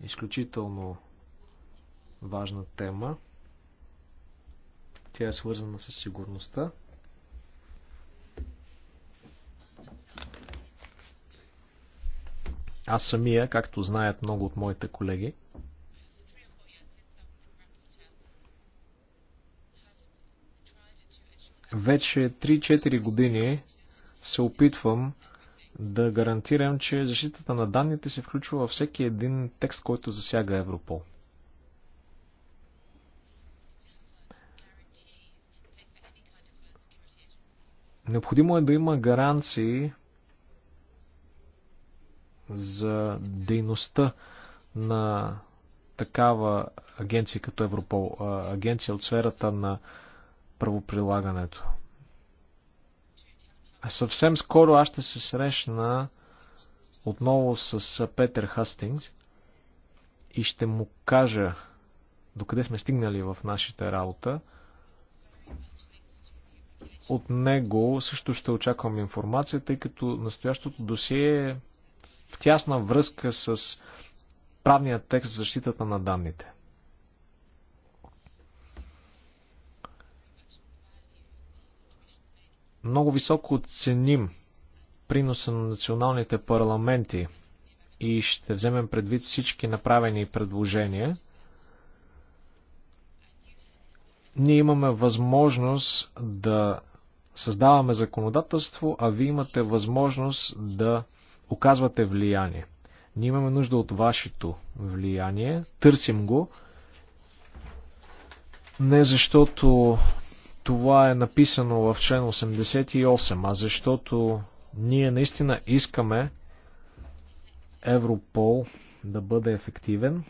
Speaker 3: Изключително важна тема. Тя е свързана с сигурността. Аз самия, както знаят много от моите колеги, вече 3-4 години се опитвам да гарантирам, че защитата на данните се включва във всеки един текст, който засяга Европол. Необходимо е да има гаранции за дейността на такава агенция като Европол, агенция от сферата на правоприлагането. А съвсем скоро аз ще се срещна отново с Петър Хастингс и ще му кажа докъде сме стигнали в нашата работа. От него също ще очаквам информация, тъй като настоящото досие е в тясна връзка с правния текст за защитата на данните. Много високо ценим приноса на националните парламенти и ще вземем предвид всички направени предложения. Ние имаме възможност да създаваме законодателство, а вие имате възможност да оказвате влияние. Ние имаме нужда от вашето влияние, търсим го, не защото това е написано в член 88, а защото ние наистина искаме Европол да бъде ефективен,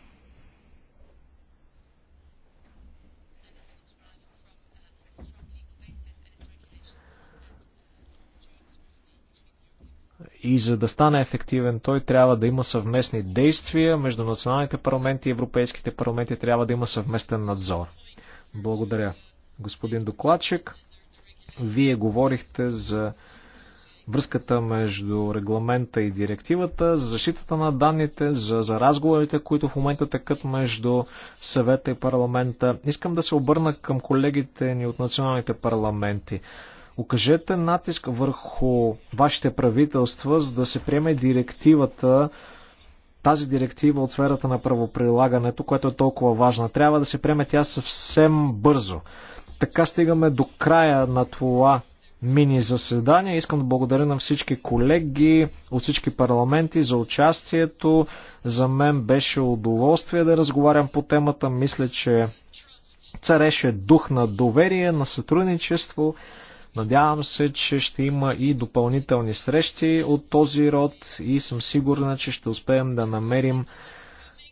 Speaker 3: и за да стане ефективен той трябва да има съвместни действия между националните парламенти и европейските парламенти трябва да има съвместен надзор. Благодаря. Господин докладчик, вие говорихте за връзката между регламента и директивата, за защитата на данните, за, за разговорите, които в момента тъкат между съвета и парламента. Искам да се обърна към колегите ни от националните парламенти. Окажете натиск върху вашите правителства, за да се приеме директивата, тази директива от сферата на правоприлагането, която е толкова важна. Трябва да се приеме тя съвсем бързо. Така стигаме до края на това мини заседание. Искам да благодаря на всички колеги от всички парламенти за участието. За мен беше удоволствие да разговарям по темата. Мисля, че цареше дух на доверие, на сътрудничество. Надявам се, че ще има и допълнителни срещи от този род и съм сигурна, че ще успеем да намерим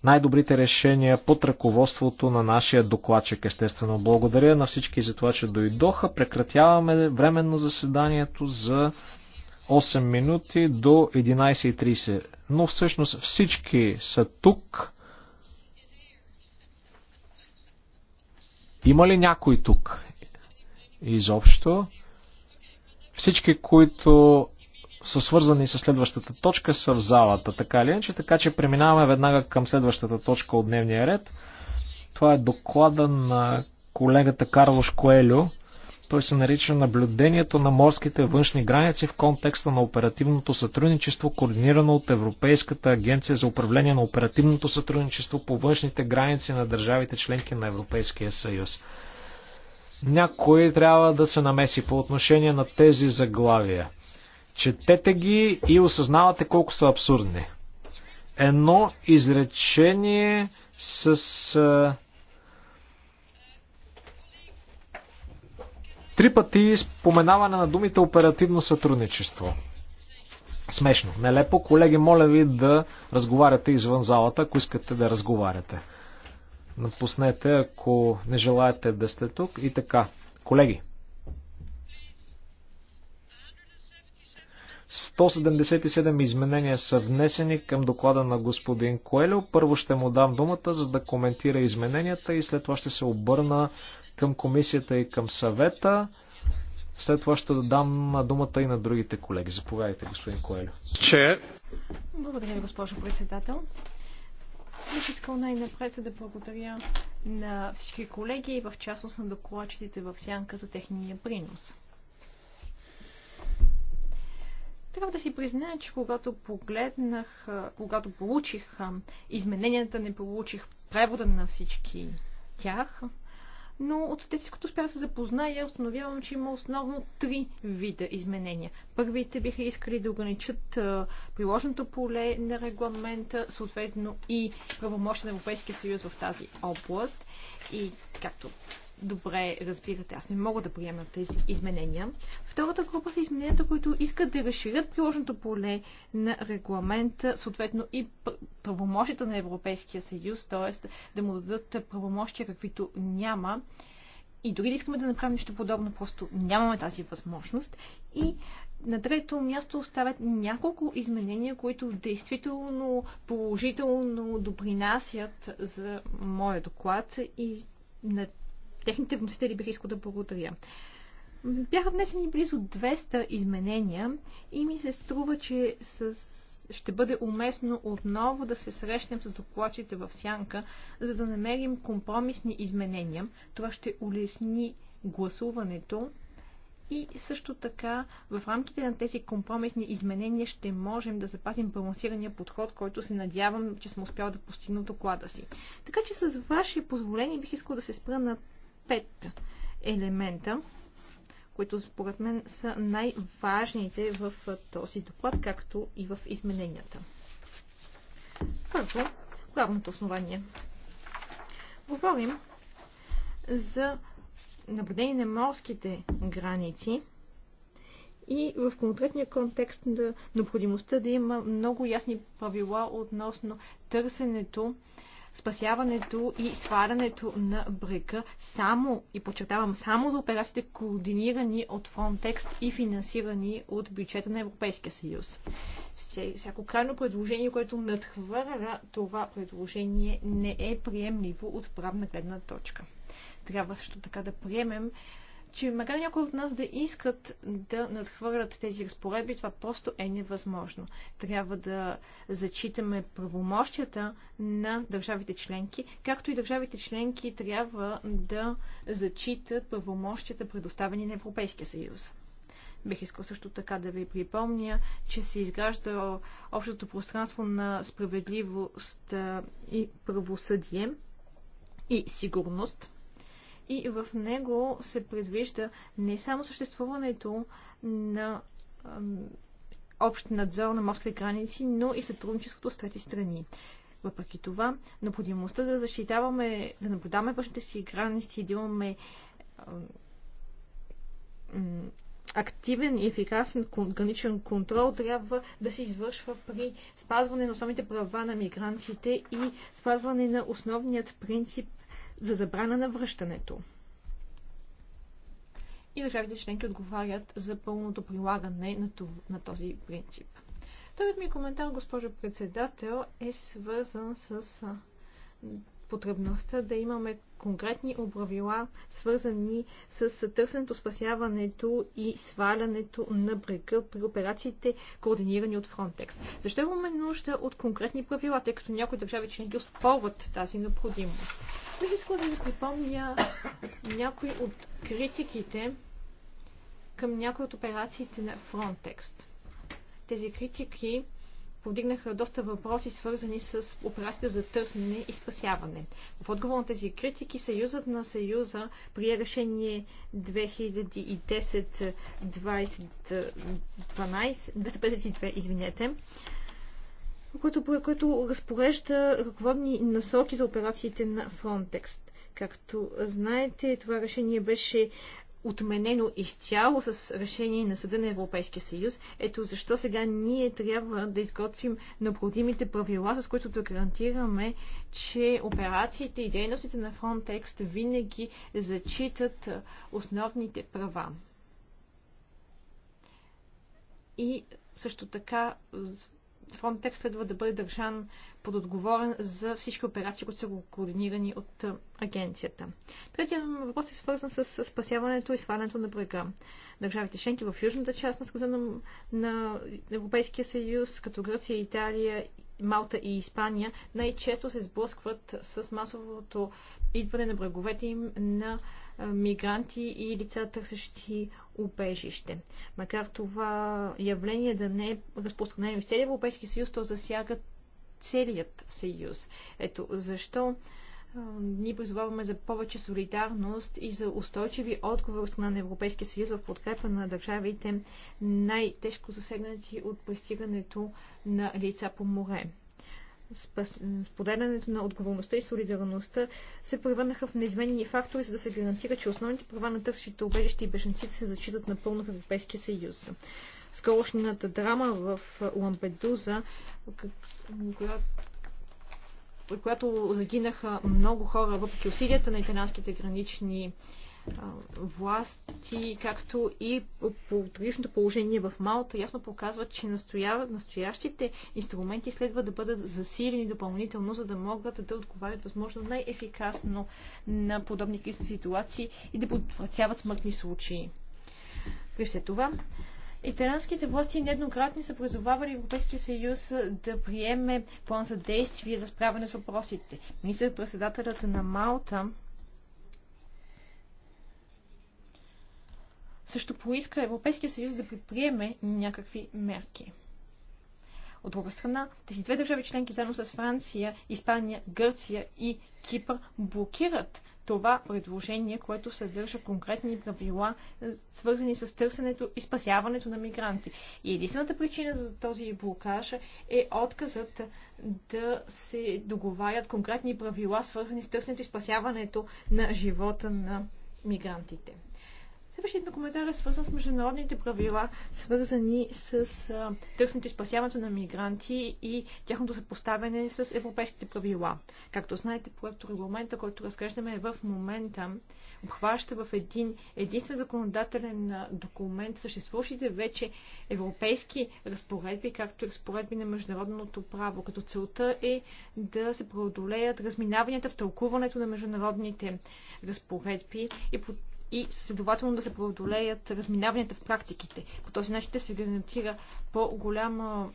Speaker 3: най-добрите решения под ръководството на нашия докладчик, естествено. Благодаря на всички за това, че дойдоха. Прекратяваме временно заседанието за 8 минути до 11.30. Но всъщност всички са тук. Има ли някой тук? Изобщо. Всички, които са свързани с следващата точка, са в залата, така или иначе, така че преминаваме веднага към следващата точка от дневния ред. Това е доклада на колегата Карлош Коелю. Той се нарича наблюдението на морските външни граници в контекста на оперативното сътрудничество, координирано от Европейската агенция за управление на оперативното сътрудничество по външните граници на държавите членки на Европейския съюз някой трябва да се намеси по отношение на тези заглавия. Четете ги и осъзнавате колко са абсурдни. Едно изречение с а, три пъти споменаване на думите оперативно сътрудничество. Смешно, нелепо. Колеги, моля ви да разговаряте извън залата, ако искате да разговаряте напуснете, ако не желаете да сте тук. И така, колеги. 177 изменения са внесени към доклада на господин Коелю. Първо ще му дам думата, за да коментира измененията и след това ще се обърна към комисията и към съвета. След това ще дам думата и на другите колеги. Заповядайте, господин Коелю. Че.
Speaker 1: Благодаря ви, госпожо председател. Бих искал най-напред да благодаря на всички колеги и в частност на докладчиците в сянка за техния принос. Трябва да си призная, че когато погледнах, когато получих измененията, не получих превода на всички тях, но от тези, които успях да се запозная, установявам, че има основно три вида изменения. Първите биха искали да ограничат приложното поле на регламента, съответно и правомощ на Европейския съюз в тази област. И както добре разбирате. Аз не мога да приема тези изменения. Втората група са измененията, които искат да разширят приложното поле на регламента, съответно и правомощията на Европейския съюз, т.е. да му дадат правомощия, каквито няма. И дори да искаме да направим нещо подобно, просто нямаме тази възможност. И на трето място оставят няколко изменения, които действително положително допринасят за моя доклад и на техните вносители бих искал да благодаря. Бяха внесени близо 200 изменения и ми се струва, че с... ще бъде уместно отново да се срещнем с докладчите в сянка, за да намерим компромисни изменения. Това ще улесни гласуването и също така в рамките на тези компромисни изменения ще можем да запазим балансирания подход, който се надявам, че съм успял да постигна доклада си. Така че с ваше позволение бих искал да се спра на пет елемента, които според мен са най-важните в този доклад, както и в измененията. Първо, главното основание. Говорим за наблюдение на морските граници и в конкретния контекст на необходимостта да има много ясни правила относно търсенето спасяването и сварането на брега само, и подчертавам, само за операциите координирани от Frontex и финансирани от бюджета на Европейския съюз. Всяко крайно предложение, което надхвърля това предложение, не е приемливо от правна гледна точка. Трябва също така да приемем, че макар някои от нас да искат да надхвърлят тези разпоредби, това просто е невъзможно. Трябва да зачитаме правомощията на държавите членки, както и държавите членки трябва да зачитат правомощията, предоставени на Европейския съюз. Бих искал също така да ви припомня, че се изгражда общото пространство на справедливост и правосъдие и сигурност – и в него се предвижда не само съществуването на общ надзор на морски граници, но и сътрудничеството с трети страни. Въпреки това, необходимостта да защитаваме, да наблюдаваме външните си граници, и да имаме активен и ефикасен граничен контрол трябва да се извършва при спазване на основните права на мигрантите и спазване на основният принцип за забрана на връщането. И държавите членки отговарят за пълното прилагане на този принцип. Вторият ми коментар, госпожо председател, е свързан с потребността да имаме конкретни обравила, свързани с търсенето, спасяването и свалянето на брега при операциите, координирани от Frontex. Защо имаме нужда от конкретни правила, тъй като някои държави не ги спорват тази необходимост? Бих искала да ви припомня някои от критиките към някои от операциите на Frontex. Тези критики повдигнаха доста въпроси, свързани с операциите за търсене и спасяване. В отговор на тези критики, Съюзът на Съюза прие решение 2010-252, извинете, което, което разпорежда ръководни насоки за операциите на Frontex. Както знаете, това решение беше отменено изцяло с решение на Съда на Европейския съюз. Ето защо сега ние трябва да изготвим необходимите правила, с които да гарантираме, че операциите и дейностите на Frontex винаги зачитат основните права. И също така Frontex следва да бъде държан под отговорен за всички операции, които са координирани от агенцията. Третият въпрос е свързан с спасяването и свалянето на брега. Държавите членки в южната част на, на Европейския съюз, като Гръция, Италия, Малта и Испания, най-често се сблъскват с масовото идване на бреговете им на мигранти и лица търсещи убежище. Макар това явление да не е разпространено в целия Европейски съюз, то засяга целият съюз. Ето защо ние призоваваме за повече солидарност и за устойчиви отговори от страна на Европейския съюз в подкрепа на държавите най-тежко засегнати от пристигането на лица по море споделянето на отговорността и солидарността се превърнаха в неизменни фактори, за да се гарантира, че основните права на търсещите убежище и беженците се зачитат напълно в Европейския съюз. Скорошната драма в Лампедуза, при която загинаха много хора, въпреки усилията на италианските гранични власти, както и политичното положение в Малта, ясно показват, че настоящите инструменти следва да бъдат засилени допълнително, за да могат да отговарят възможно най-ефикасно на подобни кризисни ситуации и да подвратяват смъртни случаи. При все това, Италианските власти нееднократно са призовавали Европейския съюз да приеме план за действие за справяне с въпросите. Министър-председателят на Малта също поиска Европейския съюз да предприеме някакви мерки. От друга страна, тези две държави членки заедно с Франция, Испания, Гърция и Кипър блокират това предложение, което съдържа конкретни правила, е, свързани с търсенето и спасяването на мигранти. И единствената причина за този блокаж е отказът да се договарят конкретни правила, свързани с търсенето и спасяването на живота на мигрантите. Следващият ми коментар е свързан с международните правила, свързани с търсенето и спасяването на мигранти и тяхното съпоставяне с европейските правила. Както знаете, проекто регламента, който разглеждаме в момента, обхваща в един единствен законодателен документ съществуващите вече европейски разпоредби, както и разпоредби на международното право, като целта е да се преодолеят разминаванията в тълкуването на международните разпоредби и по и следователно да се преодолеят разминаванията в практиките. По този начин ще се гарантира по-голяма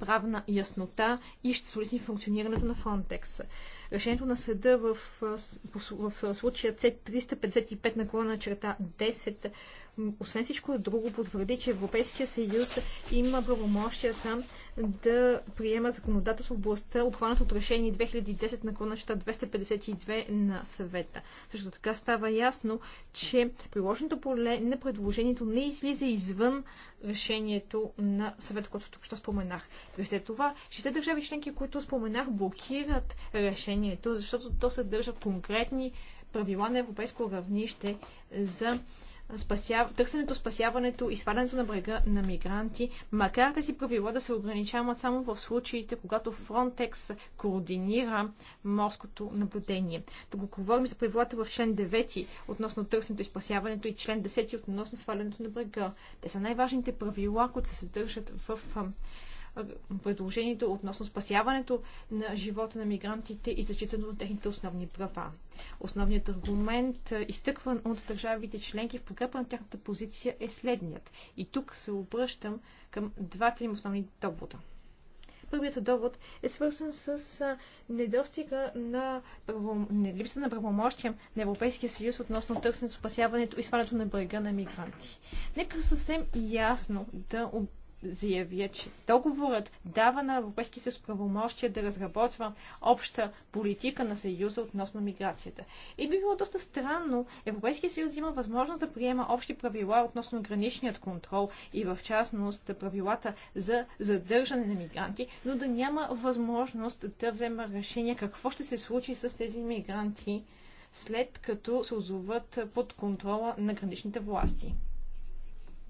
Speaker 1: правна яснота и ще се улесни функционирането на Frontex. Решението на съда в, в, в случая C355 на черта 10 освен всичко друго, потвърди, че Европейския съюз има правомощията да приема законодателство в областта, обхванато от решение 2010 на конащата 252 на съвета. Също така става ясно, че приложното поле на предложението не излиза извън решението на съвета, което тук ще споменах. При след това, шесте държави членки, които споменах, блокират решението, защото то съдържа конкретни правила на европейско равнище за спасяв... търсенето, спасяването и свалянето на брега на мигранти, макар тези си правила да се ограничават само в случаите, когато Frontex координира морското наблюдение. Тук говорим за правилата в член 9 относно търсенето и спасяването и член 10 относно свалянето на брега. Те са най-важните правила, които се съдържат в предложението относно спасяването на живота на мигрантите и защитането на техните основни права. Основният аргумент, е, изтъкван от държавите членки в подкрепа на тяхната позиция е следният. И тук се обръщам към двата им основни довода. Първият довод е свързан с недостига на право, липса на правомощия на Европейския съюз относно търсенето, спасяването и свалянето на брега на мигранти. Нека съвсем ясно да заявя, че договорът дава на Европейския съюз правомощия да разработва обща политика на Съюза относно миграцията. И би било доста странно, Европейския съюз има възможност да приема общи правила относно граничният контрол и в частност правилата за задържане на мигранти, но да няма възможност да взема решение какво ще се случи с тези мигранти след като се озоват под контрола на граничните власти.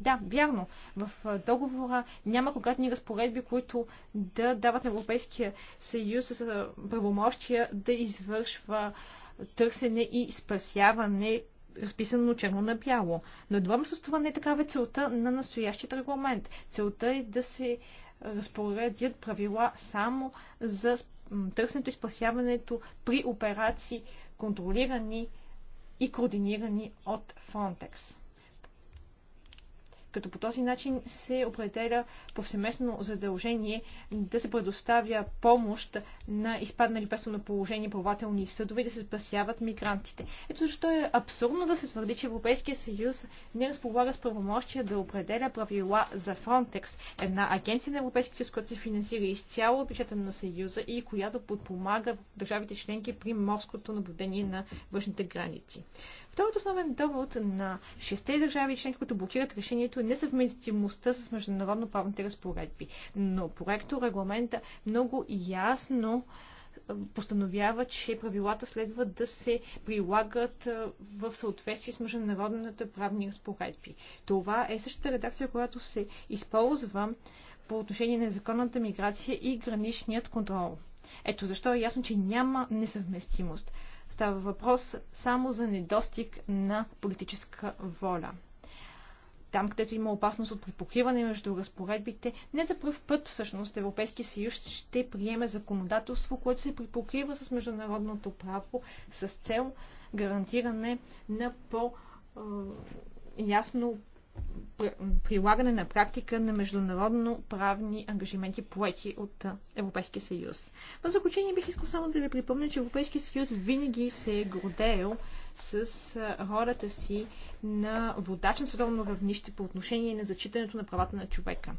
Speaker 1: Да, вярно, в договора няма конкретни разпоредби, които да дават на Европейския съюз с правомощия да извършва търсене и спасяване, разписано черно на бяло. Но едва с това не е такава е целта на настоящият регламент. Целта е да се разпоредят правила само за търсенето и спасяването при операции, контролирани и координирани от Frontex като по този начин се определя повсеместно задължение да се предоставя помощ на изпаднали бедствено положение плавателни съдове и да се спасяват мигрантите. Ето защо е абсурдно да се твърди, че Европейския съюз не разполага с правомощия да определя правила за Frontex, една агенция на Европейския съюз, която се финансира изцяло от бюджета на съюза и която подпомага държавите членки при морското наблюдение на външните граници. Вторият основен довод на шесте държави членки, които блокират решението, е несъвместимостта с международно правните разпоредби. Но проекто регламента много ясно постановява, че правилата следва да се прилагат в съответствие с международната правни разпоредби. Това е същата редакция, която се използва по отношение на законната миграция и граничният контрол. Ето защо е ясно, че няма несъвместимост. Става въпрос само за недостиг на политическа воля. Там, където има опасност от припокриване между разпоредбите, не за първ път всъщност Европейския съюз ще приеме законодателство, което се припокрива с международното право с цел гарантиране на по- е, ясно прилагане на практика на международно правни ангажименти поети от Европейския съюз. В заключение бих искал само да ви припомня, че Европейския съюз винаги се е гордеел с ролята си на водач на световно равнище по отношение на зачитането на правата на човека.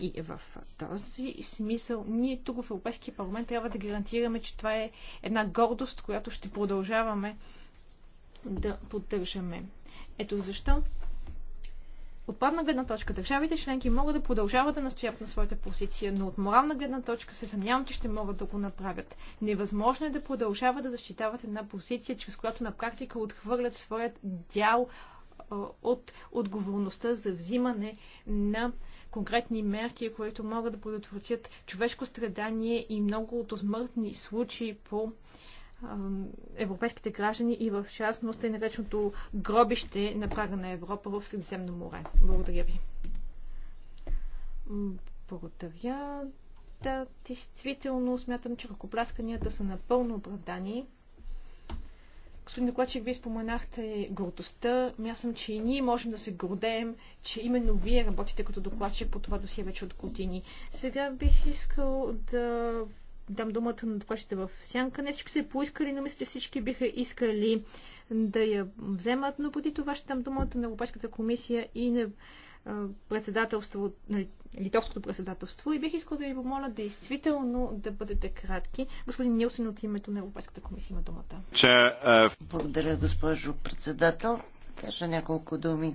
Speaker 1: И в този смисъл ние тук в Европейския парламент трябва да гарантираме, че това е една гордост, която ще продължаваме да поддържаме. Ето защо от правна гледна точка държавите членки могат да продължават да настояват на своята позиция, но от морална гледна точка се съмнявам, че ще могат да го направят. Невъзможно е да продължават да защитават една позиция, чрез която на практика отхвърлят своят дял от отговорността за взимане на конкретни мерки, които могат да предотвратят човешко страдание и много от смъртни случаи по европейските граждани и в частност и наречното гробище на прага на Европа в Средиземно море. Благодаря ви. Благодаря. Да, действително смятам, че ръкоплясканията са напълно оправдани. Господин Докладчик, вие споменахте гордостта. Мятам, че и ние можем да се гордеем, че именно вие работите като докладчик по това досие вече от години. Сега бих искал да дам думата на докладчите в сянка. Не всички са поискали, но мисля, че всички биха искали да я вземат, но поди това ще дам думата на Европейската комисия и на председателство, на литовското председателство и бих искал да ви помоля действително да бъдете кратки. Господин
Speaker 2: Нилсен от името на Европейската комисия има думата. Че, е... Благодаря, госпожо председател. Кажа няколко думи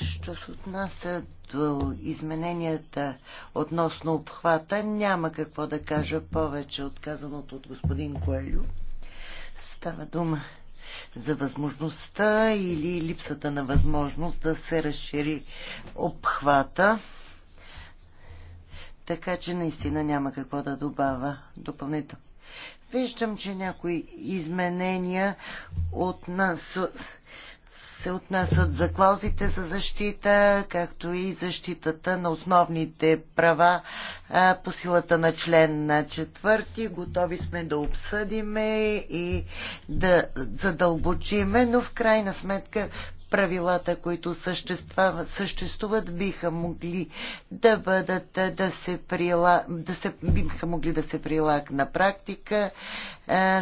Speaker 2: Що се отнася до измененията относно обхвата, няма какво да кажа повече от казаното от господин Коелю. Става дума за възможността или липсата на възможност да се разшири обхвата. Така че наистина няма какво да добавя допълнително. Виждам, че някои изменения от нас се отнасят за клаузите за защита, както и защитата на основните права по силата на член на четвърти. Готови сме да обсъдиме и да задълбочиме, но в крайна сметка правилата, които съществуват, биха могли да бъдат да се, прила, да се биха могли да се прилаг на практика,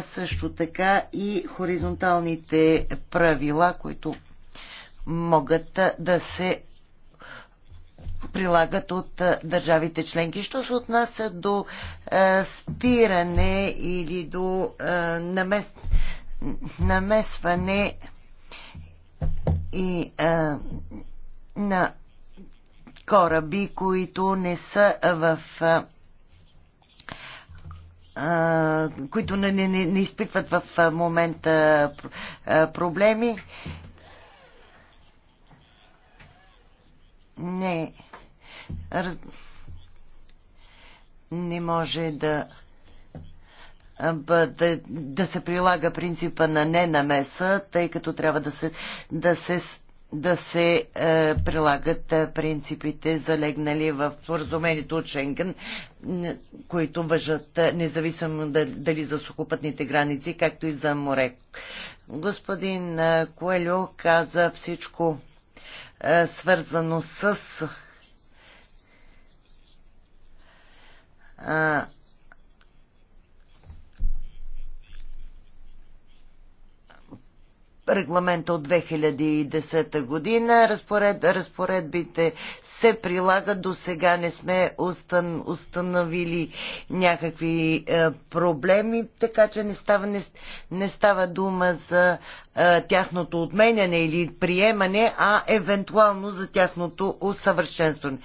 Speaker 2: също така и хоризонталните правила, които могат да се прилагат от държавите членки. Що се отнася до е, спиране или до е, намес, намесване и е, на кораби, които не са в които не, не, не изпитват в момента проблеми. не, раз, не може да, да, да се прилага принципа на ненамеса, тъй като трябва да се, да се, да се е, прилагат е, принципите, залегнали в споразумението от Шенген, които въжат е, независимо дали за сухопътните граници, както и за море. Господин е, Коелю каза всичко е, свързано с е, регламента от 2010 година. Разпоред, разпоредбите се прилагат. До сега не сме устан, установили някакви е, проблеми, така че не става, не, не става дума за е, тяхното отменяне или приемане, а евентуално за тяхното усъвършенстване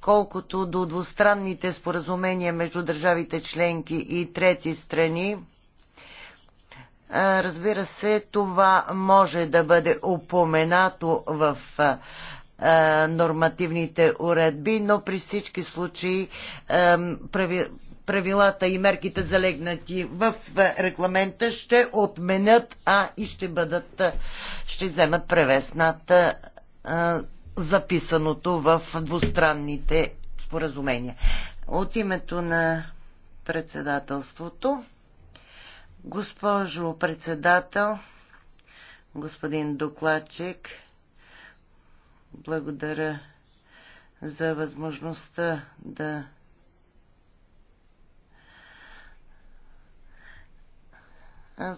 Speaker 2: колкото до двустранните споразумения между държавите членки и трети страни, Разбира се, това може да бъде упоменато в нормативните уредби, но при всички случаи правилата и мерките залегнати в регламента ще отменят, а и ще бъдат, ще вземат превес над записаното в двустранните споразумения. От името на председателството Госпожо председател, господин докладчик, благодаря за възможността да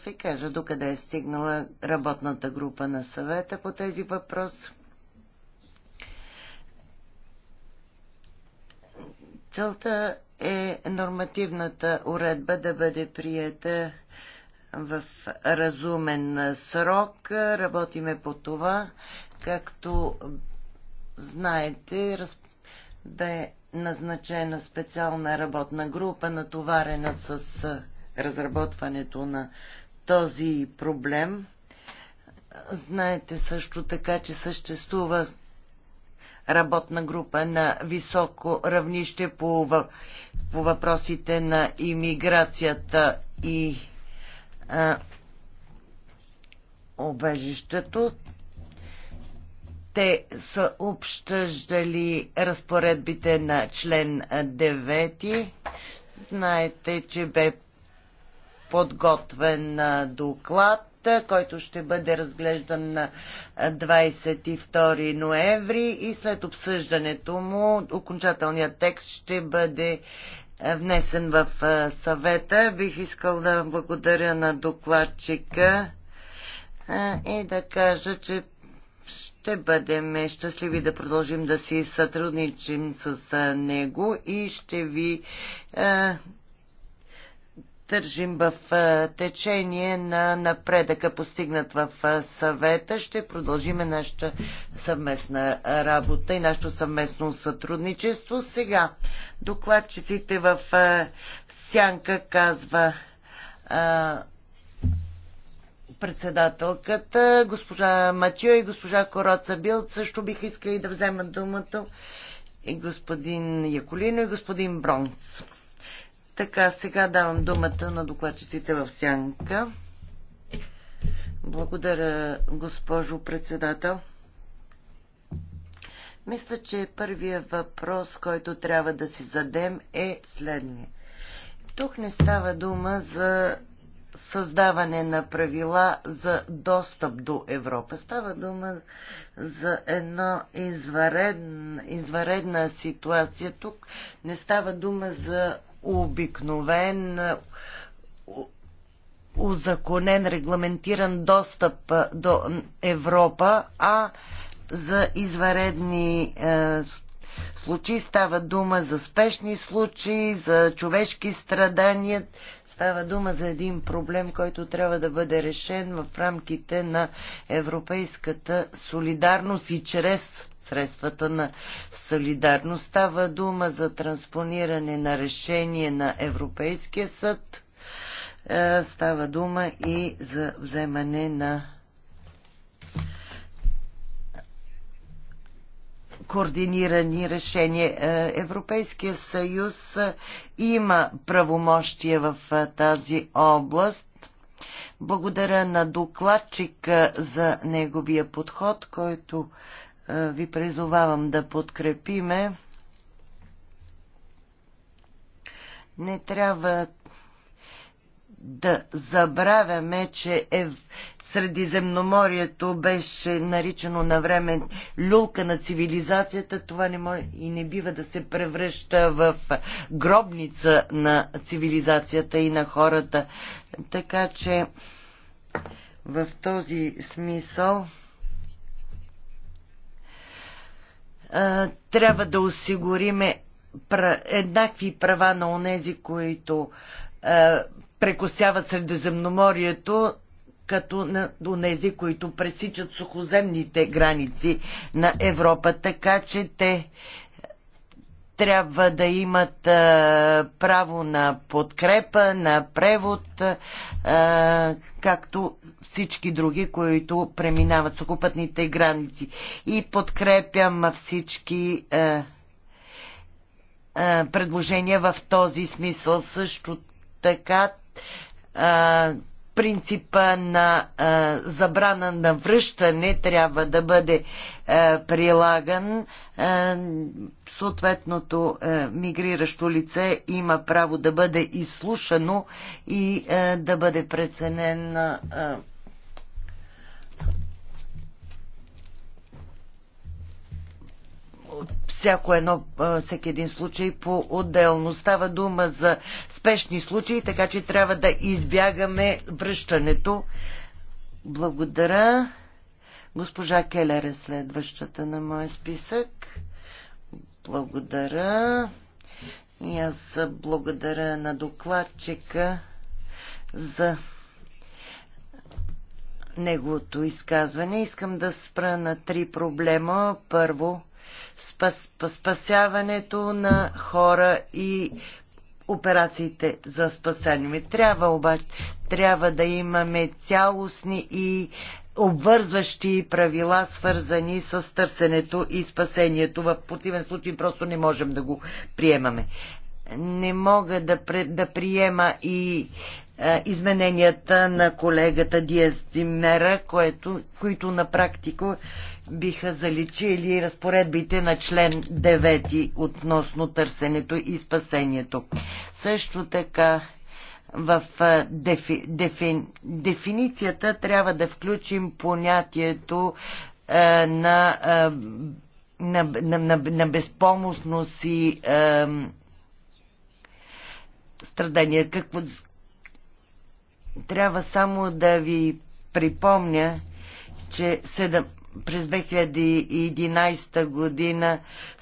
Speaker 2: ви кажа докъде е стигнала работната група на съвета по тези въпроси. Целта е нормативната уредба да бъде приета в разумен срок. Работиме по това, както знаете, да е назначена специална работна група, натоварена с разработването на този проблем. Знаете също така, че съществува работна група на високо равнище по, въпросите на имиграцията и обежището. Те са обсъждали разпоредбите на член 9. Знаете, че бе подготвен доклад който ще бъде разглеждан на 22 ноември и след обсъждането му окончателният текст ще бъде е, внесен в е, съвета. Бих искал да благодаря на докладчика е, и да кажа, че ще бъдем щастливи да продължим да си сътрудничим с него и ще ви държим в течение на напредъка, постигнат в съвета. Ще продължиме нашата съвместна работа и нашето съвместно сътрудничество. Сега докладчиците в сянка казва председателката, госпожа Матио и госпожа Короца Билт също биха искали да вземат думата и господин Яколино и господин Бронц. Така, сега давам думата на докладчиците в сянка. Благодаря, госпожо председател. Мисля, че първият въпрос, който трябва да си задем е следния. Тук не става дума за създаване на правила за достъп до Европа. Става дума за една изваредна, изваредна ситуация. Тук не става дума за обикновен узаконен, регламентиран достъп до Европа, а за изваредни е, случаи става дума за спешни случаи, за човешки страдания. Става дума за един проблем, който трябва да бъде решен в рамките на европейската солидарност и чрез средствата на солидарност. Става дума за транспониране на решение на Европейския съд. Е, става дума и за вземане на координирани решения. Е, Европейския съюз има правомощия в е, тази област. Благодаря на докладчика за неговия подход, който е, ви призовавам да подкрепиме. Не трябва да забравяме, че е Средиземноморието беше наричано на време люлка на цивилизацията. Това не може и не бива да се превръща в гробница на цивилизацията и на хората. Така че в този смисъл трябва да осигуриме еднакви права на онези, които прекосяват Средиземноморието, като на онези, които пресичат сухоземните граници на Европа, така че те трябва да имат право на подкрепа, на превод, както всички други, които преминават с окупътните граници. И подкрепям всички предложения в този смисъл. Също така принципа на а, забрана на връщане трябва да бъде а, прилаган. А, съответното е, мигриращо лице има право да бъде изслушано и е, да бъде преценен е, всяко едно, е, всеки един случай по-отделно. Става дума за спешни случаи, така че трябва да избягаме връщането. Благодаря. Госпожа Келер е следващата на моя списък. Благодаря. И аз благодаря на докладчика за неговото изказване. Искам да спра на три проблема. Първо, спас, спасяването на хора и операциите за спасение. Трябва обаче трябва да имаме цялостни и обвързващи правила, свързани с търсенето и спасението. В противен случай просто не можем да го приемаме. Не мога да, да приема и а, е, измененията на колегата Диас Димера, което, които на практика биха заличили разпоредбите на член 9 относно търсенето и спасението. Също така в дефи, дефи, дефиницията трябва да включим понятието е, на, е, на, на, на, на безпомощност и е, страдания. Какво... Трябва само да ви припомня, че 7, през 2011 година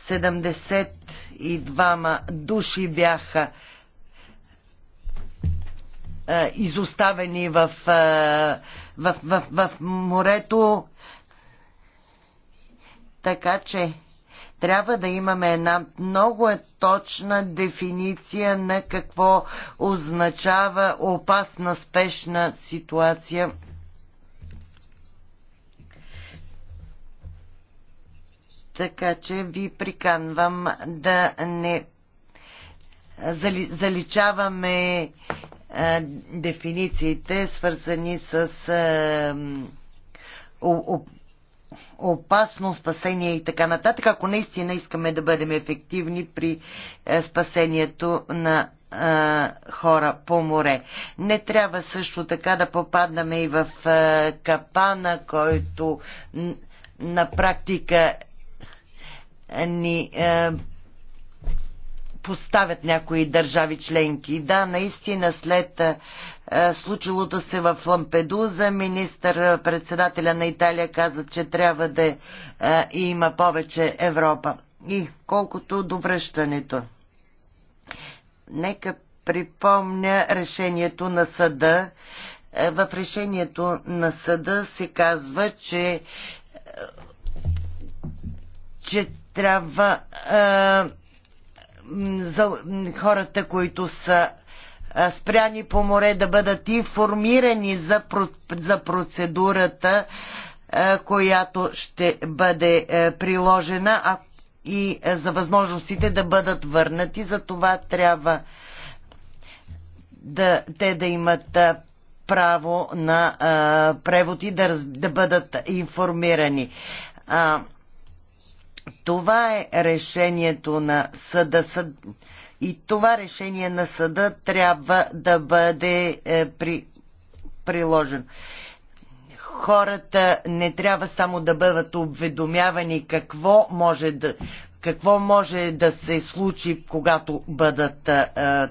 Speaker 2: 72 души бяха е, изоставени в, е, в, в, в морето. Така че трябва да имаме една много е точна дефиниция на какво означава опасна спешна ситуация. Така че ви приканвам да не заличаваме дефинициите, свързани с опасно спасение и така нататък, ако наистина искаме да бъдем ефективни при спасението на хора по море. Не трябва също така да попаднаме и в капана, който на практика ни поставят някои държави членки. Да, наистина след е, е, случилото се в Лампедуза, министър-председателя е, на Италия каза, че трябва да има повече Европа. И колкото до връщането. Нека припомня решението на съда. В решението на съда се казва, че, че трябва за хората, които са спряни по море, да бъдат информирани за, за процедурата, която ще бъде приложена а и за възможностите да бъдат върнати. За това трябва да, те да имат право на а, превод и да, да бъдат информирани. А, това е решението на съда. Съд... И това решение на съда трябва да бъде е, при... приложено. Хората не трябва само да бъдат уведомявани какво може да, какво може да се случи, когато бъдат е,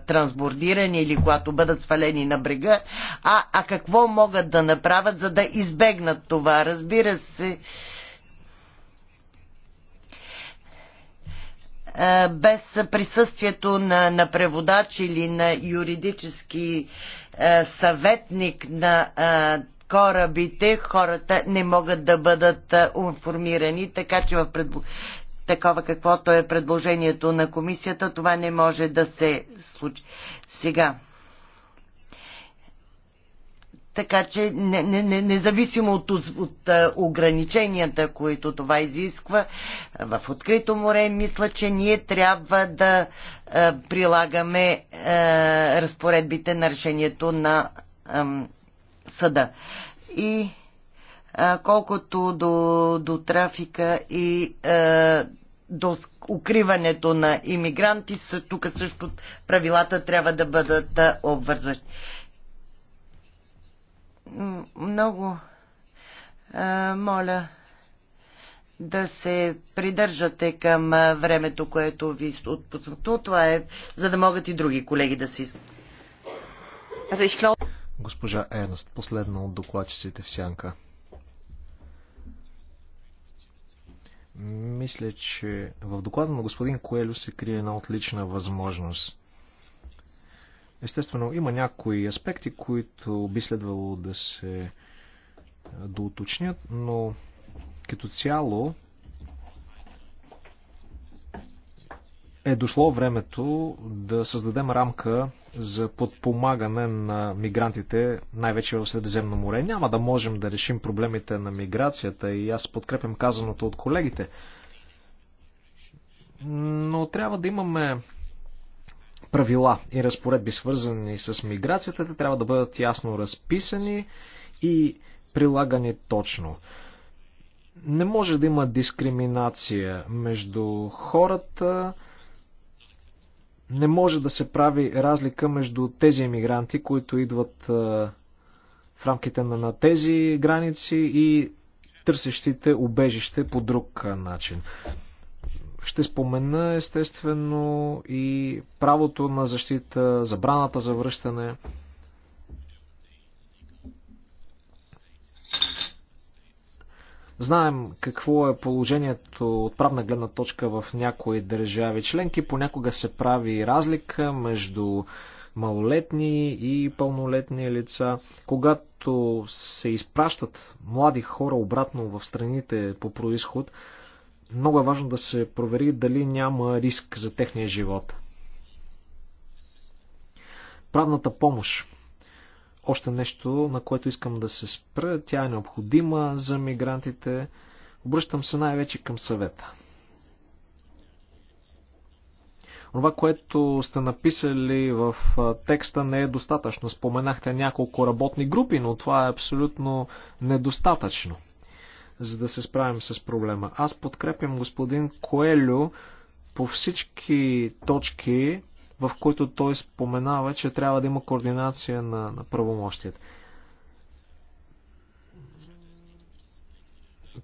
Speaker 2: трансбордирани или когато бъдат свалени на брега, а, а какво могат да направят, за да избегнат това. Разбира се, е, Е, без присъствието на, на преводач или на юридически е, съветник на е, корабите, хората не могат да бъдат информирани, така че в пред... такова каквото е предложението на комисията, това не може да се случи. Сега, така че не, не, не, независимо от, от ограниченията, които това изисква в открито море, мисля, че ние трябва да а, прилагаме а, разпоредбите на решението на а, съда. И а, колкото до, до трафика и а, до укриването на иммигранти, тук също правилата трябва да бъдат обвързващи много а, моля да се придържате към времето, което ви отпуснато. Това е, за да могат и други колеги да си...
Speaker 3: Госпожа Ернст, последно от докладчиците в сянка. Мисля, че в доклада на господин Коелю се крие една отлична възможност. Естествено, има някои аспекти, които би следвало да се доуточнят, но като цяло е дошло времето да създадем рамка за подпомагане на мигрантите, най-вече в Средиземно море. Няма да можем да решим проблемите на миграцията и аз подкрепям казаното от колегите. Но трябва да имаме правила и разпоредби, свързани с миграцията, те трябва да бъдат ясно разписани и прилагани точно. Не може да има дискриминация между хората, не може да се прави разлика между тези емигранти, които идват в рамките на, на тези граници и търсещите убежище по друг начин. Ще спомена естествено и правото на защита, забраната за връщане. Знаем какво е положението от правна гледна точка в някои държави членки. Понякога се прави разлика между малолетни и пълнолетни лица. Когато се изпращат млади хора обратно в страните по происход, много е важно да се провери дали няма риск за техния живот. Правната помощ. Още нещо, на което искам да се спра. Тя е необходима за мигрантите. Обръщам се най-вече към съвета. Това, което сте написали в текста не е достатъчно. Споменахте няколко работни групи, но това е абсолютно недостатъчно за да се справим с проблема. Аз подкрепям господин Коелю по всички точки, в които той споменава, че трябва да има координация на, на правомощията.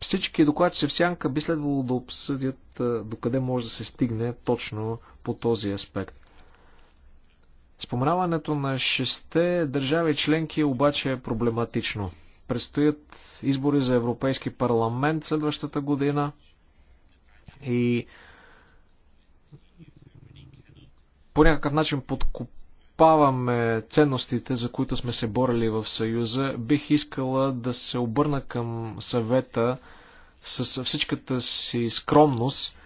Speaker 3: Всички докладчици в сянка би следвало да обсъдят докъде може да се стигне точно по този аспект. Споменаването на шесте държави членки обаче е проблематично. Предстоят избори за Европейски парламент следващата година и по някакъв начин подкопаваме ценностите, за които сме се борили в Съюза. Бих искала да се обърна към съвета с всичката си скромност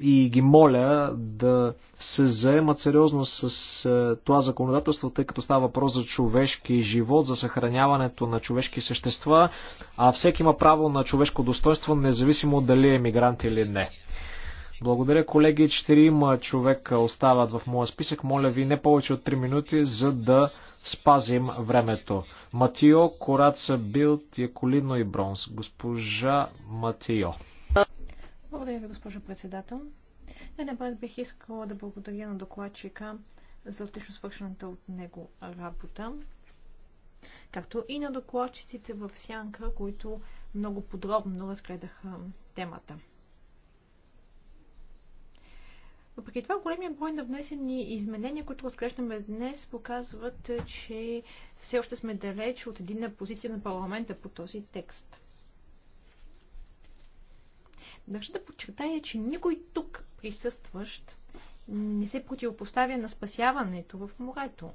Speaker 3: и ги моля да се заемат сериозно с е, това законодателство, тъй като става въпрос за човешки живот, за съхраняването на човешки същества, а всеки има право на човешко достоинство, независимо дали е мигрант или не. Благодаря, колеги. Четирима човека остават в моя списък. Моля ви не повече от 3 минути, за да спазим времето. Матио, Кораца, Билт, Яколино и Бронз. Госпожа Матио.
Speaker 1: Благодаря ви, госпожо председател. Най-напред бих искала да благодаря на докладчика за отлично свършената от него работа, както и на докладчиците в Сянка, които много подробно разгледаха темата. Въпреки това, големия брой на внесени изменения, които разглеждаме днес, показват, че все още сме далеч от единна позиция на парламента по този текст. Държа да подчертая, че никой тук присъстващ не се противопоставя на спасяването в морето.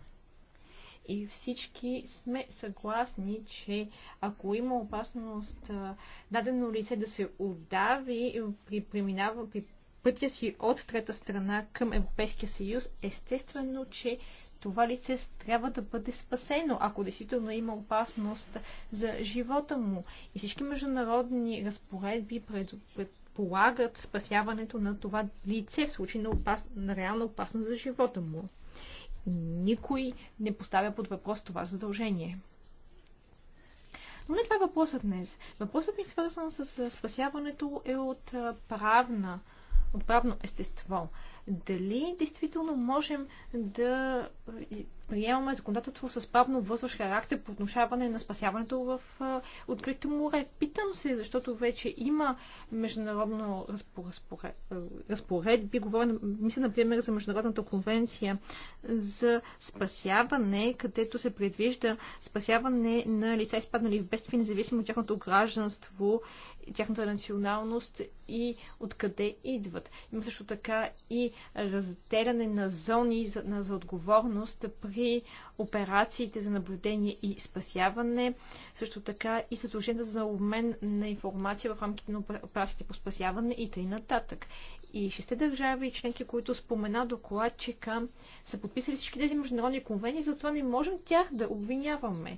Speaker 1: И всички сме съгласни, че ако има опасност дадено лице да се удави при, преминава, при пътя си от трета страна към Европейския съюз, естествено, че това лице трябва да бъде спасено, ако действително има опасност за живота му. И всички международни разпоредби пред, пред, полагат спасяването на това лице в случай на, опас... на реална опасност за живота му. Никой не поставя под въпрос това задължение. Но не това е въпросът днес. Въпросът ми е свързан с спасяването е от правна, от правно естество. Дали действително можем да приемаме законодателство с правно възващ характер по отношаване на спасяването в открито море. Питам се, защото вече има международно разпоред, разпоредби. Говоря, мисля, например, за Международната конвенция за спасяване, където се предвижда спасяване на лица, изпаднали в бедствие, независимо от тяхното гражданство, тяхната националност и откъде идват. Има също така и разделяне на зони за, на, за отговорност при разшири операциите за наблюдение и спасяване, също така и задълженията за обмен на информация в рамките на операциите по спасяване и т.н. И шесте държави и членки, които спомена докладчика, са подписали всички тези международни конвенции, затова не можем тях да обвиняваме.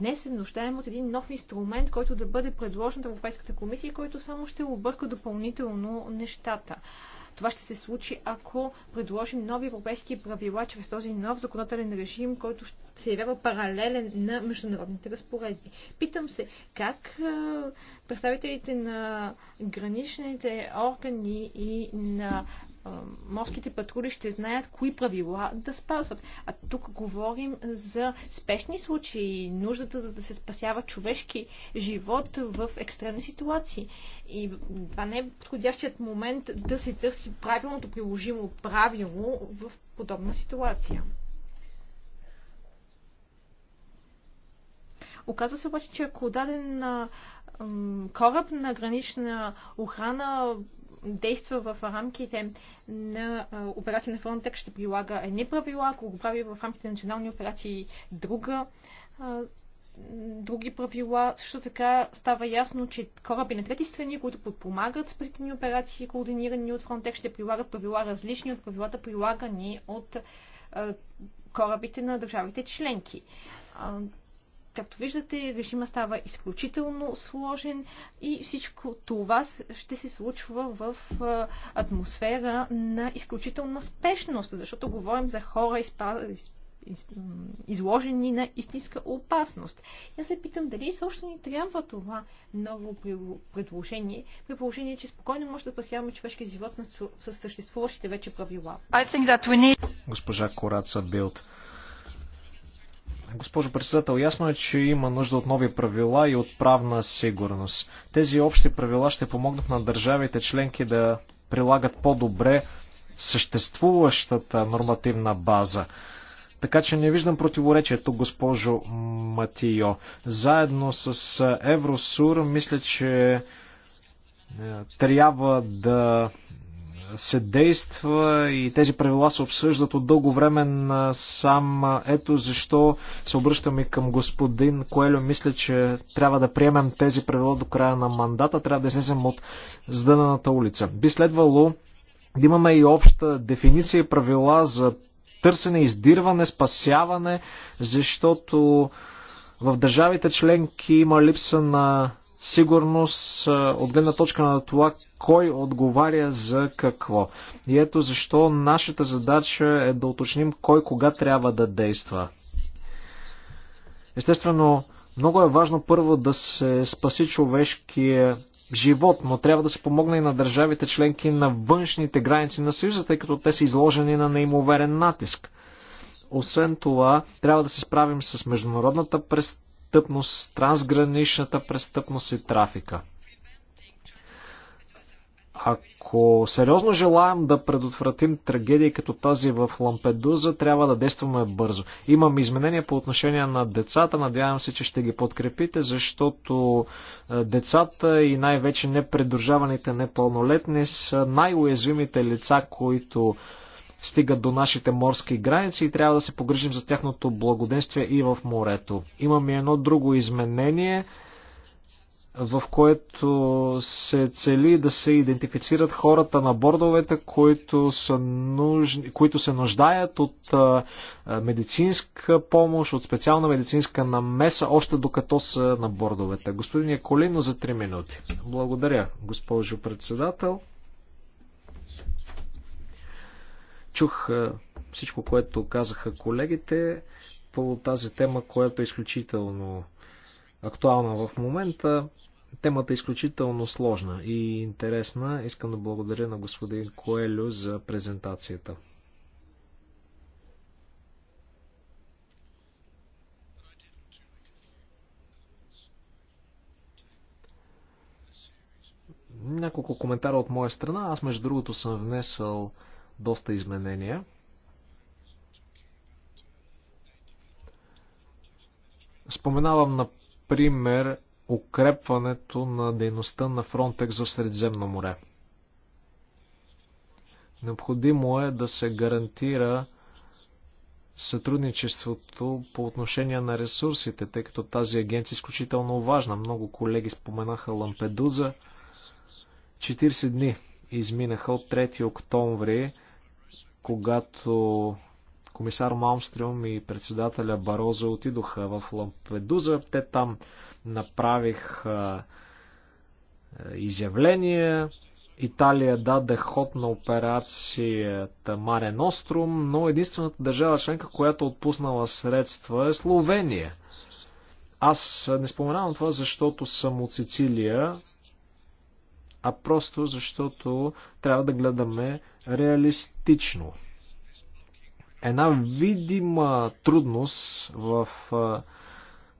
Speaker 1: Днес се нуждаем от един нов инструмент, който да бъде предложен от Европейската комисия, който само ще обърка допълнително нещата. Това ще се случи, ако предложим нови европейски правила чрез този нов законодателен режим, който се явява паралелен на международните разпоредби. Питам се, как представителите на граничните органи и на морските патрули ще знаят кои правила да спазват. А тук говорим за спешни случаи, нуждата за да се спасява човешки живот в екстремни ситуации. И това не е подходящият момент да се търси правилното приложимо правило в подобна ситуация. Оказва се обаче, че ако даден кораб на гранична охрана действа в рамките на операция на Фронтек ще прилага едни правила, ако го прави в рамките на национални операции друга други правила. Също така става ясно, че кораби на трети страни, които подпомагат спасителни операции, координирани от Фронтек, ще прилагат правила различни от правилата, прилагани от корабите на държавите членки. Както виждате, режима става изключително сложен и всичко това ще се случва в атмосфера на изключителна спешност, защото говорим за хора, изложени на истинска опасност. Аз се питам дали също ни трябва това ново предложение, при положение, че спокойно може да спасяваме човешки живот с съществуващите вече правила. Need...
Speaker 3: Госпожа Кораца Билт, Госпожо председател, ясно е, че има нужда от нови правила и от правна сигурност. Тези общи правила ще помогнат на държавите членки да прилагат по-добре съществуващата нормативна база. Така че не виждам противоречието, госпожо Матио. Заедно с Евросур, мисля, че е, трябва да се действа и тези правила се обсъждат от дълго време на сам. Ето защо се обръщаме към господин Коелю. Мисля, че трябва да приемем тези правила до края на мандата. Трябва да излезем от здънаната улица. Би следвало да имаме и обща дефиниция и правила за търсене, издирване, спасяване, защото в държавите членки има липса на сигурност от гледна точка на това кой отговаря за какво. И ето защо нашата задача е да уточним кой кога трябва да действа. Естествено, много е важно първо да се спаси човешкия живот, но трябва да се помогне и на държавите членки на външните граници на Съюза, тъй като те са изложени на неимоверен натиск. Освен това, трябва да се справим с международната престъпност, престъпност, трансграничната престъпност и трафика. Ако сериозно желаем да предотвратим трагедии като тази в Лампедуза, трябва да действаме бързо. Имам изменения по отношение на децата, надявам се, че ще ги подкрепите, защото е, децата и най-вече непредружаваните непълнолетни са най-уязвимите лица, които стигат до нашите морски граници и трябва да се погрижим за тяхното благоденствие и в морето. Имаме едно друго изменение, в което се цели да се идентифицират хората на бордовете, които, са нужни, които се нуждаят от медицинска помощ, от специална медицинска намеса, още докато са на бордовете. Господин Яколино за 3 минути. Благодаря, госпожо председател. Чух всичко, което казаха колегите по тази тема, която е изключително актуална в момента. Темата е изключително сложна и интересна. Искам да благодаря на господин Коелю за презентацията. Няколко коментара от моя страна. Аз, между другото, съм внесъл доста изменения. Споменавам, например, укрепването на дейността на Фронтекс в Средиземно море. Необходимо е да се гарантира сътрудничеството по отношение на ресурсите, тъй като тази агенция е изключително важна. Много колеги споменаха Лампедуза. 40 дни изминаха от 3 октомври когато комисар Малмстрюм и председателя Бароза отидоха в Лампедуза. Те там направиха изявления. Италия даде ход на операцията Маре Острум, но единствената държава членка, която отпуснала средства е Словения. Аз не споменавам това, защото съм от Сицилия а просто защото трябва да гледаме реалистично. Една видима трудност в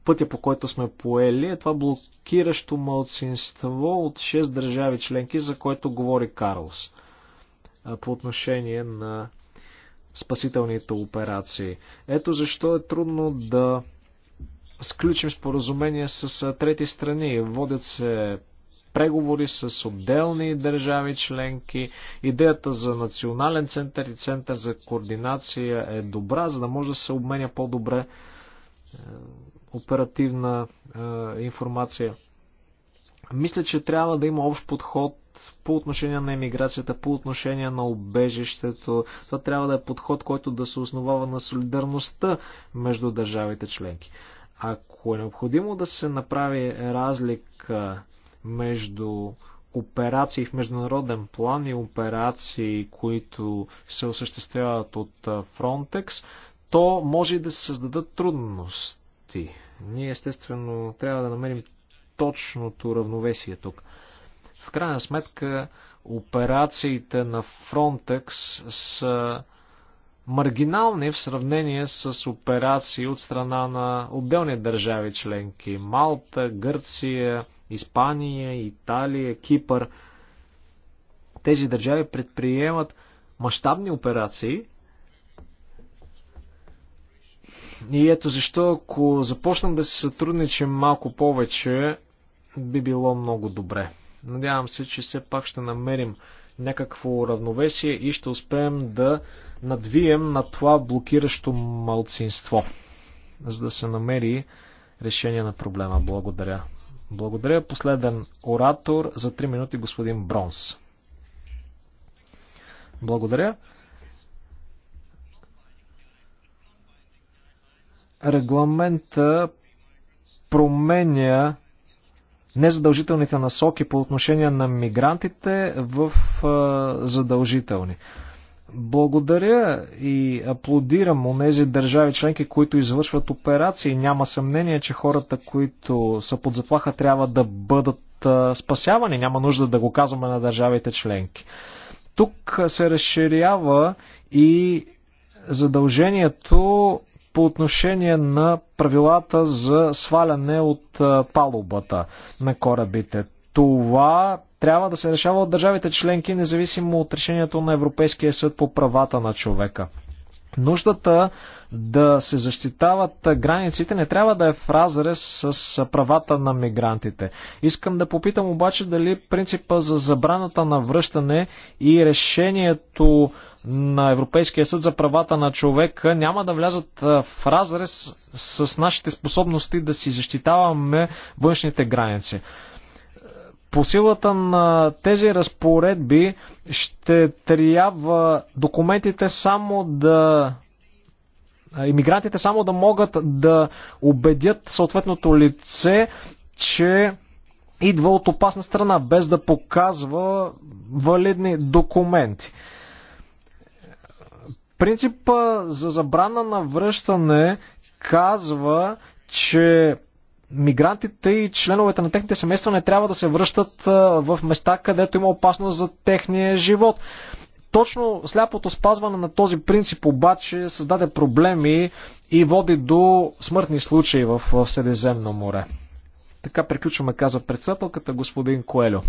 Speaker 3: пътя, по който сме поели, е това блокиращо мълцинство от 6 държави членки, за което говори Карлс по отношение на спасителните операции. Ето защо е трудно да сключим споразумение с трети страни. Водят се преговори с отделни държави членки. Идеята за национален център и център за координация е добра, за да може да се обменя по-добре е, оперативна е, информация. Мисля, че трябва да има общ подход по отношение на емиграцията, по отношение на обежището. Това трябва да е подход, който да се основава на солидарността между държавите членки. Ако е необходимо да се направи разлика между операции в международен план и операции, които се осъществяват от Фронтекс, то може и да се създадат трудности. Ние естествено трябва да намерим точното равновесие тук. В крайна сметка, операциите на Frontex са маргинални в сравнение с операции от страна на отделни държави членки. Малта, Гърция, Испания, Италия, Кипър. Тези държави предприемат мащабни операции. И ето защо, ако започнем да се сътрудничим малко повече, би било много добре. Надявам се, че все пак ще намерим някакво равновесие и ще успеем да надвием на това блокиращо малцинство, за да се намери решение на проблема. Благодаря. Благодаря. Последен оратор за 3 минути господин Бронс. Благодаря. Регламента променя незадължителните насоки по отношение на мигрантите в задължителни. Благодаря и аплодирам онези държави членки, които извършват операции. Няма съмнение, че хората, които са под заплаха, трябва да бъдат спасявани. Няма нужда да го казваме на държавите членки. Тук се разширява и задължението по отношение на правилата за сваляне от палубата на корабите това трябва да се решава от държавите членки, независимо от решението на Европейския съд по правата на човека. Нуждата да се защитават границите не трябва да е в разрез с правата на мигрантите. Искам да попитам обаче дали принципа за забраната на връщане и решението на Европейския съд за правата на човека няма да влязат в разрез с нашите способности да си защитаваме външните граници. По силата на тези разпоредби ще трябва документите само да иммигрантите само да могат да убедят съответното лице, че идва от опасна страна, без да показва валидни документи. Принципа за забрана на връщане казва, че мигрантите и членовете на техните семейства не трябва да се връщат в места, където има опасност за техния живот. Точно сляпото спазване на този принцип обаче създаде проблеми и води до смъртни случаи в Средиземно море. Така приключваме, казва председателката господин Коелю.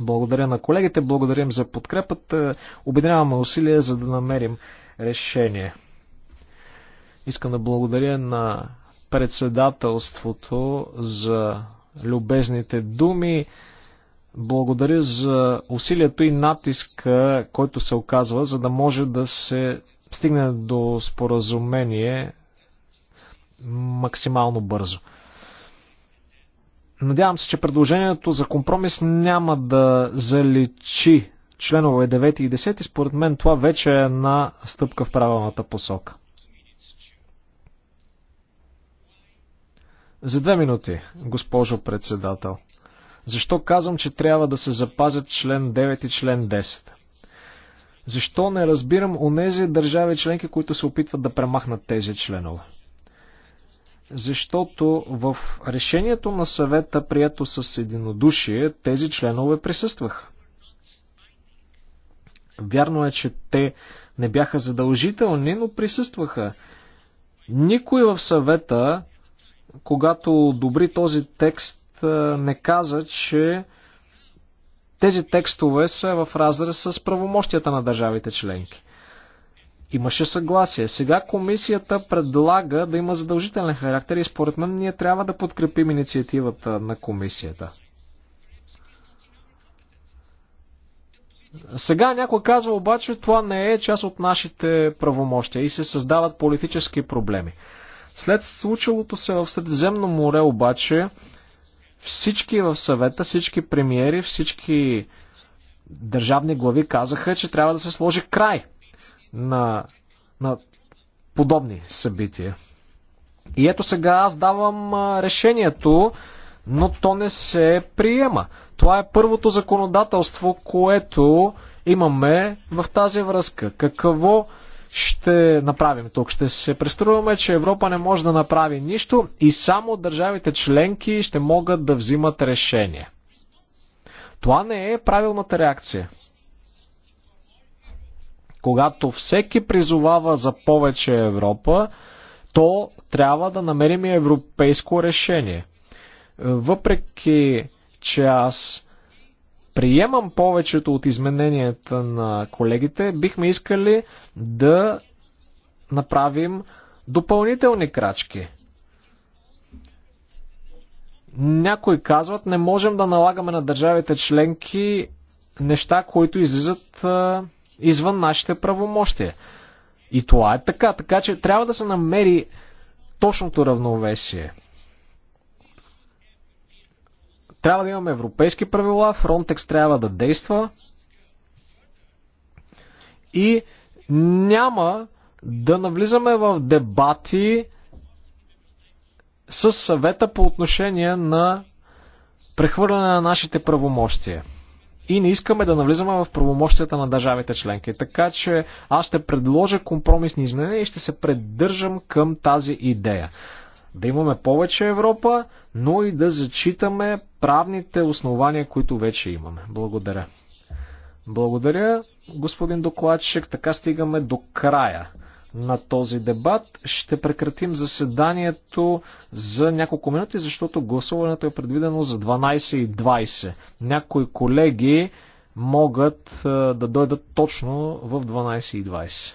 Speaker 3: Благодаря на колегите, благодарим за подкрепата, обединяваме усилия за да намерим решение. Искам да благодаря на председателството за любезните думи. Благодаря за усилието и натиска, който се оказва, за да може да се стигне до споразумение максимално бързо. Надявам се, че предложението за компромис няма да заличи членове 9 и 10 и според мен това вече е една стъпка в правилната посока. За две минути, госпожо председател. Защо казвам, че трябва да се запазят член 9 и член 10? Защо не разбирам онези държави членки, които се опитват да премахнат тези членове? Защото в решението на съвета, прието с единодушие, тези членове присъстваха. Вярно е, че те не бяха задължителни, но присъстваха. Никой в съвета когато добри този текст, не каза, че тези текстове са в разрез с правомощията на държавите членки. Имаше съгласие. Сега комисията предлага да има задължителен характер и според мен ние трябва да подкрепим инициативата на комисията. Сега някой казва обаче, това не е част от нашите правомощия и се създават политически проблеми. След случилото се в Средиземно море обаче, всички в съвета, всички премиери, всички държавни глави казаха, че трябва да се сложи край на, на подобни събития. И ето сега аз давам решението, но то не се приема. Това е първото законодателство, което имаме в тази връзка. Какво ще направим тук? Ще се преструваме, че Европа не може да направи нищо и само държавите членки ще могат да взимат решение. Това не е правилната реакция. Когато всеки призовава за повече Европа, то трябва да намерим европейско решение. Въпреки, че аз приемам повечето от измененията на колегите, бихме искали да направим допълнителни крачки. Някои казват, не можем да налагаме на държавите членки неща, които излизат а, извън нашите правомощия. И това е така, така че трябва да се намери точното равновесие. Трябва да имаме европейски правила, Frontex трябва да действа и няма да навлизаме в дебати с съвета по отношение на прехвърляне на нашите правомощия. И не искаме да навлизаме в правомощията на държавите членки. Така че аз ще предложа компромисни изменения и ще се придържам към тази идея. Да имаме повече Европа, но и да зачитаме правните основания, които вече имаме. Благодаря. Благодаря, господин докладчик. Така стигаме до края на този дебат. Ще прекратим заседанието за няколко минути, защото гласуването е предвидено за 12.20. Някои колеги могат да дойдат точно в 12.20.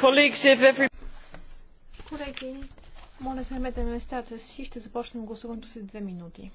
Speaker 1: Колеги, моля да заемете местата си. Ще започнем гласуването след две минути.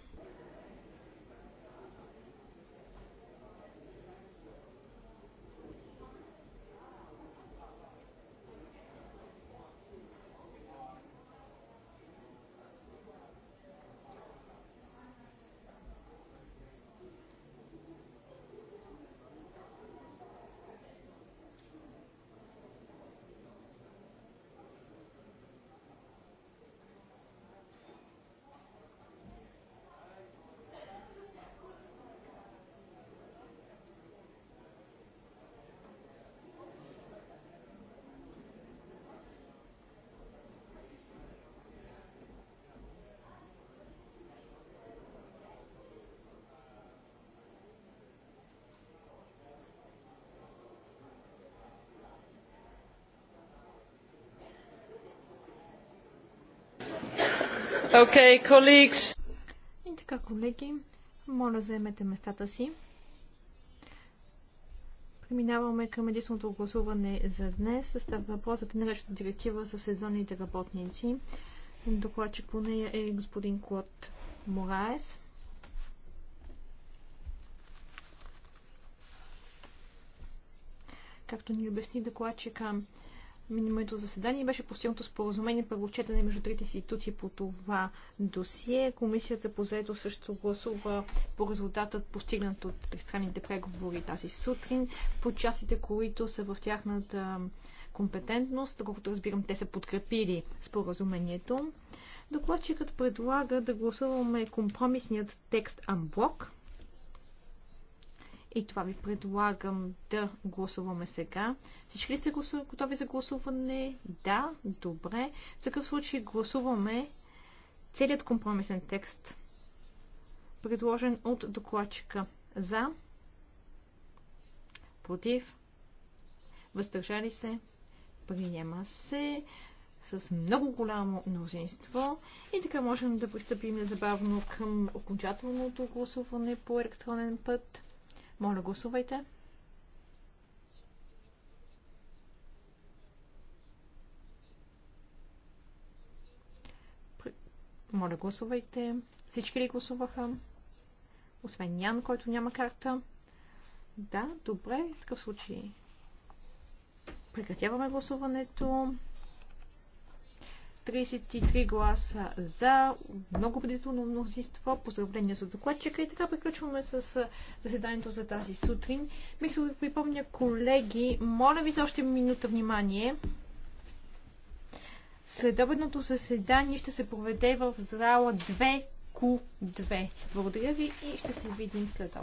Speaker 1: Okay, colleagues. И така, колеги, моля заемете местата си. Преминаваме към единственото гласуване за днес. Става въпрос за наречната директива за сезонните работници. Докладчик по нея е господин Клод Мораес. Както ни обясни докладчика, минималното заседание беше постигнато споразумение първо четене между трите институции по това досие. Комисията по заето също гласува по резултатът постигнат от тристранните преговори тази сутрин. По частите, които са в тяхната компетентност, доколкото разбирам, те са подкрепили споразумението. Докладчикът предлага да гласуваме компромисният текст Амблок – и това ви предлагам да гласуваме сега. Всички ли сте готови за гласуване? Да, добре. В такъв случай гласуваме целият компромисен текст, предложен от докладчика. За, против, въздържали се, приема се с много голямо мнозинство. И така можем да пристъпим незабавно към окончателното гласуване по електронен път. Моля, гласувайте. Моля, гласувайте. Всички ли гласуваха? Освен Ян, който няма карта. Да, добре, в такъв случай. Прекратяваме гласуването. 33 гласа за, много предително мнозинство, поздравления за докладчика и така приключваме с заседанието за тази сутрин. Бих да ви припомня, колеги, моля ви за още минута внимание. Следобедното заседание ще се проведе в зала 2Q2. Благодаря ви и ще се видим след